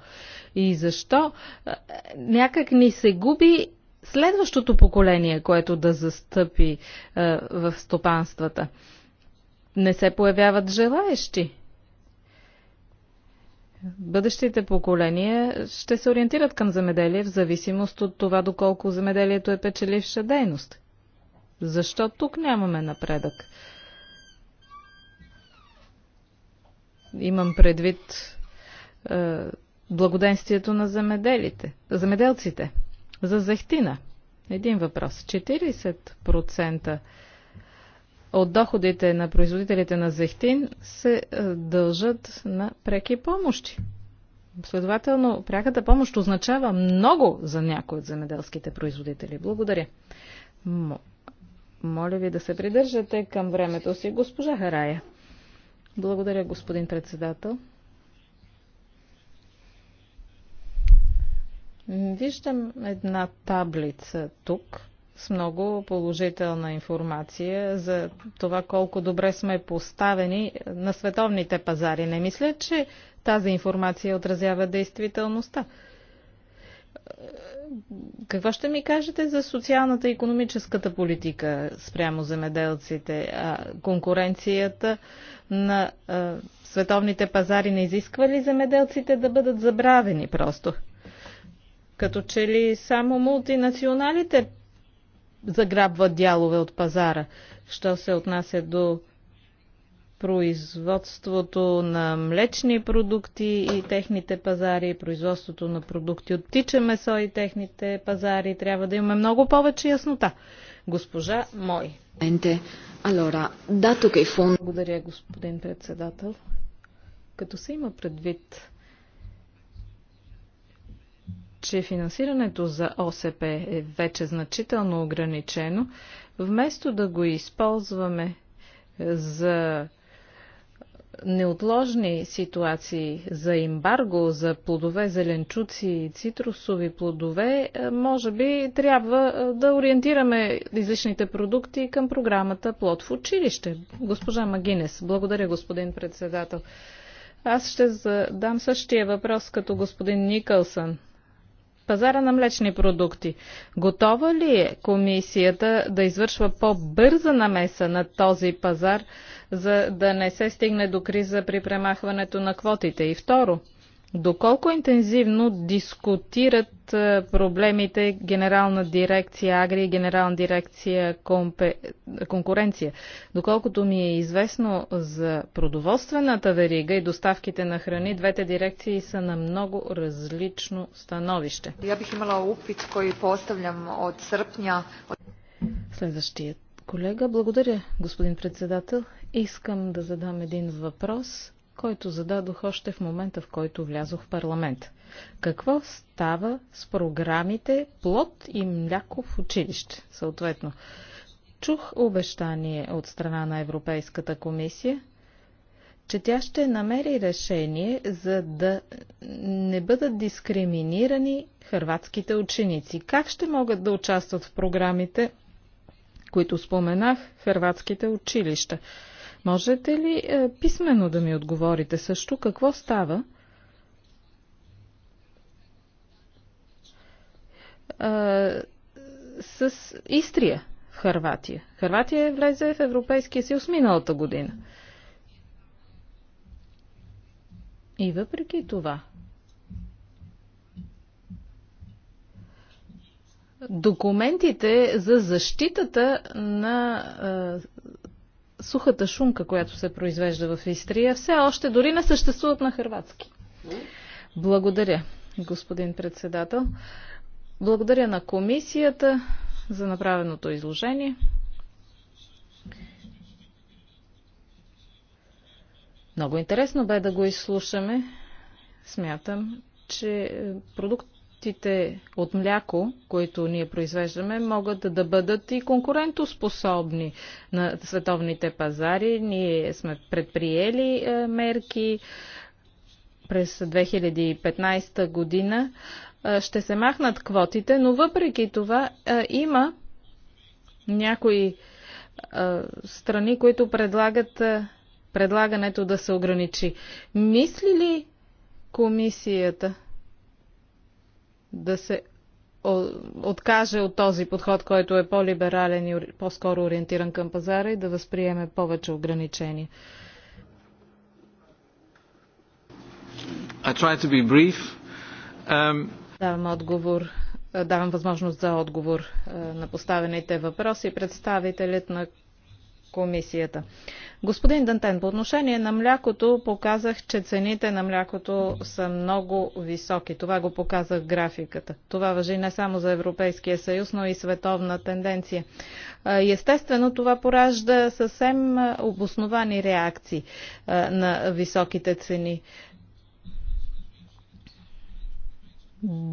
И защо е, някак ни се губи следващото поколение, което да застъпи е, в стопанствата. Не се появяват желаещи. Бъдещите поколения ще се ориентират към земеделие в зависимост от това доколко земеделието е печеливша дейност. Защо тук нямаме напредък? Имам предвид е, благоденствието на земеделите, земеделците. За зехтина. Един въпрос. 40% от доходите на производителите на зехтин се е, дължат на преки помощи. Следователно, пряката помощ означава много за някои от земеделските производители. Благодаря. Моля ви да се придържате към времето си, госпожа Харая. Благодаря, господин председател. Виждам една таблица тук с много положителна информация за това колко добре сме поставени на световните пазари. Не мисля, че тази информация отразява действителността. Какво ще ми кажете за социалната и економическата политика спрямо земеделците? А конкуренцията на а, световните пазари не изисква ли земеделците да бъдат забравени просто? Като че ли само мултинационалите заграбват дялове от пазара, що се отнася до производството на млечни продукти и техните пазари, производството на продукти от птиче месо и техните пазари. Трябва да имаме много повече яснота. Госпожа Мой. Благодаря, господин председател. Като се има предвид че финансирането за ОСП е вече значително ограничено, вместо да го използваме е, за неотложни ситуации за ембарго, за плодове, зеленчуци и цитрусови плодове, е, може би трябва е, да ориентираме излишните продукти към програмата Плод в училище. Госпожа Магинес, благодаря господин председател. Аз ще задам същия въпрос като господин Никълсън пазара на млечни продукти. Готова ли е комисията да извършва по-бърза намеса на този пазар, за да не се стигне до криза при премахването на квотите? И второ, Доколко интензивно дискутират е, проблемите Генерална дирекция Агри и Генерална дирекция компе... конкуренция? Доколкото ми е известно за продоволствената верига и доставките на храни, двете дирекции са на много различно становище. Я бих имала опит, кой поставлям от сърпня. Следващият колега. Благодаря, господин председател. Искам да задам един въпрос който зададох още в момента, в който влязох в парламент. Какво става с програмите плод и мляко в училище, съответно? Чух обещание от страна на Европейската комисия, че тя ще намери решение, за да не бъдат дискриминирани хърватските ученици. Как ще могат да участват в програмите, които споменах, хърватските училища? Можете ли е, писменно да ми отговорите също какво става? Е, с Истрия в Харватия. Харватия влезе в Европейския съюз миналата година. И въпреки това, документите за защитата на е, сухата шунка, която се произвежда в Истрия, все още дори не съществуват на хрватски. Благодаря, господин председател. Благодаря на комисията за направеното изложение. Много интересно бе да го изслушаме. Смятам, че продукт продуктите от мляко, които ние произвеждаме, могат да бъдат и конкурентоспособни на световните пазари. Ние сме предприели е, мерки през 2015 година. Е, ще се махнат квотите, но въпреки това е, има някои страни, които предлагат предлагането да се ограничи. Мисли ли комисията? да се откаже от този подход, който е по-либерален и по-скоро ориентиран към пазара и да възприеме повече ограничения. I try to be brief. Um... Давам отговор е, давам възможност за отговор е, на поставените въпроси. Представителят на комисията. Господин Дантен, по отношение на млякото показах, че цените на млякото са много високи. Това го показах в графиката. Това въжи не само за Европейския съюз, но и световна тенденция. Естествено, това поражда съвсем обосновани реакции на високите цени.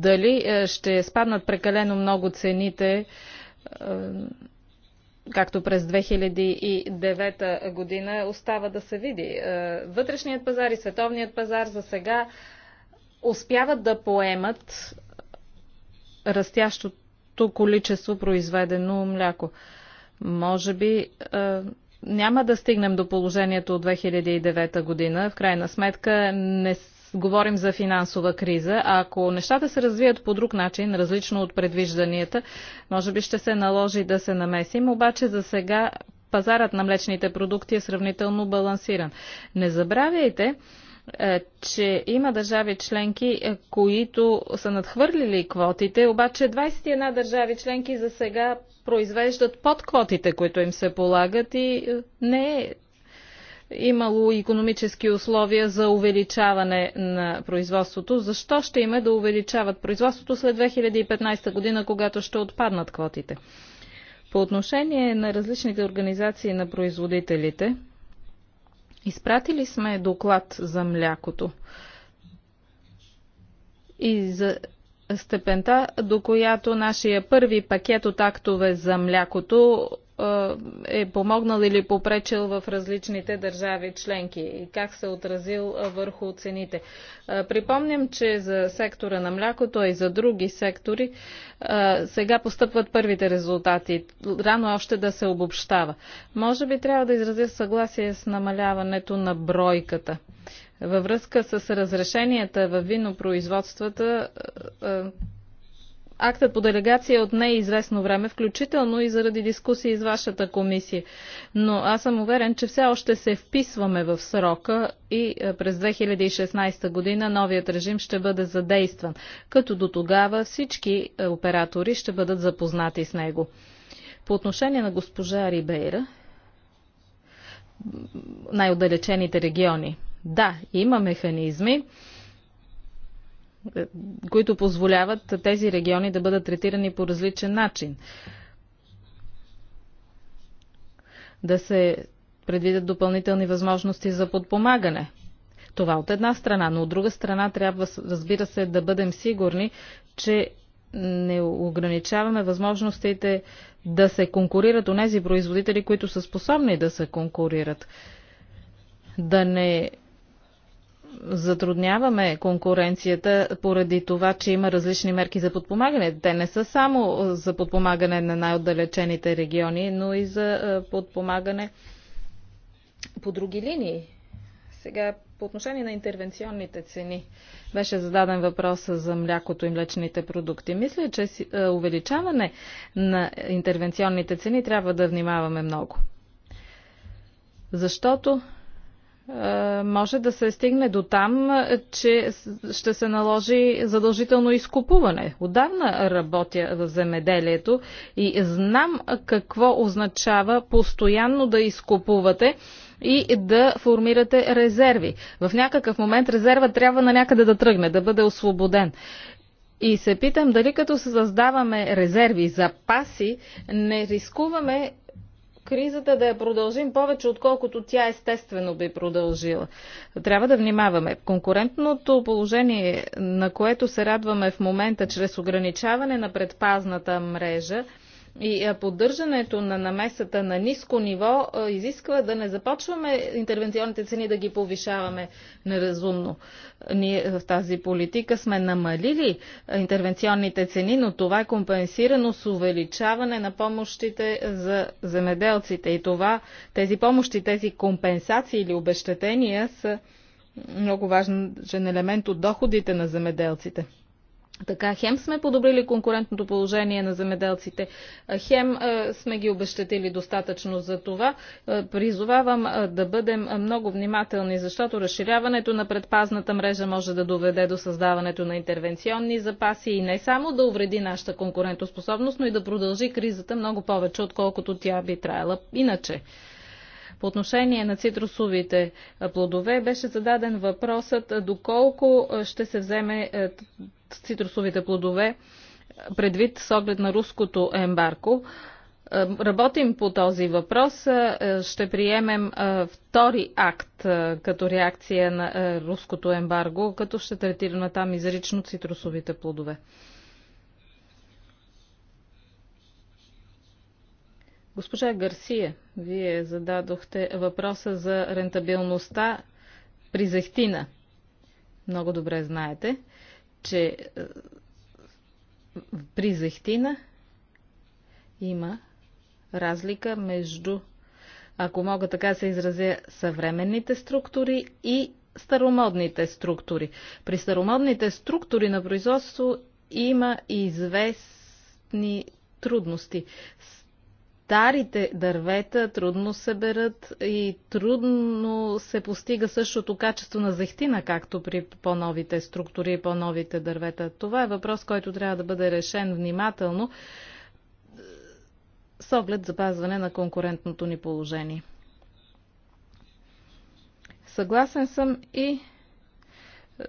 Дали ще спаднат прекалено много цените както през 2009 година, остава да се види. Е, вътрешният пазар и световният пазар за сега успяват да поемат растящото количество произведено мляко. Може би е, няма да стигнем до положението от 2009 година. В крайна сметка не говорим за финансова криза. А ако нещата се развият по друг начин, различно от предвижданията, може би ще се наложи да се намесим, обаче за сега пазарът на млечните продукти е сравнително балансиран. Не забравяйте, е, че има държави членки, е, които са надхвърлили квотите, обаче 21 държави членки за сега произвеждат под квотите, които им се полагат и е, не е имало економически условия за увеличаване на производството. Защо ще има да увеличават производството след 2015 година, когато ще отпаднат квотите? По отношение на различните организации на производителите, изпратили сме доклад за млякото и за степента, до която нашия първи пакет от актове за млякото е помогнал или попречил в различните държави членки и как се отразил върху цените. Припомням, че за сектора на млякото и за други сектори сега постъпват първите резултати. Рано още да се обобщава. Може би трябва да изразя съгласие с намаляването на бройката. Във връзка с разрешенията в винопроизводствата, е, е, актът по делегация от неизвестно е време, включително и заради дискусии с вашата комисия. Но аз съм уверен, че все още се вписваме в срока и през 2016 година новият режим ще бъде задействан, като до тогава всички оператори ще бъдат запознати с него. По отношение на госпожа Рибейра, най-отдалечените региони. Да, има механизми, е, които позволяват тези региони да бъдат третирани по различен начин. Да се предвидят допълнителни възможности за подпомагане. Това от една страна, но от друга страна трябва, разбира се, да бъдем сигурни, че не ограничаваме възможностите да се конкурират у нези, производители, които са способни да се конкурират. Да не затрудняваме конкуренцията поради това, че има различни мерки за подпомагане. Те не са само за подпомагане на най-отдалечените региони, но и за е, подпомагане по други линии. Сега, по отношение на интервенционните цени, беше зададен въпрос за млякото и млечните продукти. Мисля, че е, увеличаване на интервенционните цени трябва да внимаваме много. Защото е, може да се стигне до там, че ще се наложи задължително изкупуване. Отдавна работя в земеделието и знам какво означава постоянно да изкупувате и да формирате резерви. В някакъв момент резерва трябва на някъде да тръгне, да бъде освободен. И се питам дали като създаваме резерви, запаси, не рискуваме кризата да я продължим повече, отколкото тя естествено би продължила. Трябва да внимаваме. Конкурентното положение, на което се радваме в момента чрез ограничаване на предпазната мрежа, и е, поддържането на намесата на ниско ниво е, изисква да не започваме интервенционните цени да ги повишаваме неразумно. Ние е, в тази политика сме намалили интервенционните цени, но това е компенсирано с увеличаване на помощите за земеделците. И това, тези помощи, тези компенсации или обещетения са много важен елемент от доходите на земеделците. Така хем сме подобрили конкурентното положение на земеделците, хем сме ги обещатили достатъчно за това. Призовавам да бъдем много внимателни, защото разширяването на предпазната мрежа може да доведе до създаването на интервенционни запаси и не само да увреди нашата конкурентоспособност, но и да продължи кризата много повече, отколкото тя би трябвала иначе. По отношение на цитрусовите плодове беше зададен въпросът доколко ще се вземе цитрусовите плодове предвид с оглед на руското ембарко. Е, работим по този въпрос. Е, ще приемем е, втори акт като реакция на руското ембарго, като ще третираме там изрично цитрусовите плодове. Госпожа Гарсия, вие зададохте въпроса за рентабилността при зехтина. Много добре знаете че е, при зехтина има разлика между, ако мога така се изразя, съвременните структури и старомодните структури. При старомодните структури на производство има известни трудности старите дървета трудно се берат и трудно се постига същото качество на зехтина, както при по-новите структури и по-новите дървета. Това е въпрос, който трябва да бъде решен внимателно с оглед запазване на конкурентното ни положение. Съгласен съм и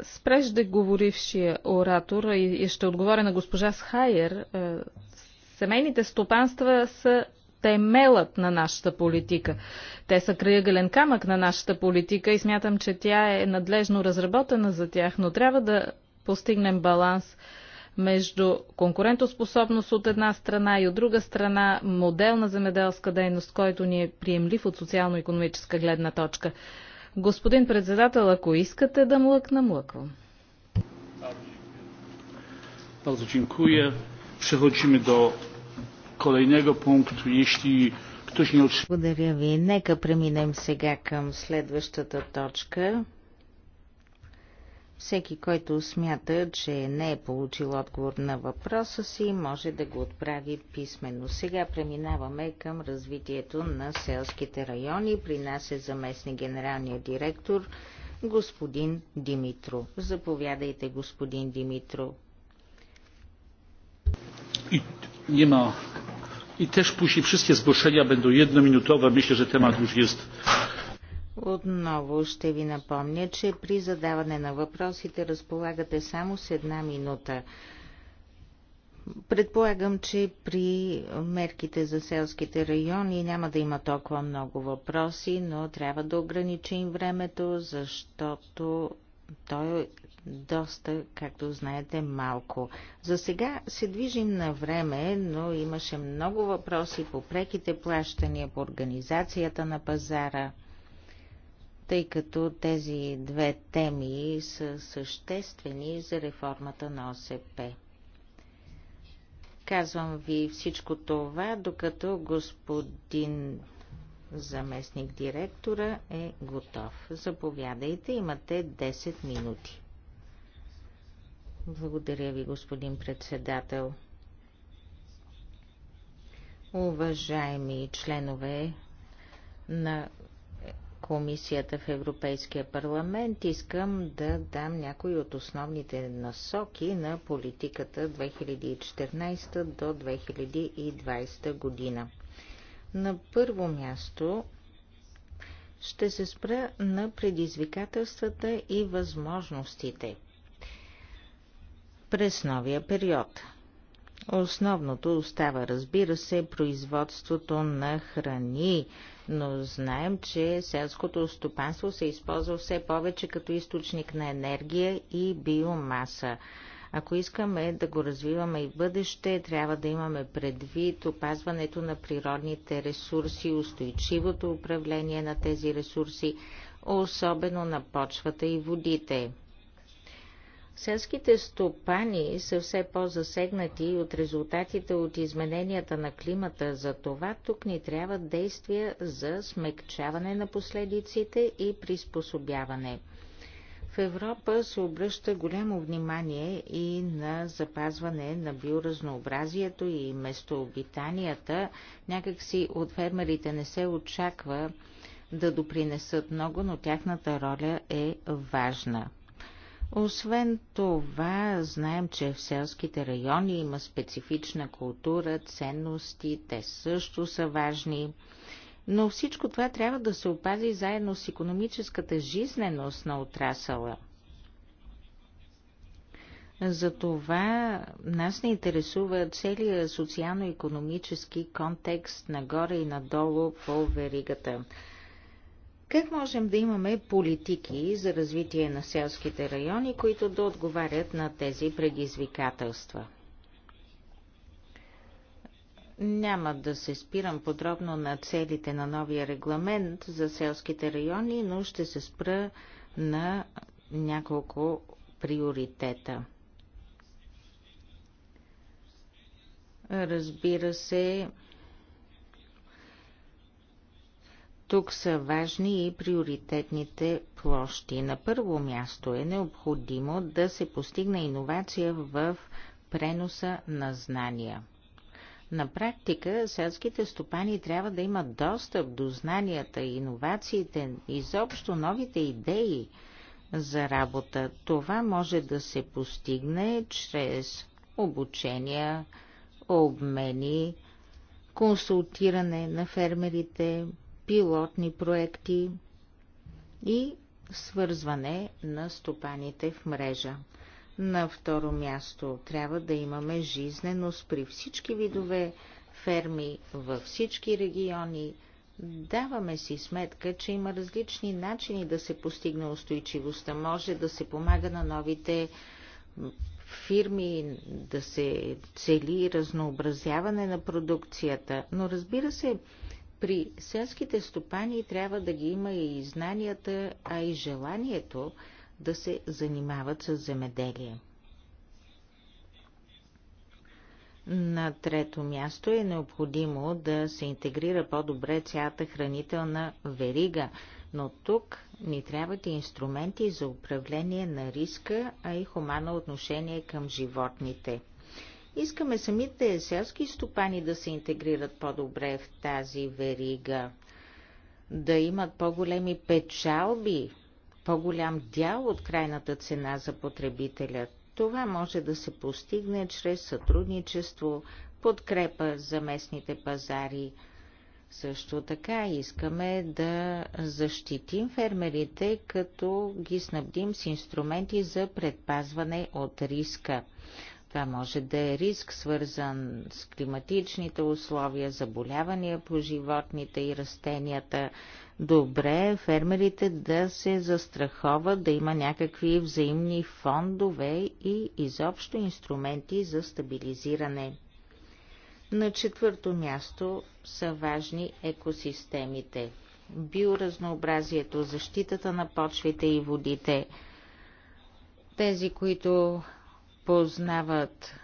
с преждеговорившия оратор и ще отговоря на госпожа Схайер. Е, семейните стопанства са темелът на нашата политика. Те са краягален камък на нашата политика и смятам, че тя е надлежно разработена за тях, но трябва да постигнем баланс между конкурентоспособност от една страна и от друга страна модел на земеделска дейност, който ни е приемлив от социално-економическа гледна точка. Господин председател, ако искате да млъкна, млъквам. Bardzo dziękuję. Przechodzimy do kolejnego punktu, jeśli ktoś nie otrzyma... Благодаря ви. Нека преминем сега към следващата точка. Всеки, който смята, че не е получил отговор на въпроса си, може да го отправи писменно. Сега преминаваме към развитието на селските райони. При нас е заместник генералния директор господин Димитро. Заповядайте, господин Димитро. И има i też później wszystkie zgłoszenia będą jednominutowe. Myślę, że temat już jest. Отново ще ви напомня, че при задаване на въпросите разполагате само с една минута. Предполагам, че при мерките за селските райони няма да има толкова много въпроси, но трябва да ограничим времето, защото то доста, както знаете, малко. За сега се движим на време, но имаше много въпроси по преките плащания, по организацията на пазара, тъй като тези две теми са съществени за реформата на ОСП. Казвам ви всичко това, докато господин заместник директора е готов. Заповядайте, имате 10 минути. Благодаря ви, господин председател. Уважаеми членове на Комисията в Европейския парламент, искам да дам някои от основните насоки на политиката 2014 до 2020 година. На първо място ще се спра на предизвикателствата и възможностите – през новия период. Основното остава, разбира се, производството на храни, но знаем, че селското стопанство се използва все повече като източник на енергия и биомаса. Ако искаме да го развиваме и в бъдеще, трябва да имаме предвид опазването на природните ресурси, устойчивото управление на тези ресурси, особено на почвата и водите. Селските стопани са все по-засегнати от резултатите от измененията на климата, за това тук ни трябват действия за смекчаване на последиците и приспособяване. В Европа се обръща голямо внимание и на запазване на биоразнообразието и местообитанията. Някакси от фермерите не се очаква да допринесат много, но тяхната роля е важна. Освен това, знаем, че в селските райони има специфична култура, ценности, те също са важни. Но всичко това трябва да се опази заедно с економическата жизненост на отрасъла. Затова нас не интересува целият социално-економически контекст нагоре и надолу по веригата. Как можем да имаме политики за развитие на селските райони, които да отговарят на тези предизвикателства? Няма да се спирам подробно на целите на новия регламент за селските райони, но ще се спра на няколко приоритета. Разбира се, Тук са важни и приоритетните площи. На първо място е необходимо да се постигне иновация в преноса на знания. На практика селските стопани трябва да имат достъп до знанията, иновациите, изобщо новите идеи за работа. Това може да се постигне чрез обучения, обмени, консултиране на фермерите, пилотни проекти и свързване на стопаните в мрежа. На второ място трябва да имаме жизненост при всички видове ферми във всички региони. Даваме си сметка, че има различни начини да се постигне устойчивостта. Може да се помага на новите фирми, да се цели разнообразяване на продукцията, но разбира се, при селските стопани трябва да ги има и знанията, а и желанието да се занимават с земеделие. На трето място е необходимо да се интегрира по-добре цялата хранителна верига, но тук ни трябват и инструменти за управление на риска, а и хумано отношение към животните – Искаме самите селски стопани да се интегрират по-добре в тази верига, да имат по-големи печалби, по-голям дял от крайната цена за потребителя. Това може да се постигне чрез сътрудничество, подкрепа за местните пазари. Също така искаме да защитим фермерите, като ги снабдим с инструменти за предпазване от риска – това може да е риск, свързан с климатичните условия, заболявания по животните и растенията. Добре е фермерите да се застраховат, да има някакви взаимни фондове и изобщо инструменти за стабилизиране. На четвърто място са важни екосистемите. Биоразнообразието, защитата на почвите и водите, тези, които познават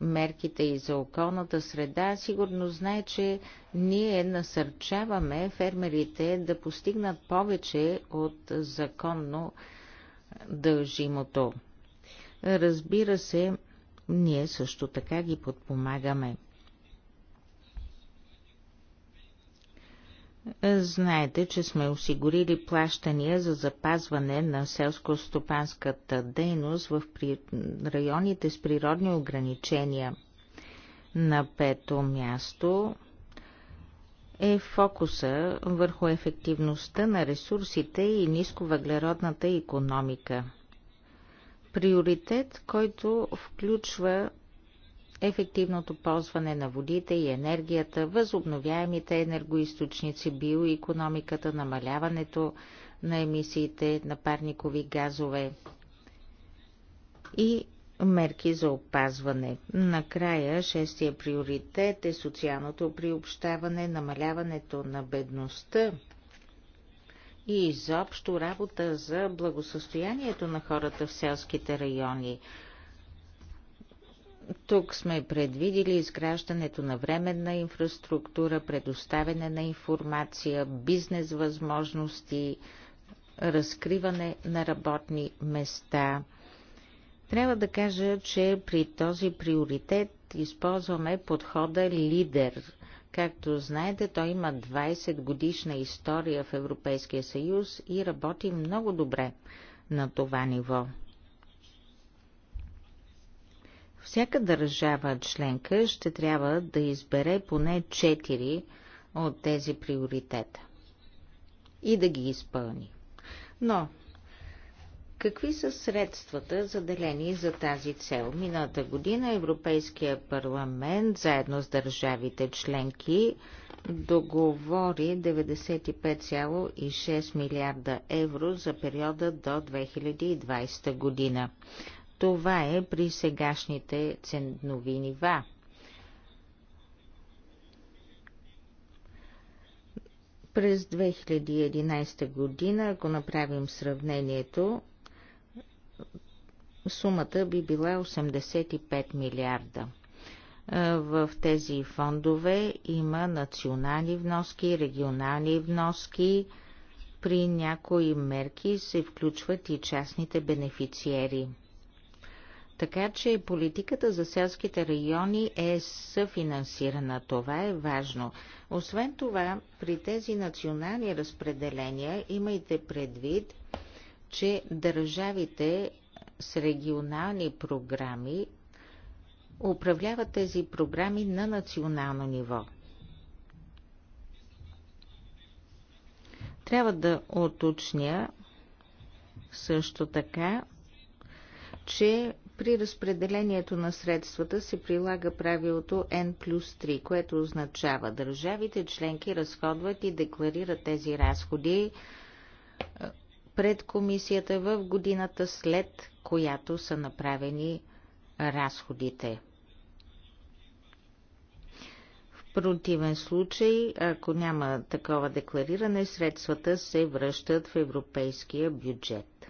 мерките и за околната среда, сигурно знае, че ние насърчаваме фермерите да постигнат повече от законно дължимото. Разбира се, ние също така ги подпомагаме. Знаете, че сме осигурили плащания за запазване на селско-стопанската дейност в районите с природни ограничения. На пето място е фокуса върху ефективността на ресурсите и нисковъглеродната економика. Приоритет, който включва ефективното ползване на водите и енергията, възобновяемите енергоисточници, биоекономиката, намаляването на емисиите на парникови газове и мерки за опазване. Накрая, шестия приоритет е социалното приобщаване, намаляването на бедността и изобщо работа за благосъстоянието на хората в селските райони. Тук сме предвидили изграждането на временна инфраструктура, предоставяне на информация, бизнес възможности, разкриване на работни места. Трябва да кажа, че при този приоритет използваме подхода лидер. Както знаете, той има 20 годишна история в Европейския съюз и работи много добре на това ниво. Всяка държава членка ще трябва да избере поне 4 от тези приоритета и да ги изпълни. Но, какви са средствата заделени за тази цел? Миналата година Европейския парламент заедно с държавите членки договори 95,6 милиарда евро за периода до 2020 година. Това е при сегашните ценови нива. През 2011 година, ако направим сравнението, сумата би била 85 милиарда. В тези фондове има национални вноски, регионални вноски. При някои мерки се включват и частните бенефициери – така че политиката за селските райони е съфинансирана. Това е важно. Освен това, при тези национални разпределения имайте предвид, че държавите с регионални програми управляват тези програми на национално ниво. Трябва да оточня също така, че при разпределението на средствата се прилага правилото N плюс 3, което означава държавите членки разходват и декларират тези разходи е, пред комисията в годината след която са направени разходите. В противен случай, ако няма такова деклариране, средствата се връщат в европейския бюджет.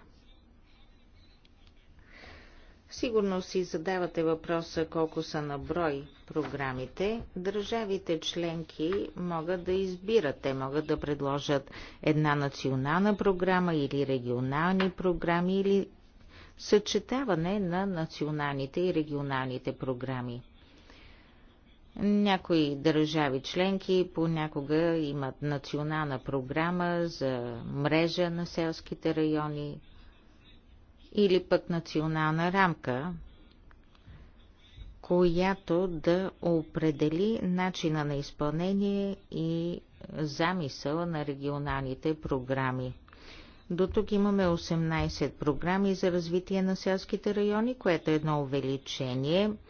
Сигурно си задавате въпроса колко са на брой програмите. Държавите членки могат да избират. Те могат да предложат една национална програма или регионални програми или съчетаване на националните и регионалните програми. Някои държави членки понякога имат национална програма за мрежа на селските райони, или пък национална рамка, която да определи начина на изпълнение и замисъл на регионалните програми. До тук имаме 18 програми за развитие на селските райони, което е едно увеличение –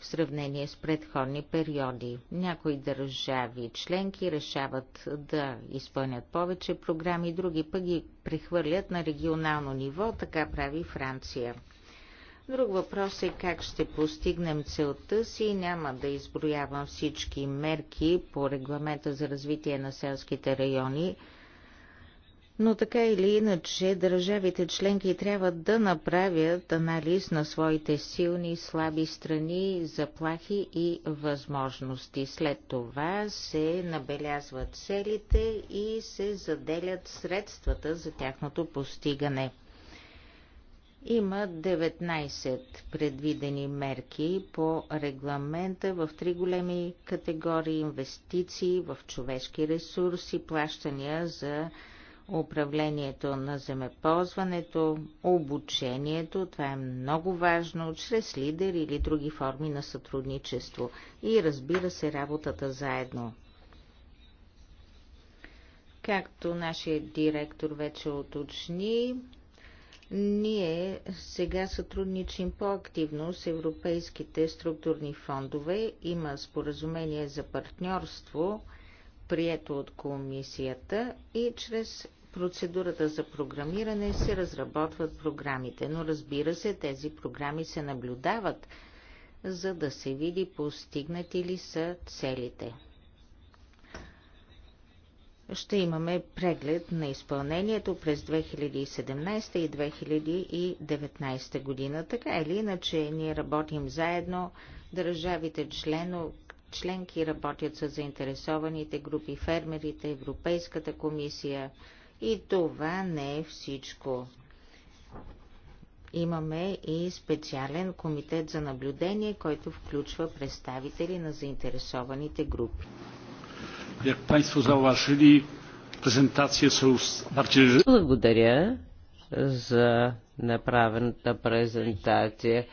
в сравнение с предходни периоди. Някои държави членки решават да изпълнят повече програми, други пък ги прехвърлят на регионално ниво, така прави Франция. Друг въпрос е как ще постигнем целта си. Няма да изброявам всички мерки по регламента за развитие на селските райони – но така или иначе държавите членки трябва да направят анализ на своите силни и слаби страни, заплахи и възможности. След това се набелязват целите и се заделят средствата за тяхното постигане. Има 19 предвидени мерки по регламента в три големи категории инвестиции в човешки ресурси, плащания за управлението на земеползването, обучението, това е много важно, чрез лидер или други форми на сътрудничество и разбира се работата заедно. Както нашия директор вече уточни, ние сега сътрудничим по-активно с европейските структурни фондове. Има споразумение за партньорство, прието от комисията и чрез процедурата за програмиране се разработват програмите, но разбира се, тези програми се наблюдават, за да се види постигнати ли са целите. Ще имаме преглед на изпълнението през 2017 и 2019 година. Така или иначе, ние работим заедно, държавите члено, членки работят с заинтересованите групи, фермерите, Европейската комисия – и това не е всичко. Имаме и специален комитет за наблюдение, който включва представители на заинтересованите групи. презентация Благодаря за направената презентация.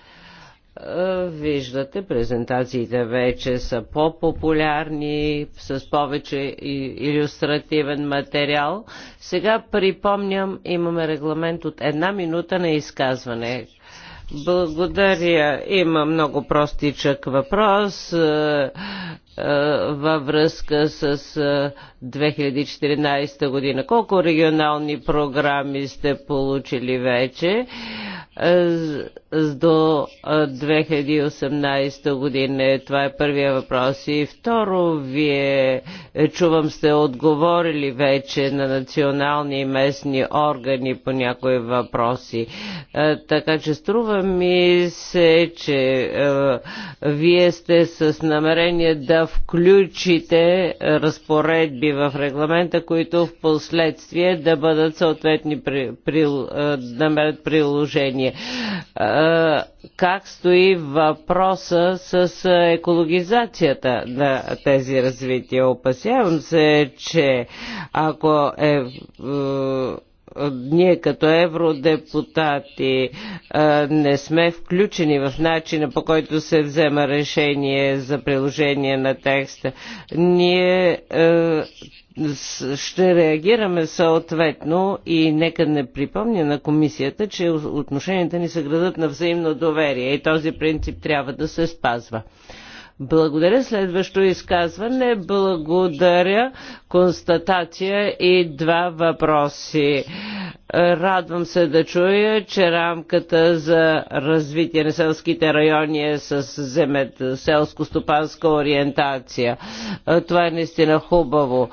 Виждате, презентациите вече са по-популярни, с повече иллюстративен материал. Сега припомням, имаме регламент от една минута на изказване. Благодаря. Има много простичък въпрос във връзка с 2014 година. Колко регионални програми сте получили вече до 2018 година? Това е първия въпрос. И второ, вие е, чувам сте отговорили вече на национални и местни органи по някои въпроси. Така че струва ми се, че вие сте с намерение да включите разпоредби в регламента, които в последствие да бъдат съответни при, при, намерят приложение. Как стои въпроса с екологизацията на тези развития? Опасявам се, че ако е, ние като евродепутати не сме включени в начина по който се взема решение за приложение на текста, ние ще реагираме съответно и нека не припомня на комисията, че отношенията ни се градат на взаимно доверие и този принцип трябва да се спазва. Благодаря. Следващо изказване. Благодаря. Констатация и два въпроси. Радвам се да чуя, че рамката за развитие на селските райони е с земет, селско-стопанска ориентация. Това е наистина хубаво.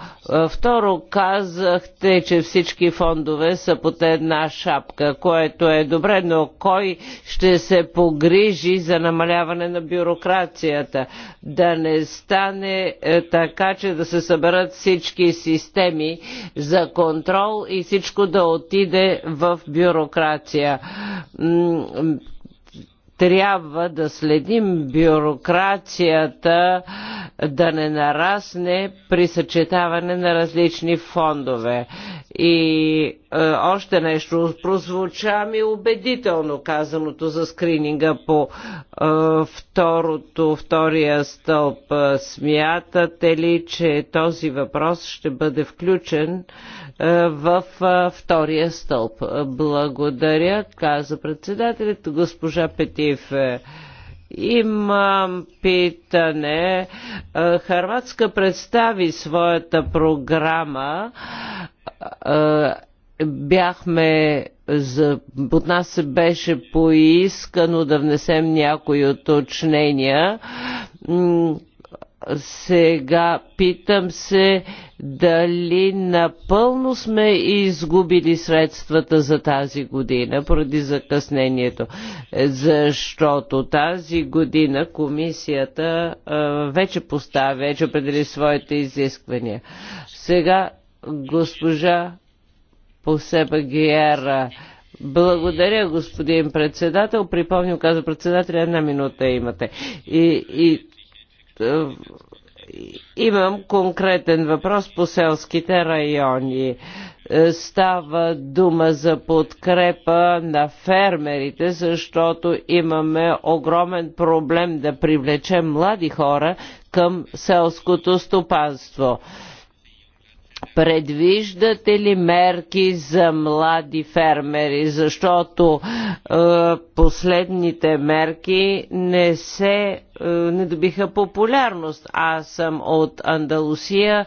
Второ, казахте, че всички фондове са под една шапка, което е добре, но кой ще се погрижи за намаляване на бюрокрацията? Да не стане е, така, че да се съберат всички системи за контрол и всичко да отиде отиде в бюрокрация трябва да следим бюрокрацията да не нарасне при съчетаване на различни фондове. И е, още нещо прозвуча ми убедително казаното за скрининга по е, второто, втория стълб. Е, смятате ли, че този въпрос ще бъде включен? Е, е, в е, втория стълб. Благодаря, каза председателят госпожа Петив. Е, имам питане. Харватска представи своята програма. Бяхме за, от нас се беше поискано да внесем някои уточнения сега питам се дали напълно сме изгубили средствата за тази година поради закъснението, защото тази година комисията а, вече поставя, вече определи своите изисквания. Сега госпожа Посеба Гиера. Благодаря, господин председател. Припомням, каза председателя, една минута имате. И, и Имам конкретен въпрос по селските райони. Е, става дума за подкрепа на фермерите, защото имаме огромен проблем да привлечем млади хора към селското стопанство. Предвиждате ли мерки за млади фермери, защото е, последните мерки не се е, не добиха популярност. Аз съм от Андалусия,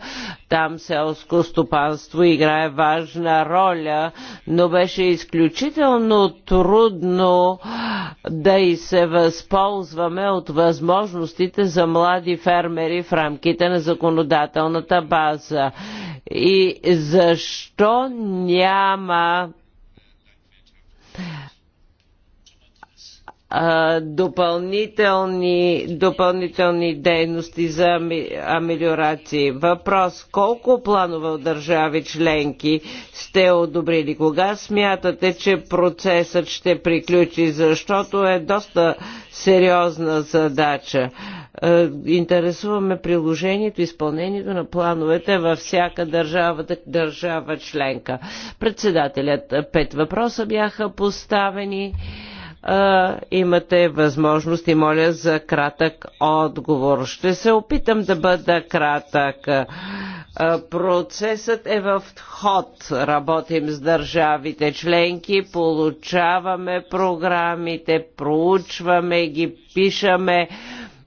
там селско стопанство играе важна роля, но беше изключително трудно да и се възползваме от възможностите за млади фермери в рамките на законодателната база. И защо няма допълнителни, допълнителни дейности за ами, амелиорации. Въпрос, колко планове от държави членки сте одобрили? Кога смятате, че процесът ще приключи? Защото е доста сериозна задача. Интересуваме приложението, изпълнението на плановете във всяка държава, държава членка. Председателят, пет въпроса бяха поставени а, имате възможност и моля за кратък отговор. Ще се опитам да бъда кратък. процесът е в ход. Работим с държавите членки, получаваме програмите, проучваме ги, пишаме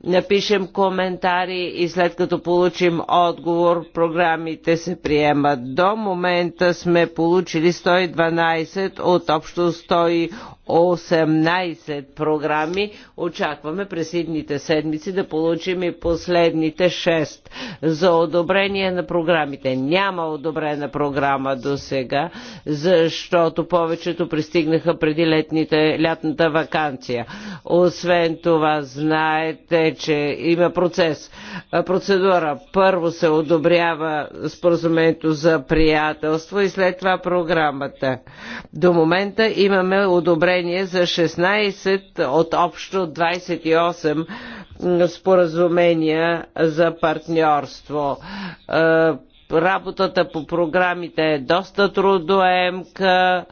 напишем коментари и след като получим отговор, програмите се приемат. До момента сме получили 112 от общо 18 програми. Очакваме през идните седмици да получим и последните 6 за одобрение на програмите. Няма одобрена програма до сега, защото повечето пристигнаха преди летните, лятната вакансия. Освен това, знаете, че има процес. Процедура. Първо се одобрява споразумението за приятелство и след това програмата. До момента имаме одобрение решение за 16 от общо 28 споразумения за партньорство. Е, работата по програмите е доста трудоемка.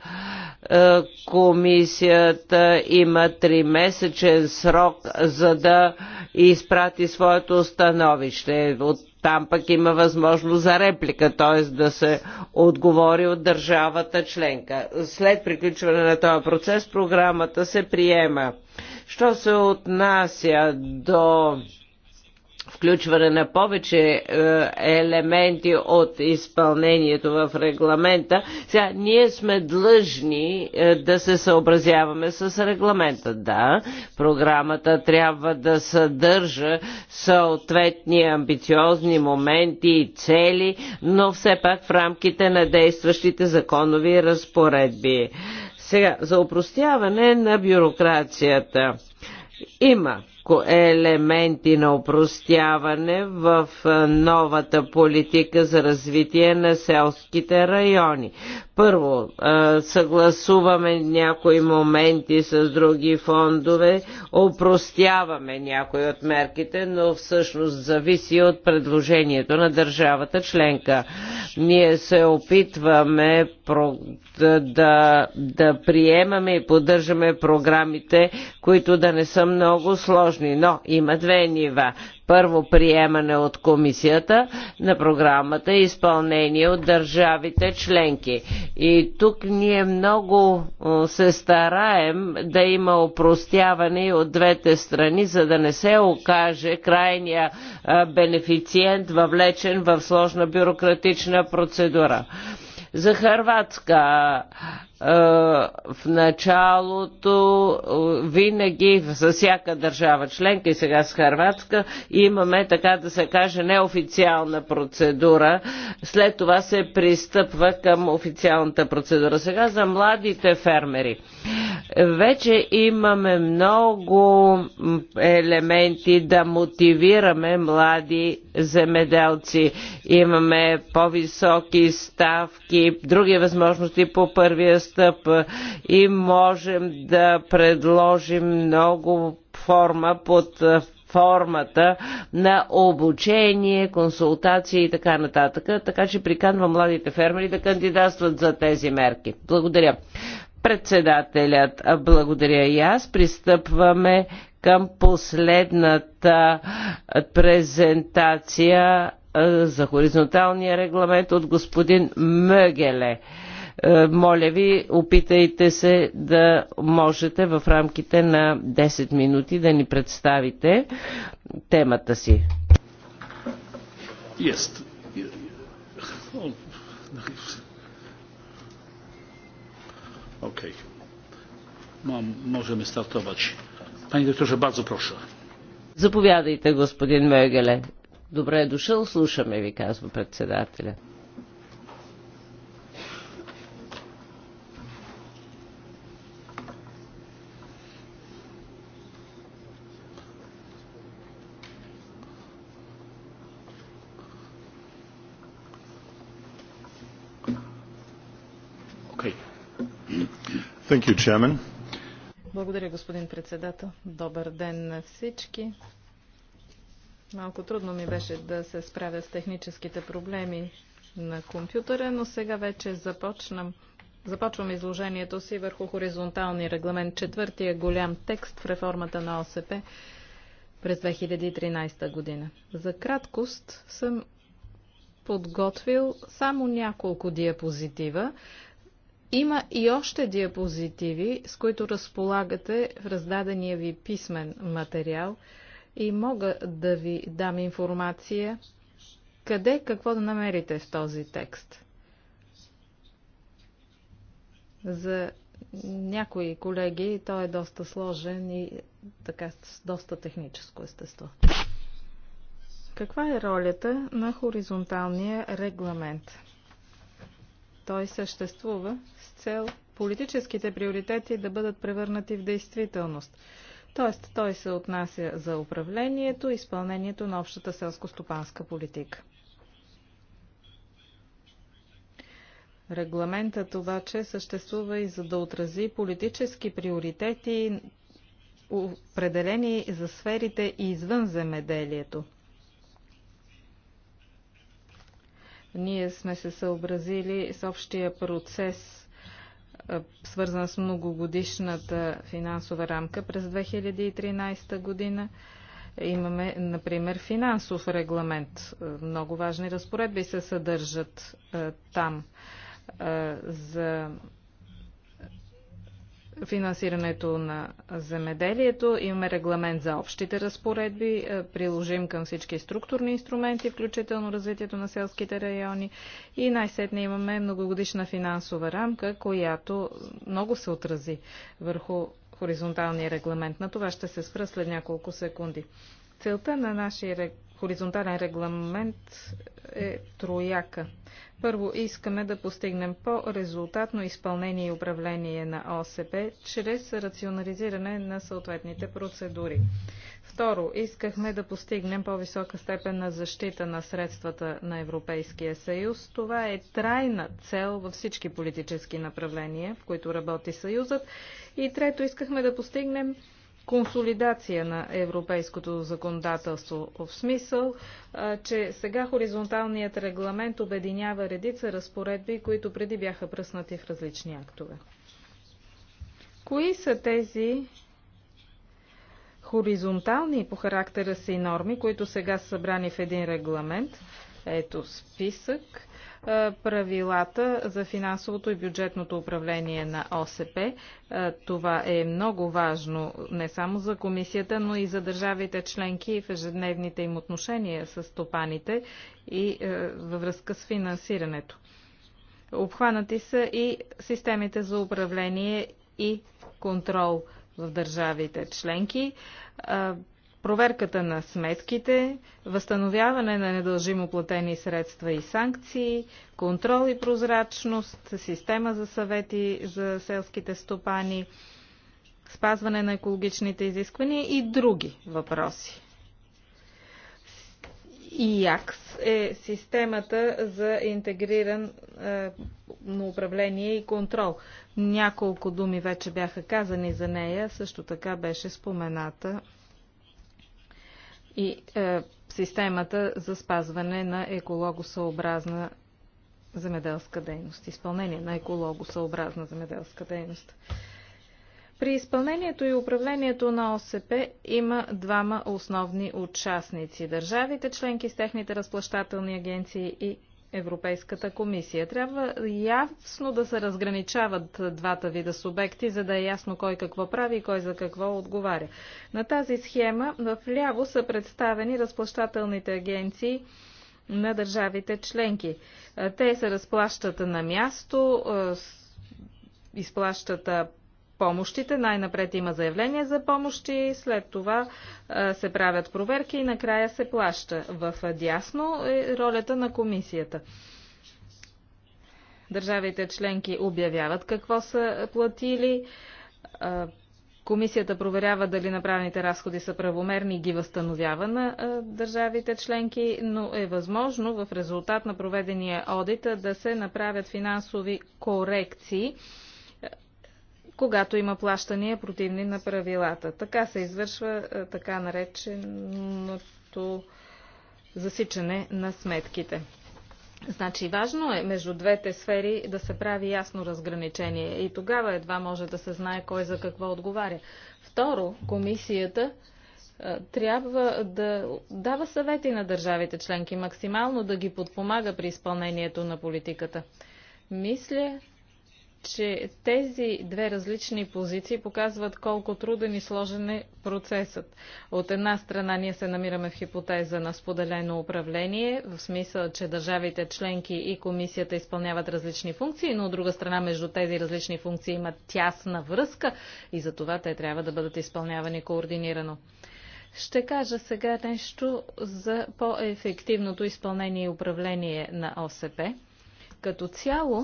Е, комисията има 3 месечен срок за да изпрати своето становище. От там пък има възможност за реплика, т.е. да се отговори от държавата членка. След приключване на този процес програмата се приема. Що се отнася до включване на повече е, елементи от изпълнението в регламента. Сега, ние сме длъжни е, да се съобразяваме с регламента. Да, програмата трябва да съдържа съответни амбициозни моменти и цели, но все пак в рамките на действащите законови разпоредби. Сега, за упростяване на бюрокрацията. Има елементи на упростяване в новата политика за развитие на селските райони. Първо, съгласуваме някои моменти с други фондове, упростяваме някои от мерките, но всъщност зависи от предложението на държавата членка. Ние се опитваме да, да приемаме и поддържаме програмите, които да не са много сложни възможни, но има две нива. Първо приемане от комисията на програмата и изпълнение от държавите членки. И тук ние много се стараем да има опростяване от двете страни, за да не се окаже крайния бенефициент въвлечен в сложна бюрократична процедура. За Харватска е, в началото е, винаги за всяка държава членка и сега с Харватска имаме така да се каже неофициална процедура. След това се пристъпва към официалната процедура. Сега за младите фермери. Вече имаме много елементи да мотивираме млади земеделци. Имаме по-високи ставки, други възможности по първия достъп и можем да предложим много форма под формата на обучение, консултации и така нататък. Така че приканвам младите фермери да кандидатстват за тези мерки. Благодаря. Председателят, благодаря и аз. Пристъпваме към последната презентация за хоризонталния регламент от господин Мъгеле. Е, моля ви, опитайте се да можете в рамките на 10 минути да ни представите темата си. Yes. Okay. Заповядайте, господин Мегеле. Добре е дошъл, слушаме ви, казва председателя. Благодаря, господин председател. Добър ден на всички. Малко трудно ми беше да се справя с техническите проблеми на компютъра, но сега вече започнам. Започвам изложението си върху хоризонтални регламент. Четвъртия голям текст в реформата на ОСП през 2013 година. За краткост съм подготвил само няколко диапозитива, има и още диапозитиви, с които разполагате в раздадения ви писмен материал и мога да ви дам информация къде какво да намерите в този текст. За някои колеги той е доста сложен и така с доста техническо естество. Каква е ролята на хоризонталния регламент? Той съществува, цел политическите приоритети да бъдат превърнати в действителност. Тоест, той се отнася за управлението и изпълнението на общата селско-стопанска политика. Регламентът обаче съществува и за да отрази политически приоритети, определени за сферите извън земеделието. Ние сме се съобразили с общия процес е, свързан с многогодишната финансова рамка през 2013 година. Имаме, например, финансов регламент. Е, много важни разпоредби се съдържат е, там за финансирането на земеделието. Имаме регламент за общите разпоредби, е, приложим към всички структурни инструменти, включително развитието на селските райони. И най-сетне имаме многогодишна финансова рамка, която много се отрази върху хоризонталния регламент. На това ще се спра след няколко секунди. Целта на нашия хоризонтален регламент е трояка. Първо, искаме да постигнем по-резултатно изпълнение и управление на ОСП чрез рационализиране на съответните процедури. Второ, искахме да постигнем по-висока степен на защита на средствата на Европейския съюз. Това е трайна цел във всички политически направления, в които работи съюзът. И трето, искахме да постигнем консолидация на европейското законодателство в смисъл, че сега хоризонталният регламент обединява редица разпоредби, които преди бяха пръснати в различни актове. Кои са тези хоризонтални по характера си норми, които сега са събрани в един регламент? Ето списък е, правилата за финансовото и бюджетното управление на ОСП. Е, това е много важно не само за комисията, но и за държавите членки в ежедневните им отношения с стопаните и е, във връзка с финансирането. Обхванати са и системите за управление и контрол в държавите членки проверката на сметките, възстановяване на недължимо платени средства и санкции, контрол и прозрачност, система за съвети за селските стопани, спазване на екологичните изисквания и други въпроси. ИАКС е системата за интегриран е, управление и контрол. Няколко думи вече бяха казани за нея, също така беше спомената и е, системата за спазване на екологосъобразна земеделска дейност, изпълнение на екологосъобразна земеделска дейност. При изпълнението и управлението на ОСП има двама основни участници – държавите членки с техните разплащателни агенции и Европейската комисия. Трябва ясно да се разграничават двата вида субекти, за да е ясно кой какво прави и кой за какво отговаря. На тази схема в ляво са представени разплащателните агенции на държавите членки. Те се разплащат на място, изплащат помощите. Най-напред има заявление за помощи, след това се правят проверки и накрая се плаща. В дясно е ролята на комисията. Държавите членки обявяват какво са платили. Комисията проверява дали направените разходи са правомерни и ги възстановява на държавите членки, но е възможно в резултат на проведения одит да се направят финансови корекции когато има плащания противни на правилата. Така се извършва е, така нареченото засичане на сметките. Значи важно е между двете сфери да се прави ясно разграничение и тогава едва може да се знае кой за какво отговаря. Второ, комисията е, трябва да дава съвети на държавите членки, максимално да ги подпомага при изпълнението на политиката. Мисля, че тези две различни позиции показват колко труден и сложен е процесът. От една страна ние се намираме в хипотеза на споделено управление, в смисъл, че държавите членки и комисията изпълняват различни функции, но от друга страна между тези различни функции имат тясна връзка и за това те трябва да бъдат изпълнявани координирано. Ще кажа сега нещо за по-ефективното изпълнение и управление на ОСП. Като цяло,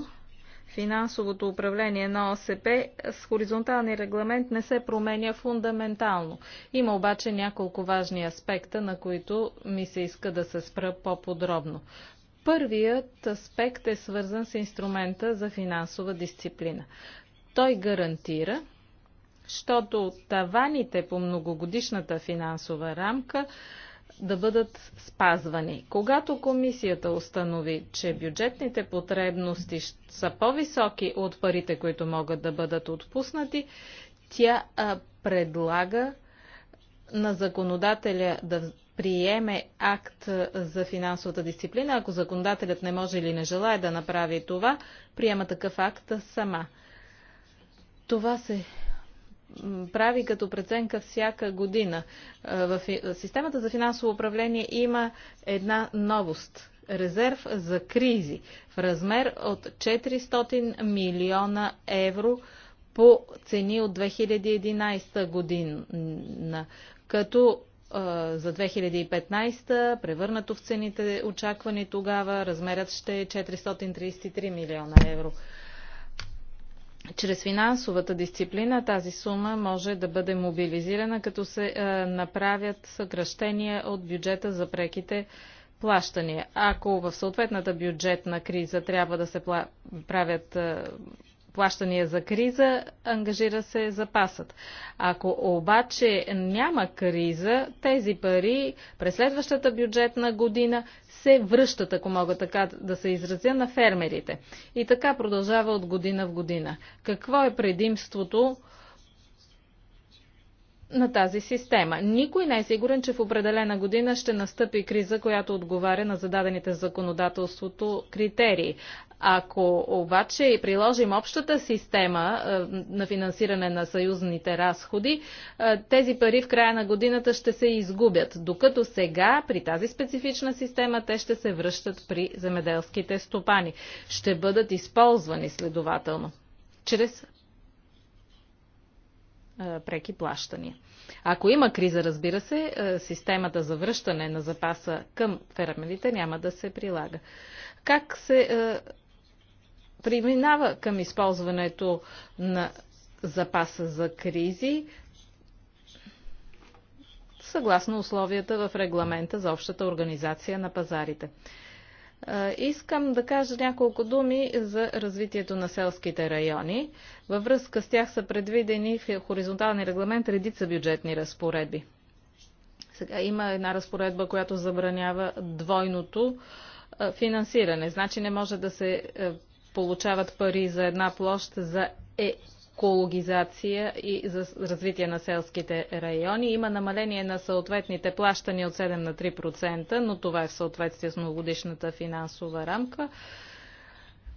финансовото управление на ОСП с хоризонталния регламент не се променя фундаментално. Има обаче няколко важни аспекта, на които ми се иска да се спра по-подробно. Първият аспект е свързан с инструмента за финансова дисциплина. Той гарантира, защото таваните по многогодишната финансова рамка да бъдат спазвани. Когато комисията установи, че бюджетните потребности са по-високи от парите, които могат да бъдат отпуснати, тя а, предлага на законодателя да приеме акт за финансовата дисциплина. Ако законодателят не може или не желая да направи това, приема такъв акт сама. Това се прави като преценка всяка година. Е, в системата за финансово управление има една новост резерв за кризи в размер от 400 милиона евро по цени от 2011 година, като е, за 2015 превърнато в цените очаквани тогава размерът ще е 433 милиона евро чрез финансовата дисциплина тази сума може да бъде мобилизирана, като се е, направят съкръщения от бюджета за преките плащания. Ако в съответната бюджетна криза трябва да се пла... правят е, плащания за криза, ангажира се запасът. Ако обаче няма криза, тези пари през следващата бюджетна година се връщат, ако мога така да се изразя, на фермерите. И така продължава от година в година. Какво е предимството на тази система? Никой не е сигурен, че в определена година ще настъпи криза, която отговаря на зададените законодателството критерии. Ако обаче приложим общата система е, на финансиране на съюзните разходи, е, тези пари в края на годината ще се изгубят, докато сега при тази специфична система те ще се връщат при земеделските стопани. Ще бъдат използвани следователно чрез е, преки плащания. Ако има криза, разбира се, системата за връщане на запаса към фермерите няма да се прилага. Как се преминава към използването на запаса за кризи, съгласно условията в регламента за общата организация на пазарите. Искам да кажа няколко думи за развитието на селските райони. Във връзка с тях са предвидени в хоризонталния регламент редица бюджетни разпоредби. Сега има една разпоредба, която забранява двойното финансиране. Значи не може да се получават пари за една площ за екологизация и за развитие на селските райони. Има намаление на съответните плащания от 7 на 3%, но това е в съответствие с многогодишната финансова рамка.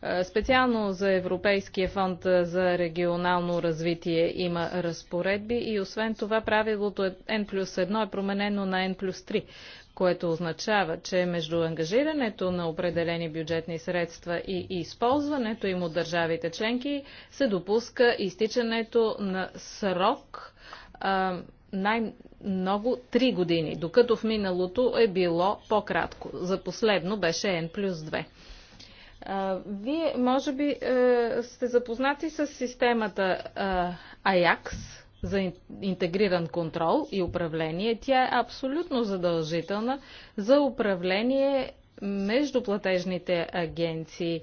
Е, специално за Европейския фонд за регионално развитие има разпоредби и освен това правилото е N плюс 1 е променено на N плюс 3 което означава, че между ангажирането на определени бюджетни средства и използването им от държавите членки се допуска изтичането на срок най-много 3 години, докато в миналото е било по-кратко. За последно беше N плюс 2. Вие, може би, е, сте запознати с системата АЯКС, за интегриран контрол и управление, тя е абсолютно задължителна за управление между платежните агенции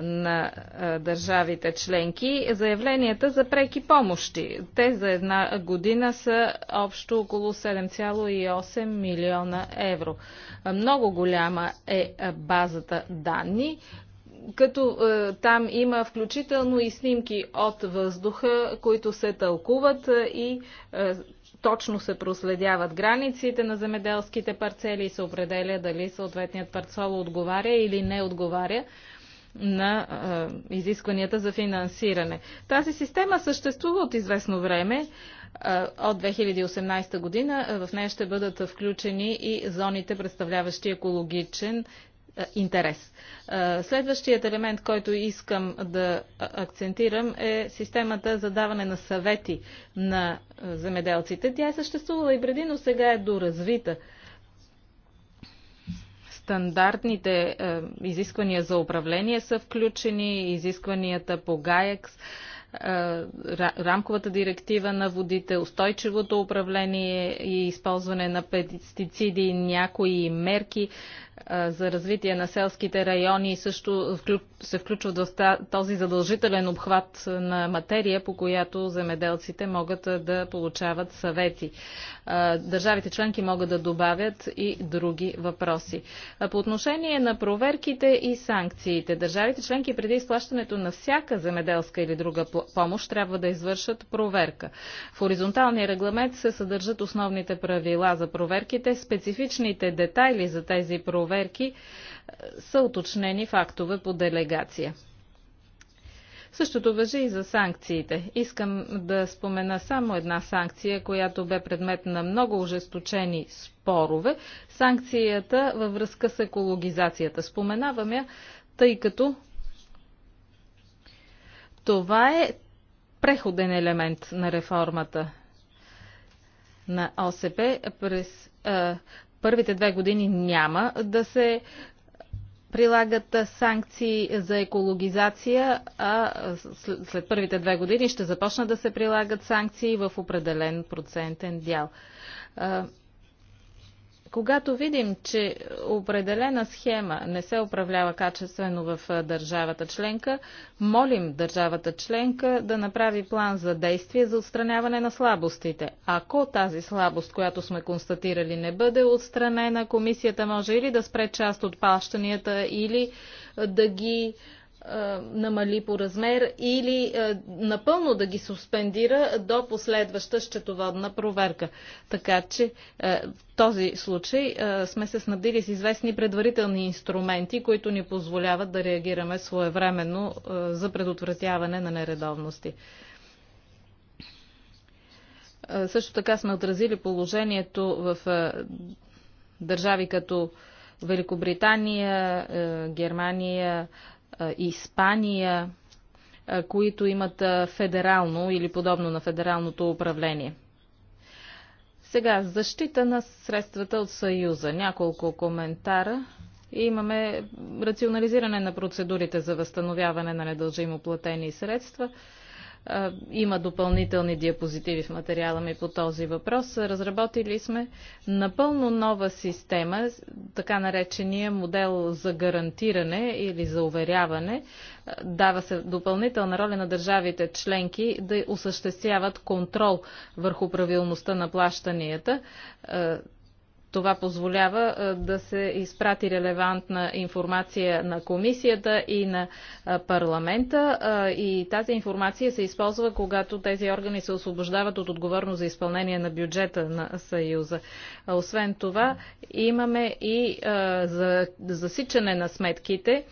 на държавите членки заявленията за преки помощи. Те за една година са общо около 7,8 милиона евро. Много голяма е базата данни, като е, там има включително и снимки от въздуха, които се тълкуват е, и е, точно се проследяват границите на земеделските парцели и се определя дали съответният парцел отговаря или не отговаря на е, изискванията за финансиране. Тази система съществува от известно време. Е, от 2018 година е, в нея ще бъдат включени и зоните, представляващи екологичен е, интерес. Е, следващият елемент, който искам да акцентирам е системата за даване на съвети на е, земеделците. Тя е съществувала и преди, но сега е доразвита. Стандартните изисквания за управление са включени, изискванията по ГАЕКС рамковата директива на водите, устойчивото управление и използване на пестициди, някои мерки за развитие на селските райони също се включват в този задължителен обхват на материя, по която земеделците могат да получават съвети. Държавите членки могат да добавят и други въпроси. По отношение на проверките и санкциите, държавите членки преди изплащането на всяка земеделска или друга помощ трябва да извършат проверка. В хоризонталния регламент се съдържат основните правила за проверките, специфичните детайли за тези проверки проверки е, са уточнени фактове по делегация. Същото въжи и за санкциите. Искам да спомена само една санкция, която бе предмет на много ожесточени спорове. Санкцията във връзка с екологизацията. Споменавам я, тъй като това е преходен елемент на реформата на ОСП през е, първите две години няма да се прилагат санкции за екологизация, а след първите две години ще започнат да се прилагат санкции в определен процентен дял. Когато видим, че определена схема не се управлява качествено в държавата членка, молим държавата членка да направи план за действие за отстраняване на слабостите. Ако тази слабост, която сме констатирали, не бъде отстранена, комисията може или да спре част от плащанията, или да ги намали по размер или напълно да ги суспендира до последваща счетоводна проверка. Така че в този случай сме се снабдили с известни предварителни инструменти, които ни позволяват да реагираме своевременно за предотвратяване на нередовности. Също така сме отразили положението в държави като Великобритания, Германия, Испания, които имат федерално или подобно на федералното управление. Сега, защита на средствата от Съюза. Няколко коментара. И имаме рационализиране на процедурите за възстановяване на недължимо платени средства. Има допълнителни диапозитиви в материала ми по този въпрос. Разработили сме напълно нова система, така наречения модел за гарантиране или за уверяване. Дава се допълнителна роля на държавите членки да осъществяват контрол върху правилността на плащанията. Това позволява да се изпрати релевантна информация на комисията и на парламента и тази информация се използва, когато тези органи се освобождават от отговорност за изпълнение на бюджета на Съюза. Освен това, имаме и за засичане на сметките,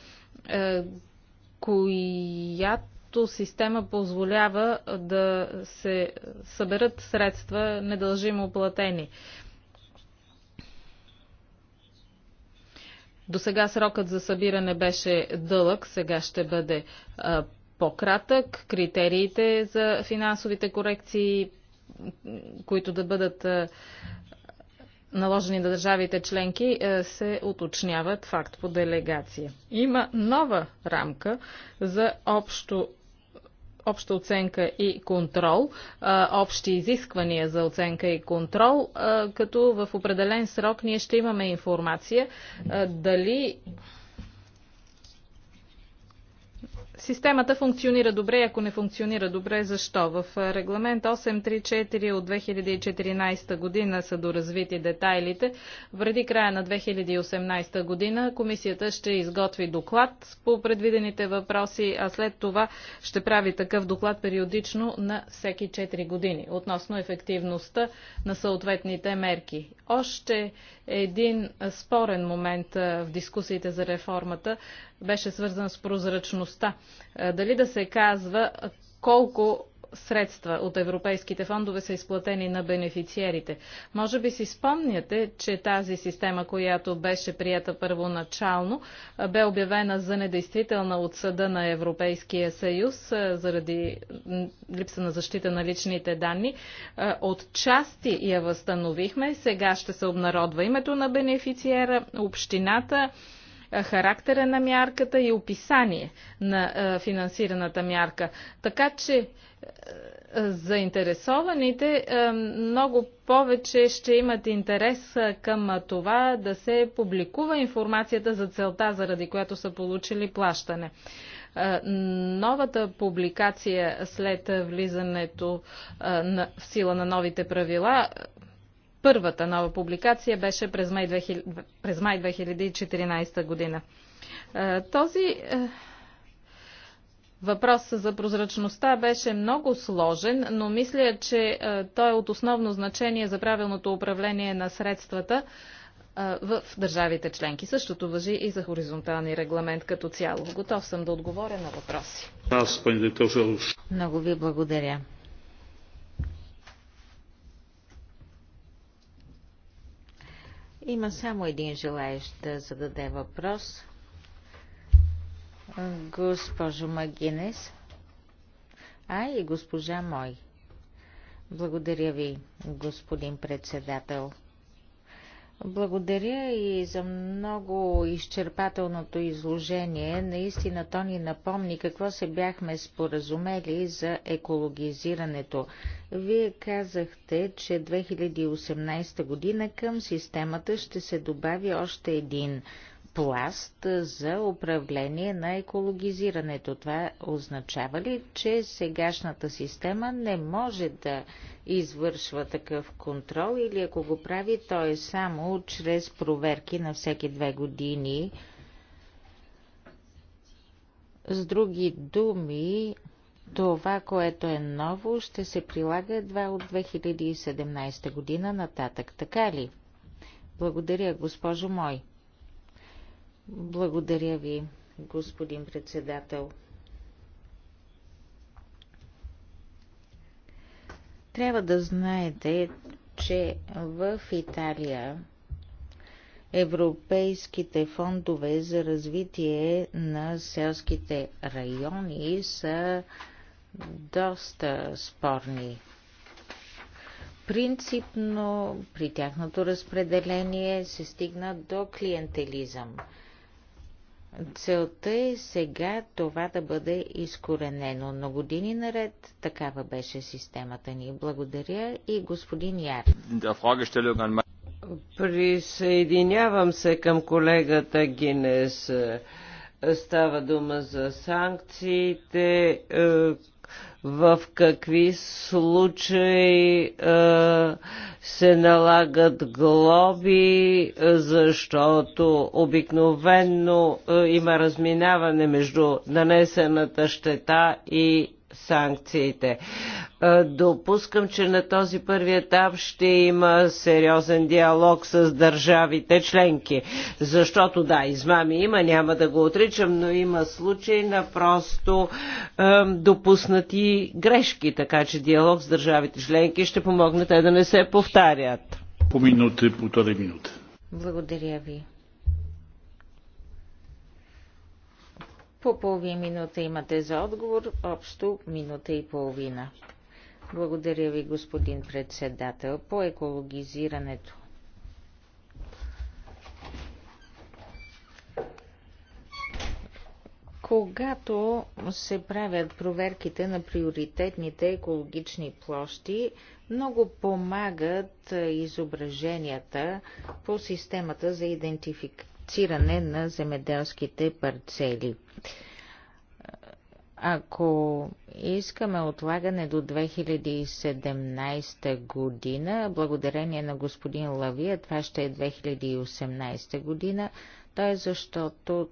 която система позволява да се съберат средства недължимо платени. До сега срокът за събиране беше дълъг, сега ще бъде по-кратък. Критериите за финансовите корекции, които да бъдат наложени на държавите членки, се уточняват факт по делегация. Има нова рамка за общо обща оценка и контрол, общи изисквания за оценка и контрол, като в определен срок ние ще имаме информация дали Системата функционира добре, ако не функционира добре, защо? В регламент 834 от 2014 година са доразвити детайлите. Вреди края на 2018 година комисията ще изготви доклад по предвидените въпроси, а след това ще прави такъв доклад периодично на всеки 4 години относно ефективността на съответните мерки. Още един спорен момент в дискусиите за реформата беше свързан с прозрачността. Е, дали да се казва колко средства от европейските фондове са изплатени на бенефициерите. Може би си спомняте, че тази система, която беше прията първоначално, е, бе обявена за недействителна от съда на Европейския съюз е, заради липса на защита на личните данни. От части я възстановихме. Сега ще се обнародва името на бенефициера, общината, е, характера на мярката и описание на е, финансираната мярка. Така че е, заинтересованите много повече ще имат интерес към това да се публикува информацията за целта, заради която са получили плащане. Новата публикация след влизането в сила на новите правила Първата нова публикация беше през май 2014 година. Този е, Въпрос за прозрачността беше много сложен, но мисля, че е, той е от основно значение за правилното управление на средствата е, в държавите членки. Същото въжи и за хоризонтални регламент като цяло. Готов съм да отговоря на въпроси. Много ви благодаря. Има само един желаещ да зададе въпрос. Госпожо Магинес. А и госпожа Мой. Благодаря ви, господин председател. Благодаря и за много изчерпателното изложение. Наистина то ни напомни какво се бяхме споразумели за екологизирането. Вие казахте, че 2018 година към системата ще се добави още един пласт за управление на екологизирането. Това означава ли, че сегашната система не може да извършва такъв контрол или ако го прави, то е само чрез проверки на всеки две години? С други думи, това, което е ново, ще се прилага едва от 2017 година нататък, така ли? Благодаря, госпожо мой. Благодаря ви, господин председател. Трябва да знаете, че в Италия европейските фондове за развитие на селските райони са доста спорни. Принципно при тяхното разпределение се стигна до клиентелизъм – Целта е сега това да бъде изкоренено, но години наред такава беше системата ни. Благодаря и господин Яр. Присъединявам се към колегата Гинес. Става дума за санкциите, е, в какви случаи е, се налагат глоби, е, защото обикновенно е, има разминаване между нанесената щета и санкциите. Допускам, че на този първи етап ще има сериозен диалог с държавите членки, защото да, измами има, няма да го отричам, но има случаи на просто е, допуснати грешки, така че диалог с държавите членки ще помогне те да не се повтарят. По и полторы минута. Благодаря ви. По половин минута имате за отговор, общо минута и половина. Благодаря ви, господин председател, по екологизирането. Когато се правят проверките на приоритетните екологични площи, много помагат изображенията по системата за идентификация идентифициране на земеделските парцели. Ако искаме отлагане до 2017 година, благодарение на господин Лавия, това ще е 2018 година, е защото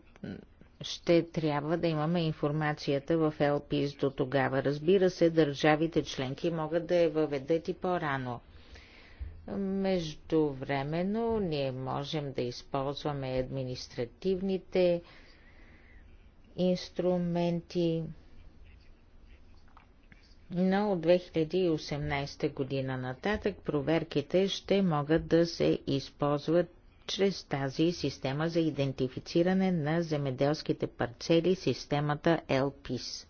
ще трябва да имаме информацията в ЛПИС до тогава. Разбира се, държавите членки могат да я въведат и по-рано. Междувременно ние можем да използваме административните инструменти, но от 2018 година нататък проверките ще могат да се използват чрез тази система за идентифициране на земеделските парцели, системата LPIS.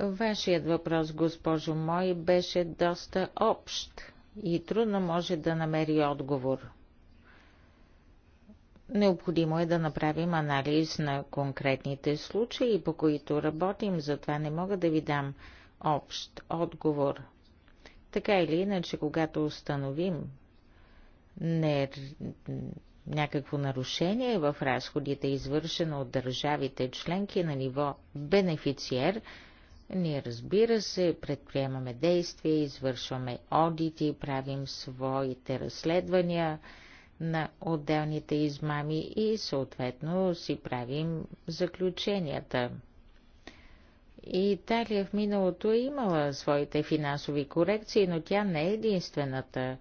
Вашият въпрос, госпожо мой, беше доста общ и трудно може да намери отговор. Необходимо е да направим анализ на конкретните случаи, по които работим, затова не мога да ви дам общ отговор. Така или иначе, когато установим не, някакво нарушение в разходите, извършено от държавите членки на ниво бенефициер, ние, разбира се, предприемаме действия, извършваме одити, правим своите разследвания на отделните измами и съответно си правим заключенията. Италия в миналото е имала своите финансови корекции, но тя не е единствената.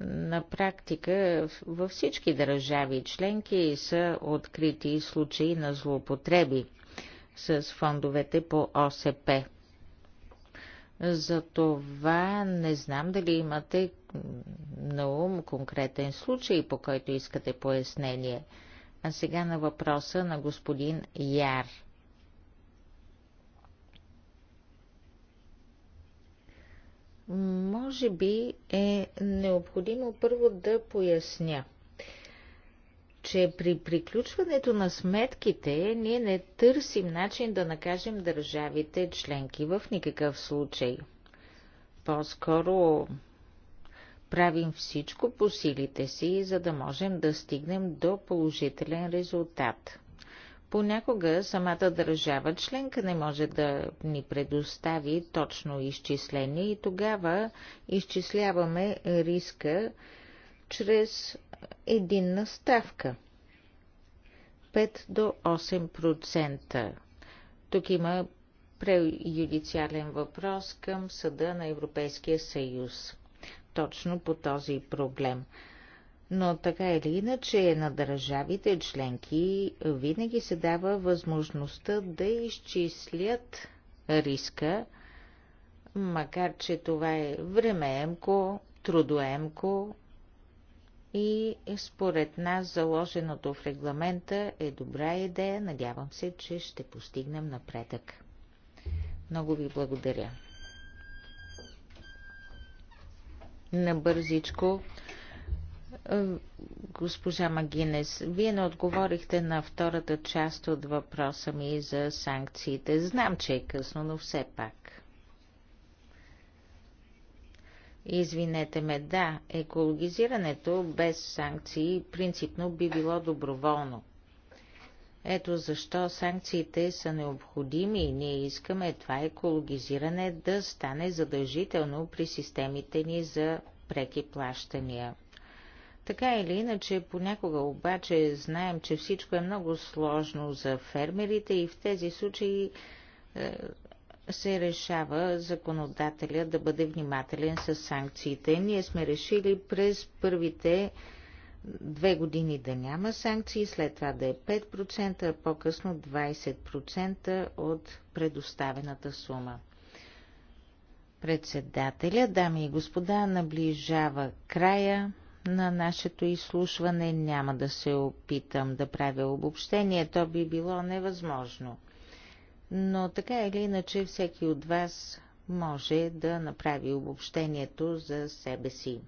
На практика във всички държави членки са открити случаи на злоупотреби – с фондовете по ОСП. Затова не знам дали имате на ум конкретен случай, по който искате пояснение. А сега на въпроса на господин Яр. Може би е необходимо първо да поясня – че при приключването на сметките ние не търсим начин да накажем държавите членки в никакъв случай. По-скоро правим всичко по силите си, за да можем да стигнем до положителен резултат. Понякога самата държава членка не може да ни предостави точно изчисление и тогава изчисляваме риска чрез единна ставка. 5 до 8%. Тук има преюдициален въпрос към Съда на Европейския съюз. Точно по този проблем. Но така или иначе на държавите членки винаги се дава възможността да изчислят риска, макар че това е времеемко, трудоемко, и е според нас заложеното в регламента е добра идея. Надявам се, че ще постигнем напредък. Много ви благодаря. Набързичко, госпожа Магинес, вие не отговорихте на втората част от въпроса ми за санкциите. Знам, че е късно, но все пак. Извинете ме, да, екологизирането без санкции принципно би било доброволно. Ето защо санкциите са необходими и ние искаме това екологизиране да стане задължително при системите ни за преки плащания. Така или иначе, понякога обаче знаем, че всичко е много сложно за фермерите и в тези случаи е, се решава законодателя да бъде внимателен с санкциите. Ние сме решили през първите две години да няма санкции, след това да е 5%, а по-късно 20% от предоставената сума. Председателя, дами и господа, наближава края на нашето изслушване. Няма да се опитам да правя обобщение, то би било невъзможно но така или иначе всеки от вас може да направи обобщението за себе си.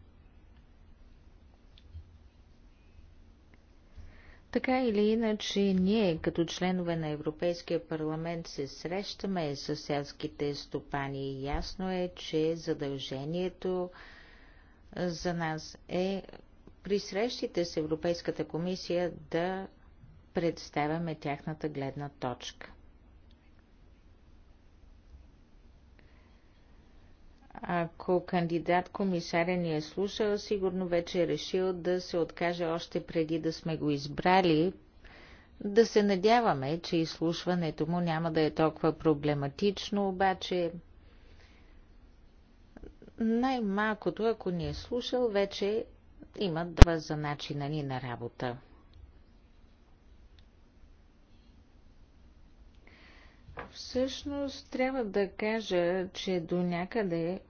Така или иначе, ние като членове на Европейския парламент се срещаме с селските стопани. Ясно е, че задължението за нас е при срещите с Европейската комисия да представяме тяхната гледна точка. Ако кандидат комисаря ни е слушал, сигурно вече е решил да се откаже още преди да сме го избрали. Да се надяваме, че изслушването му няма да е толкова проблематично, обаче най-малкото, ако ни е слушал, вече има два за начина ни на работа. Всъщност трябва да кажа, че до някъде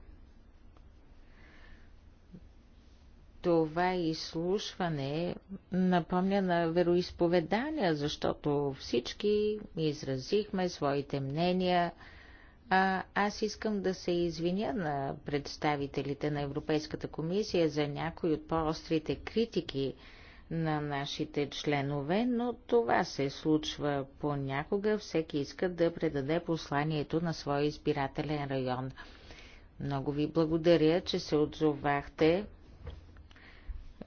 това изслушване напомня на вероисповедания, защото всички изразихме своите мнения, а аз искам да се извиня на представителите на Европейската комисия за някои от по-острите критики на нашите членове, но това се случва понякога. Всеки иска да предаде посланието на своя избирателен район. Много ви благодаря, че се отзовахте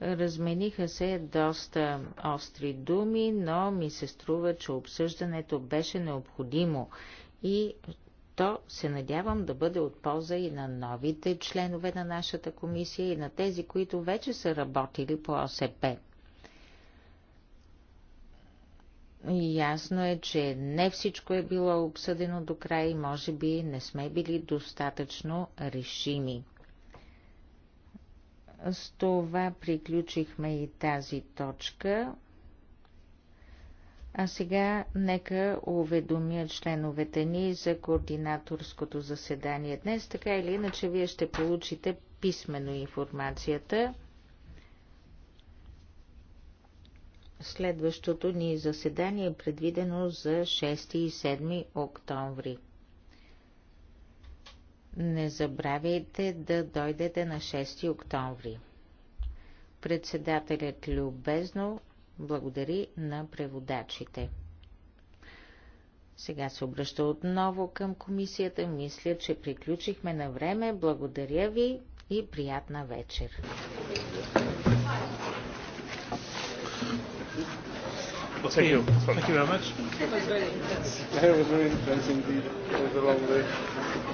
Размениха се доста остри думи, но ми се струва, че обсъждането беше необходимо и то се надявам да бъде от полза и на новите членове на нашата комисия и на тези, които вече са работили по ОСП. Ясно е, че не всичко е било обсъдено до край и може би не сме били достатъчно решими. С това приключихме и тази точка. А сега нека уведомя членовете ни за координаторското заседание днес. Така или иначе, вие ще получите писменно информацията. Следващото ни заседание е предвидено за 6 и 7 октомври. Не забравяйте да дойдете на 6 октомври. Председателят любезно благодари на преводачите. Сега се обръща отново към комисията. Мисля, че приключихме на време. Благодаря ви и приятна вечер. thank you. Thank you very much.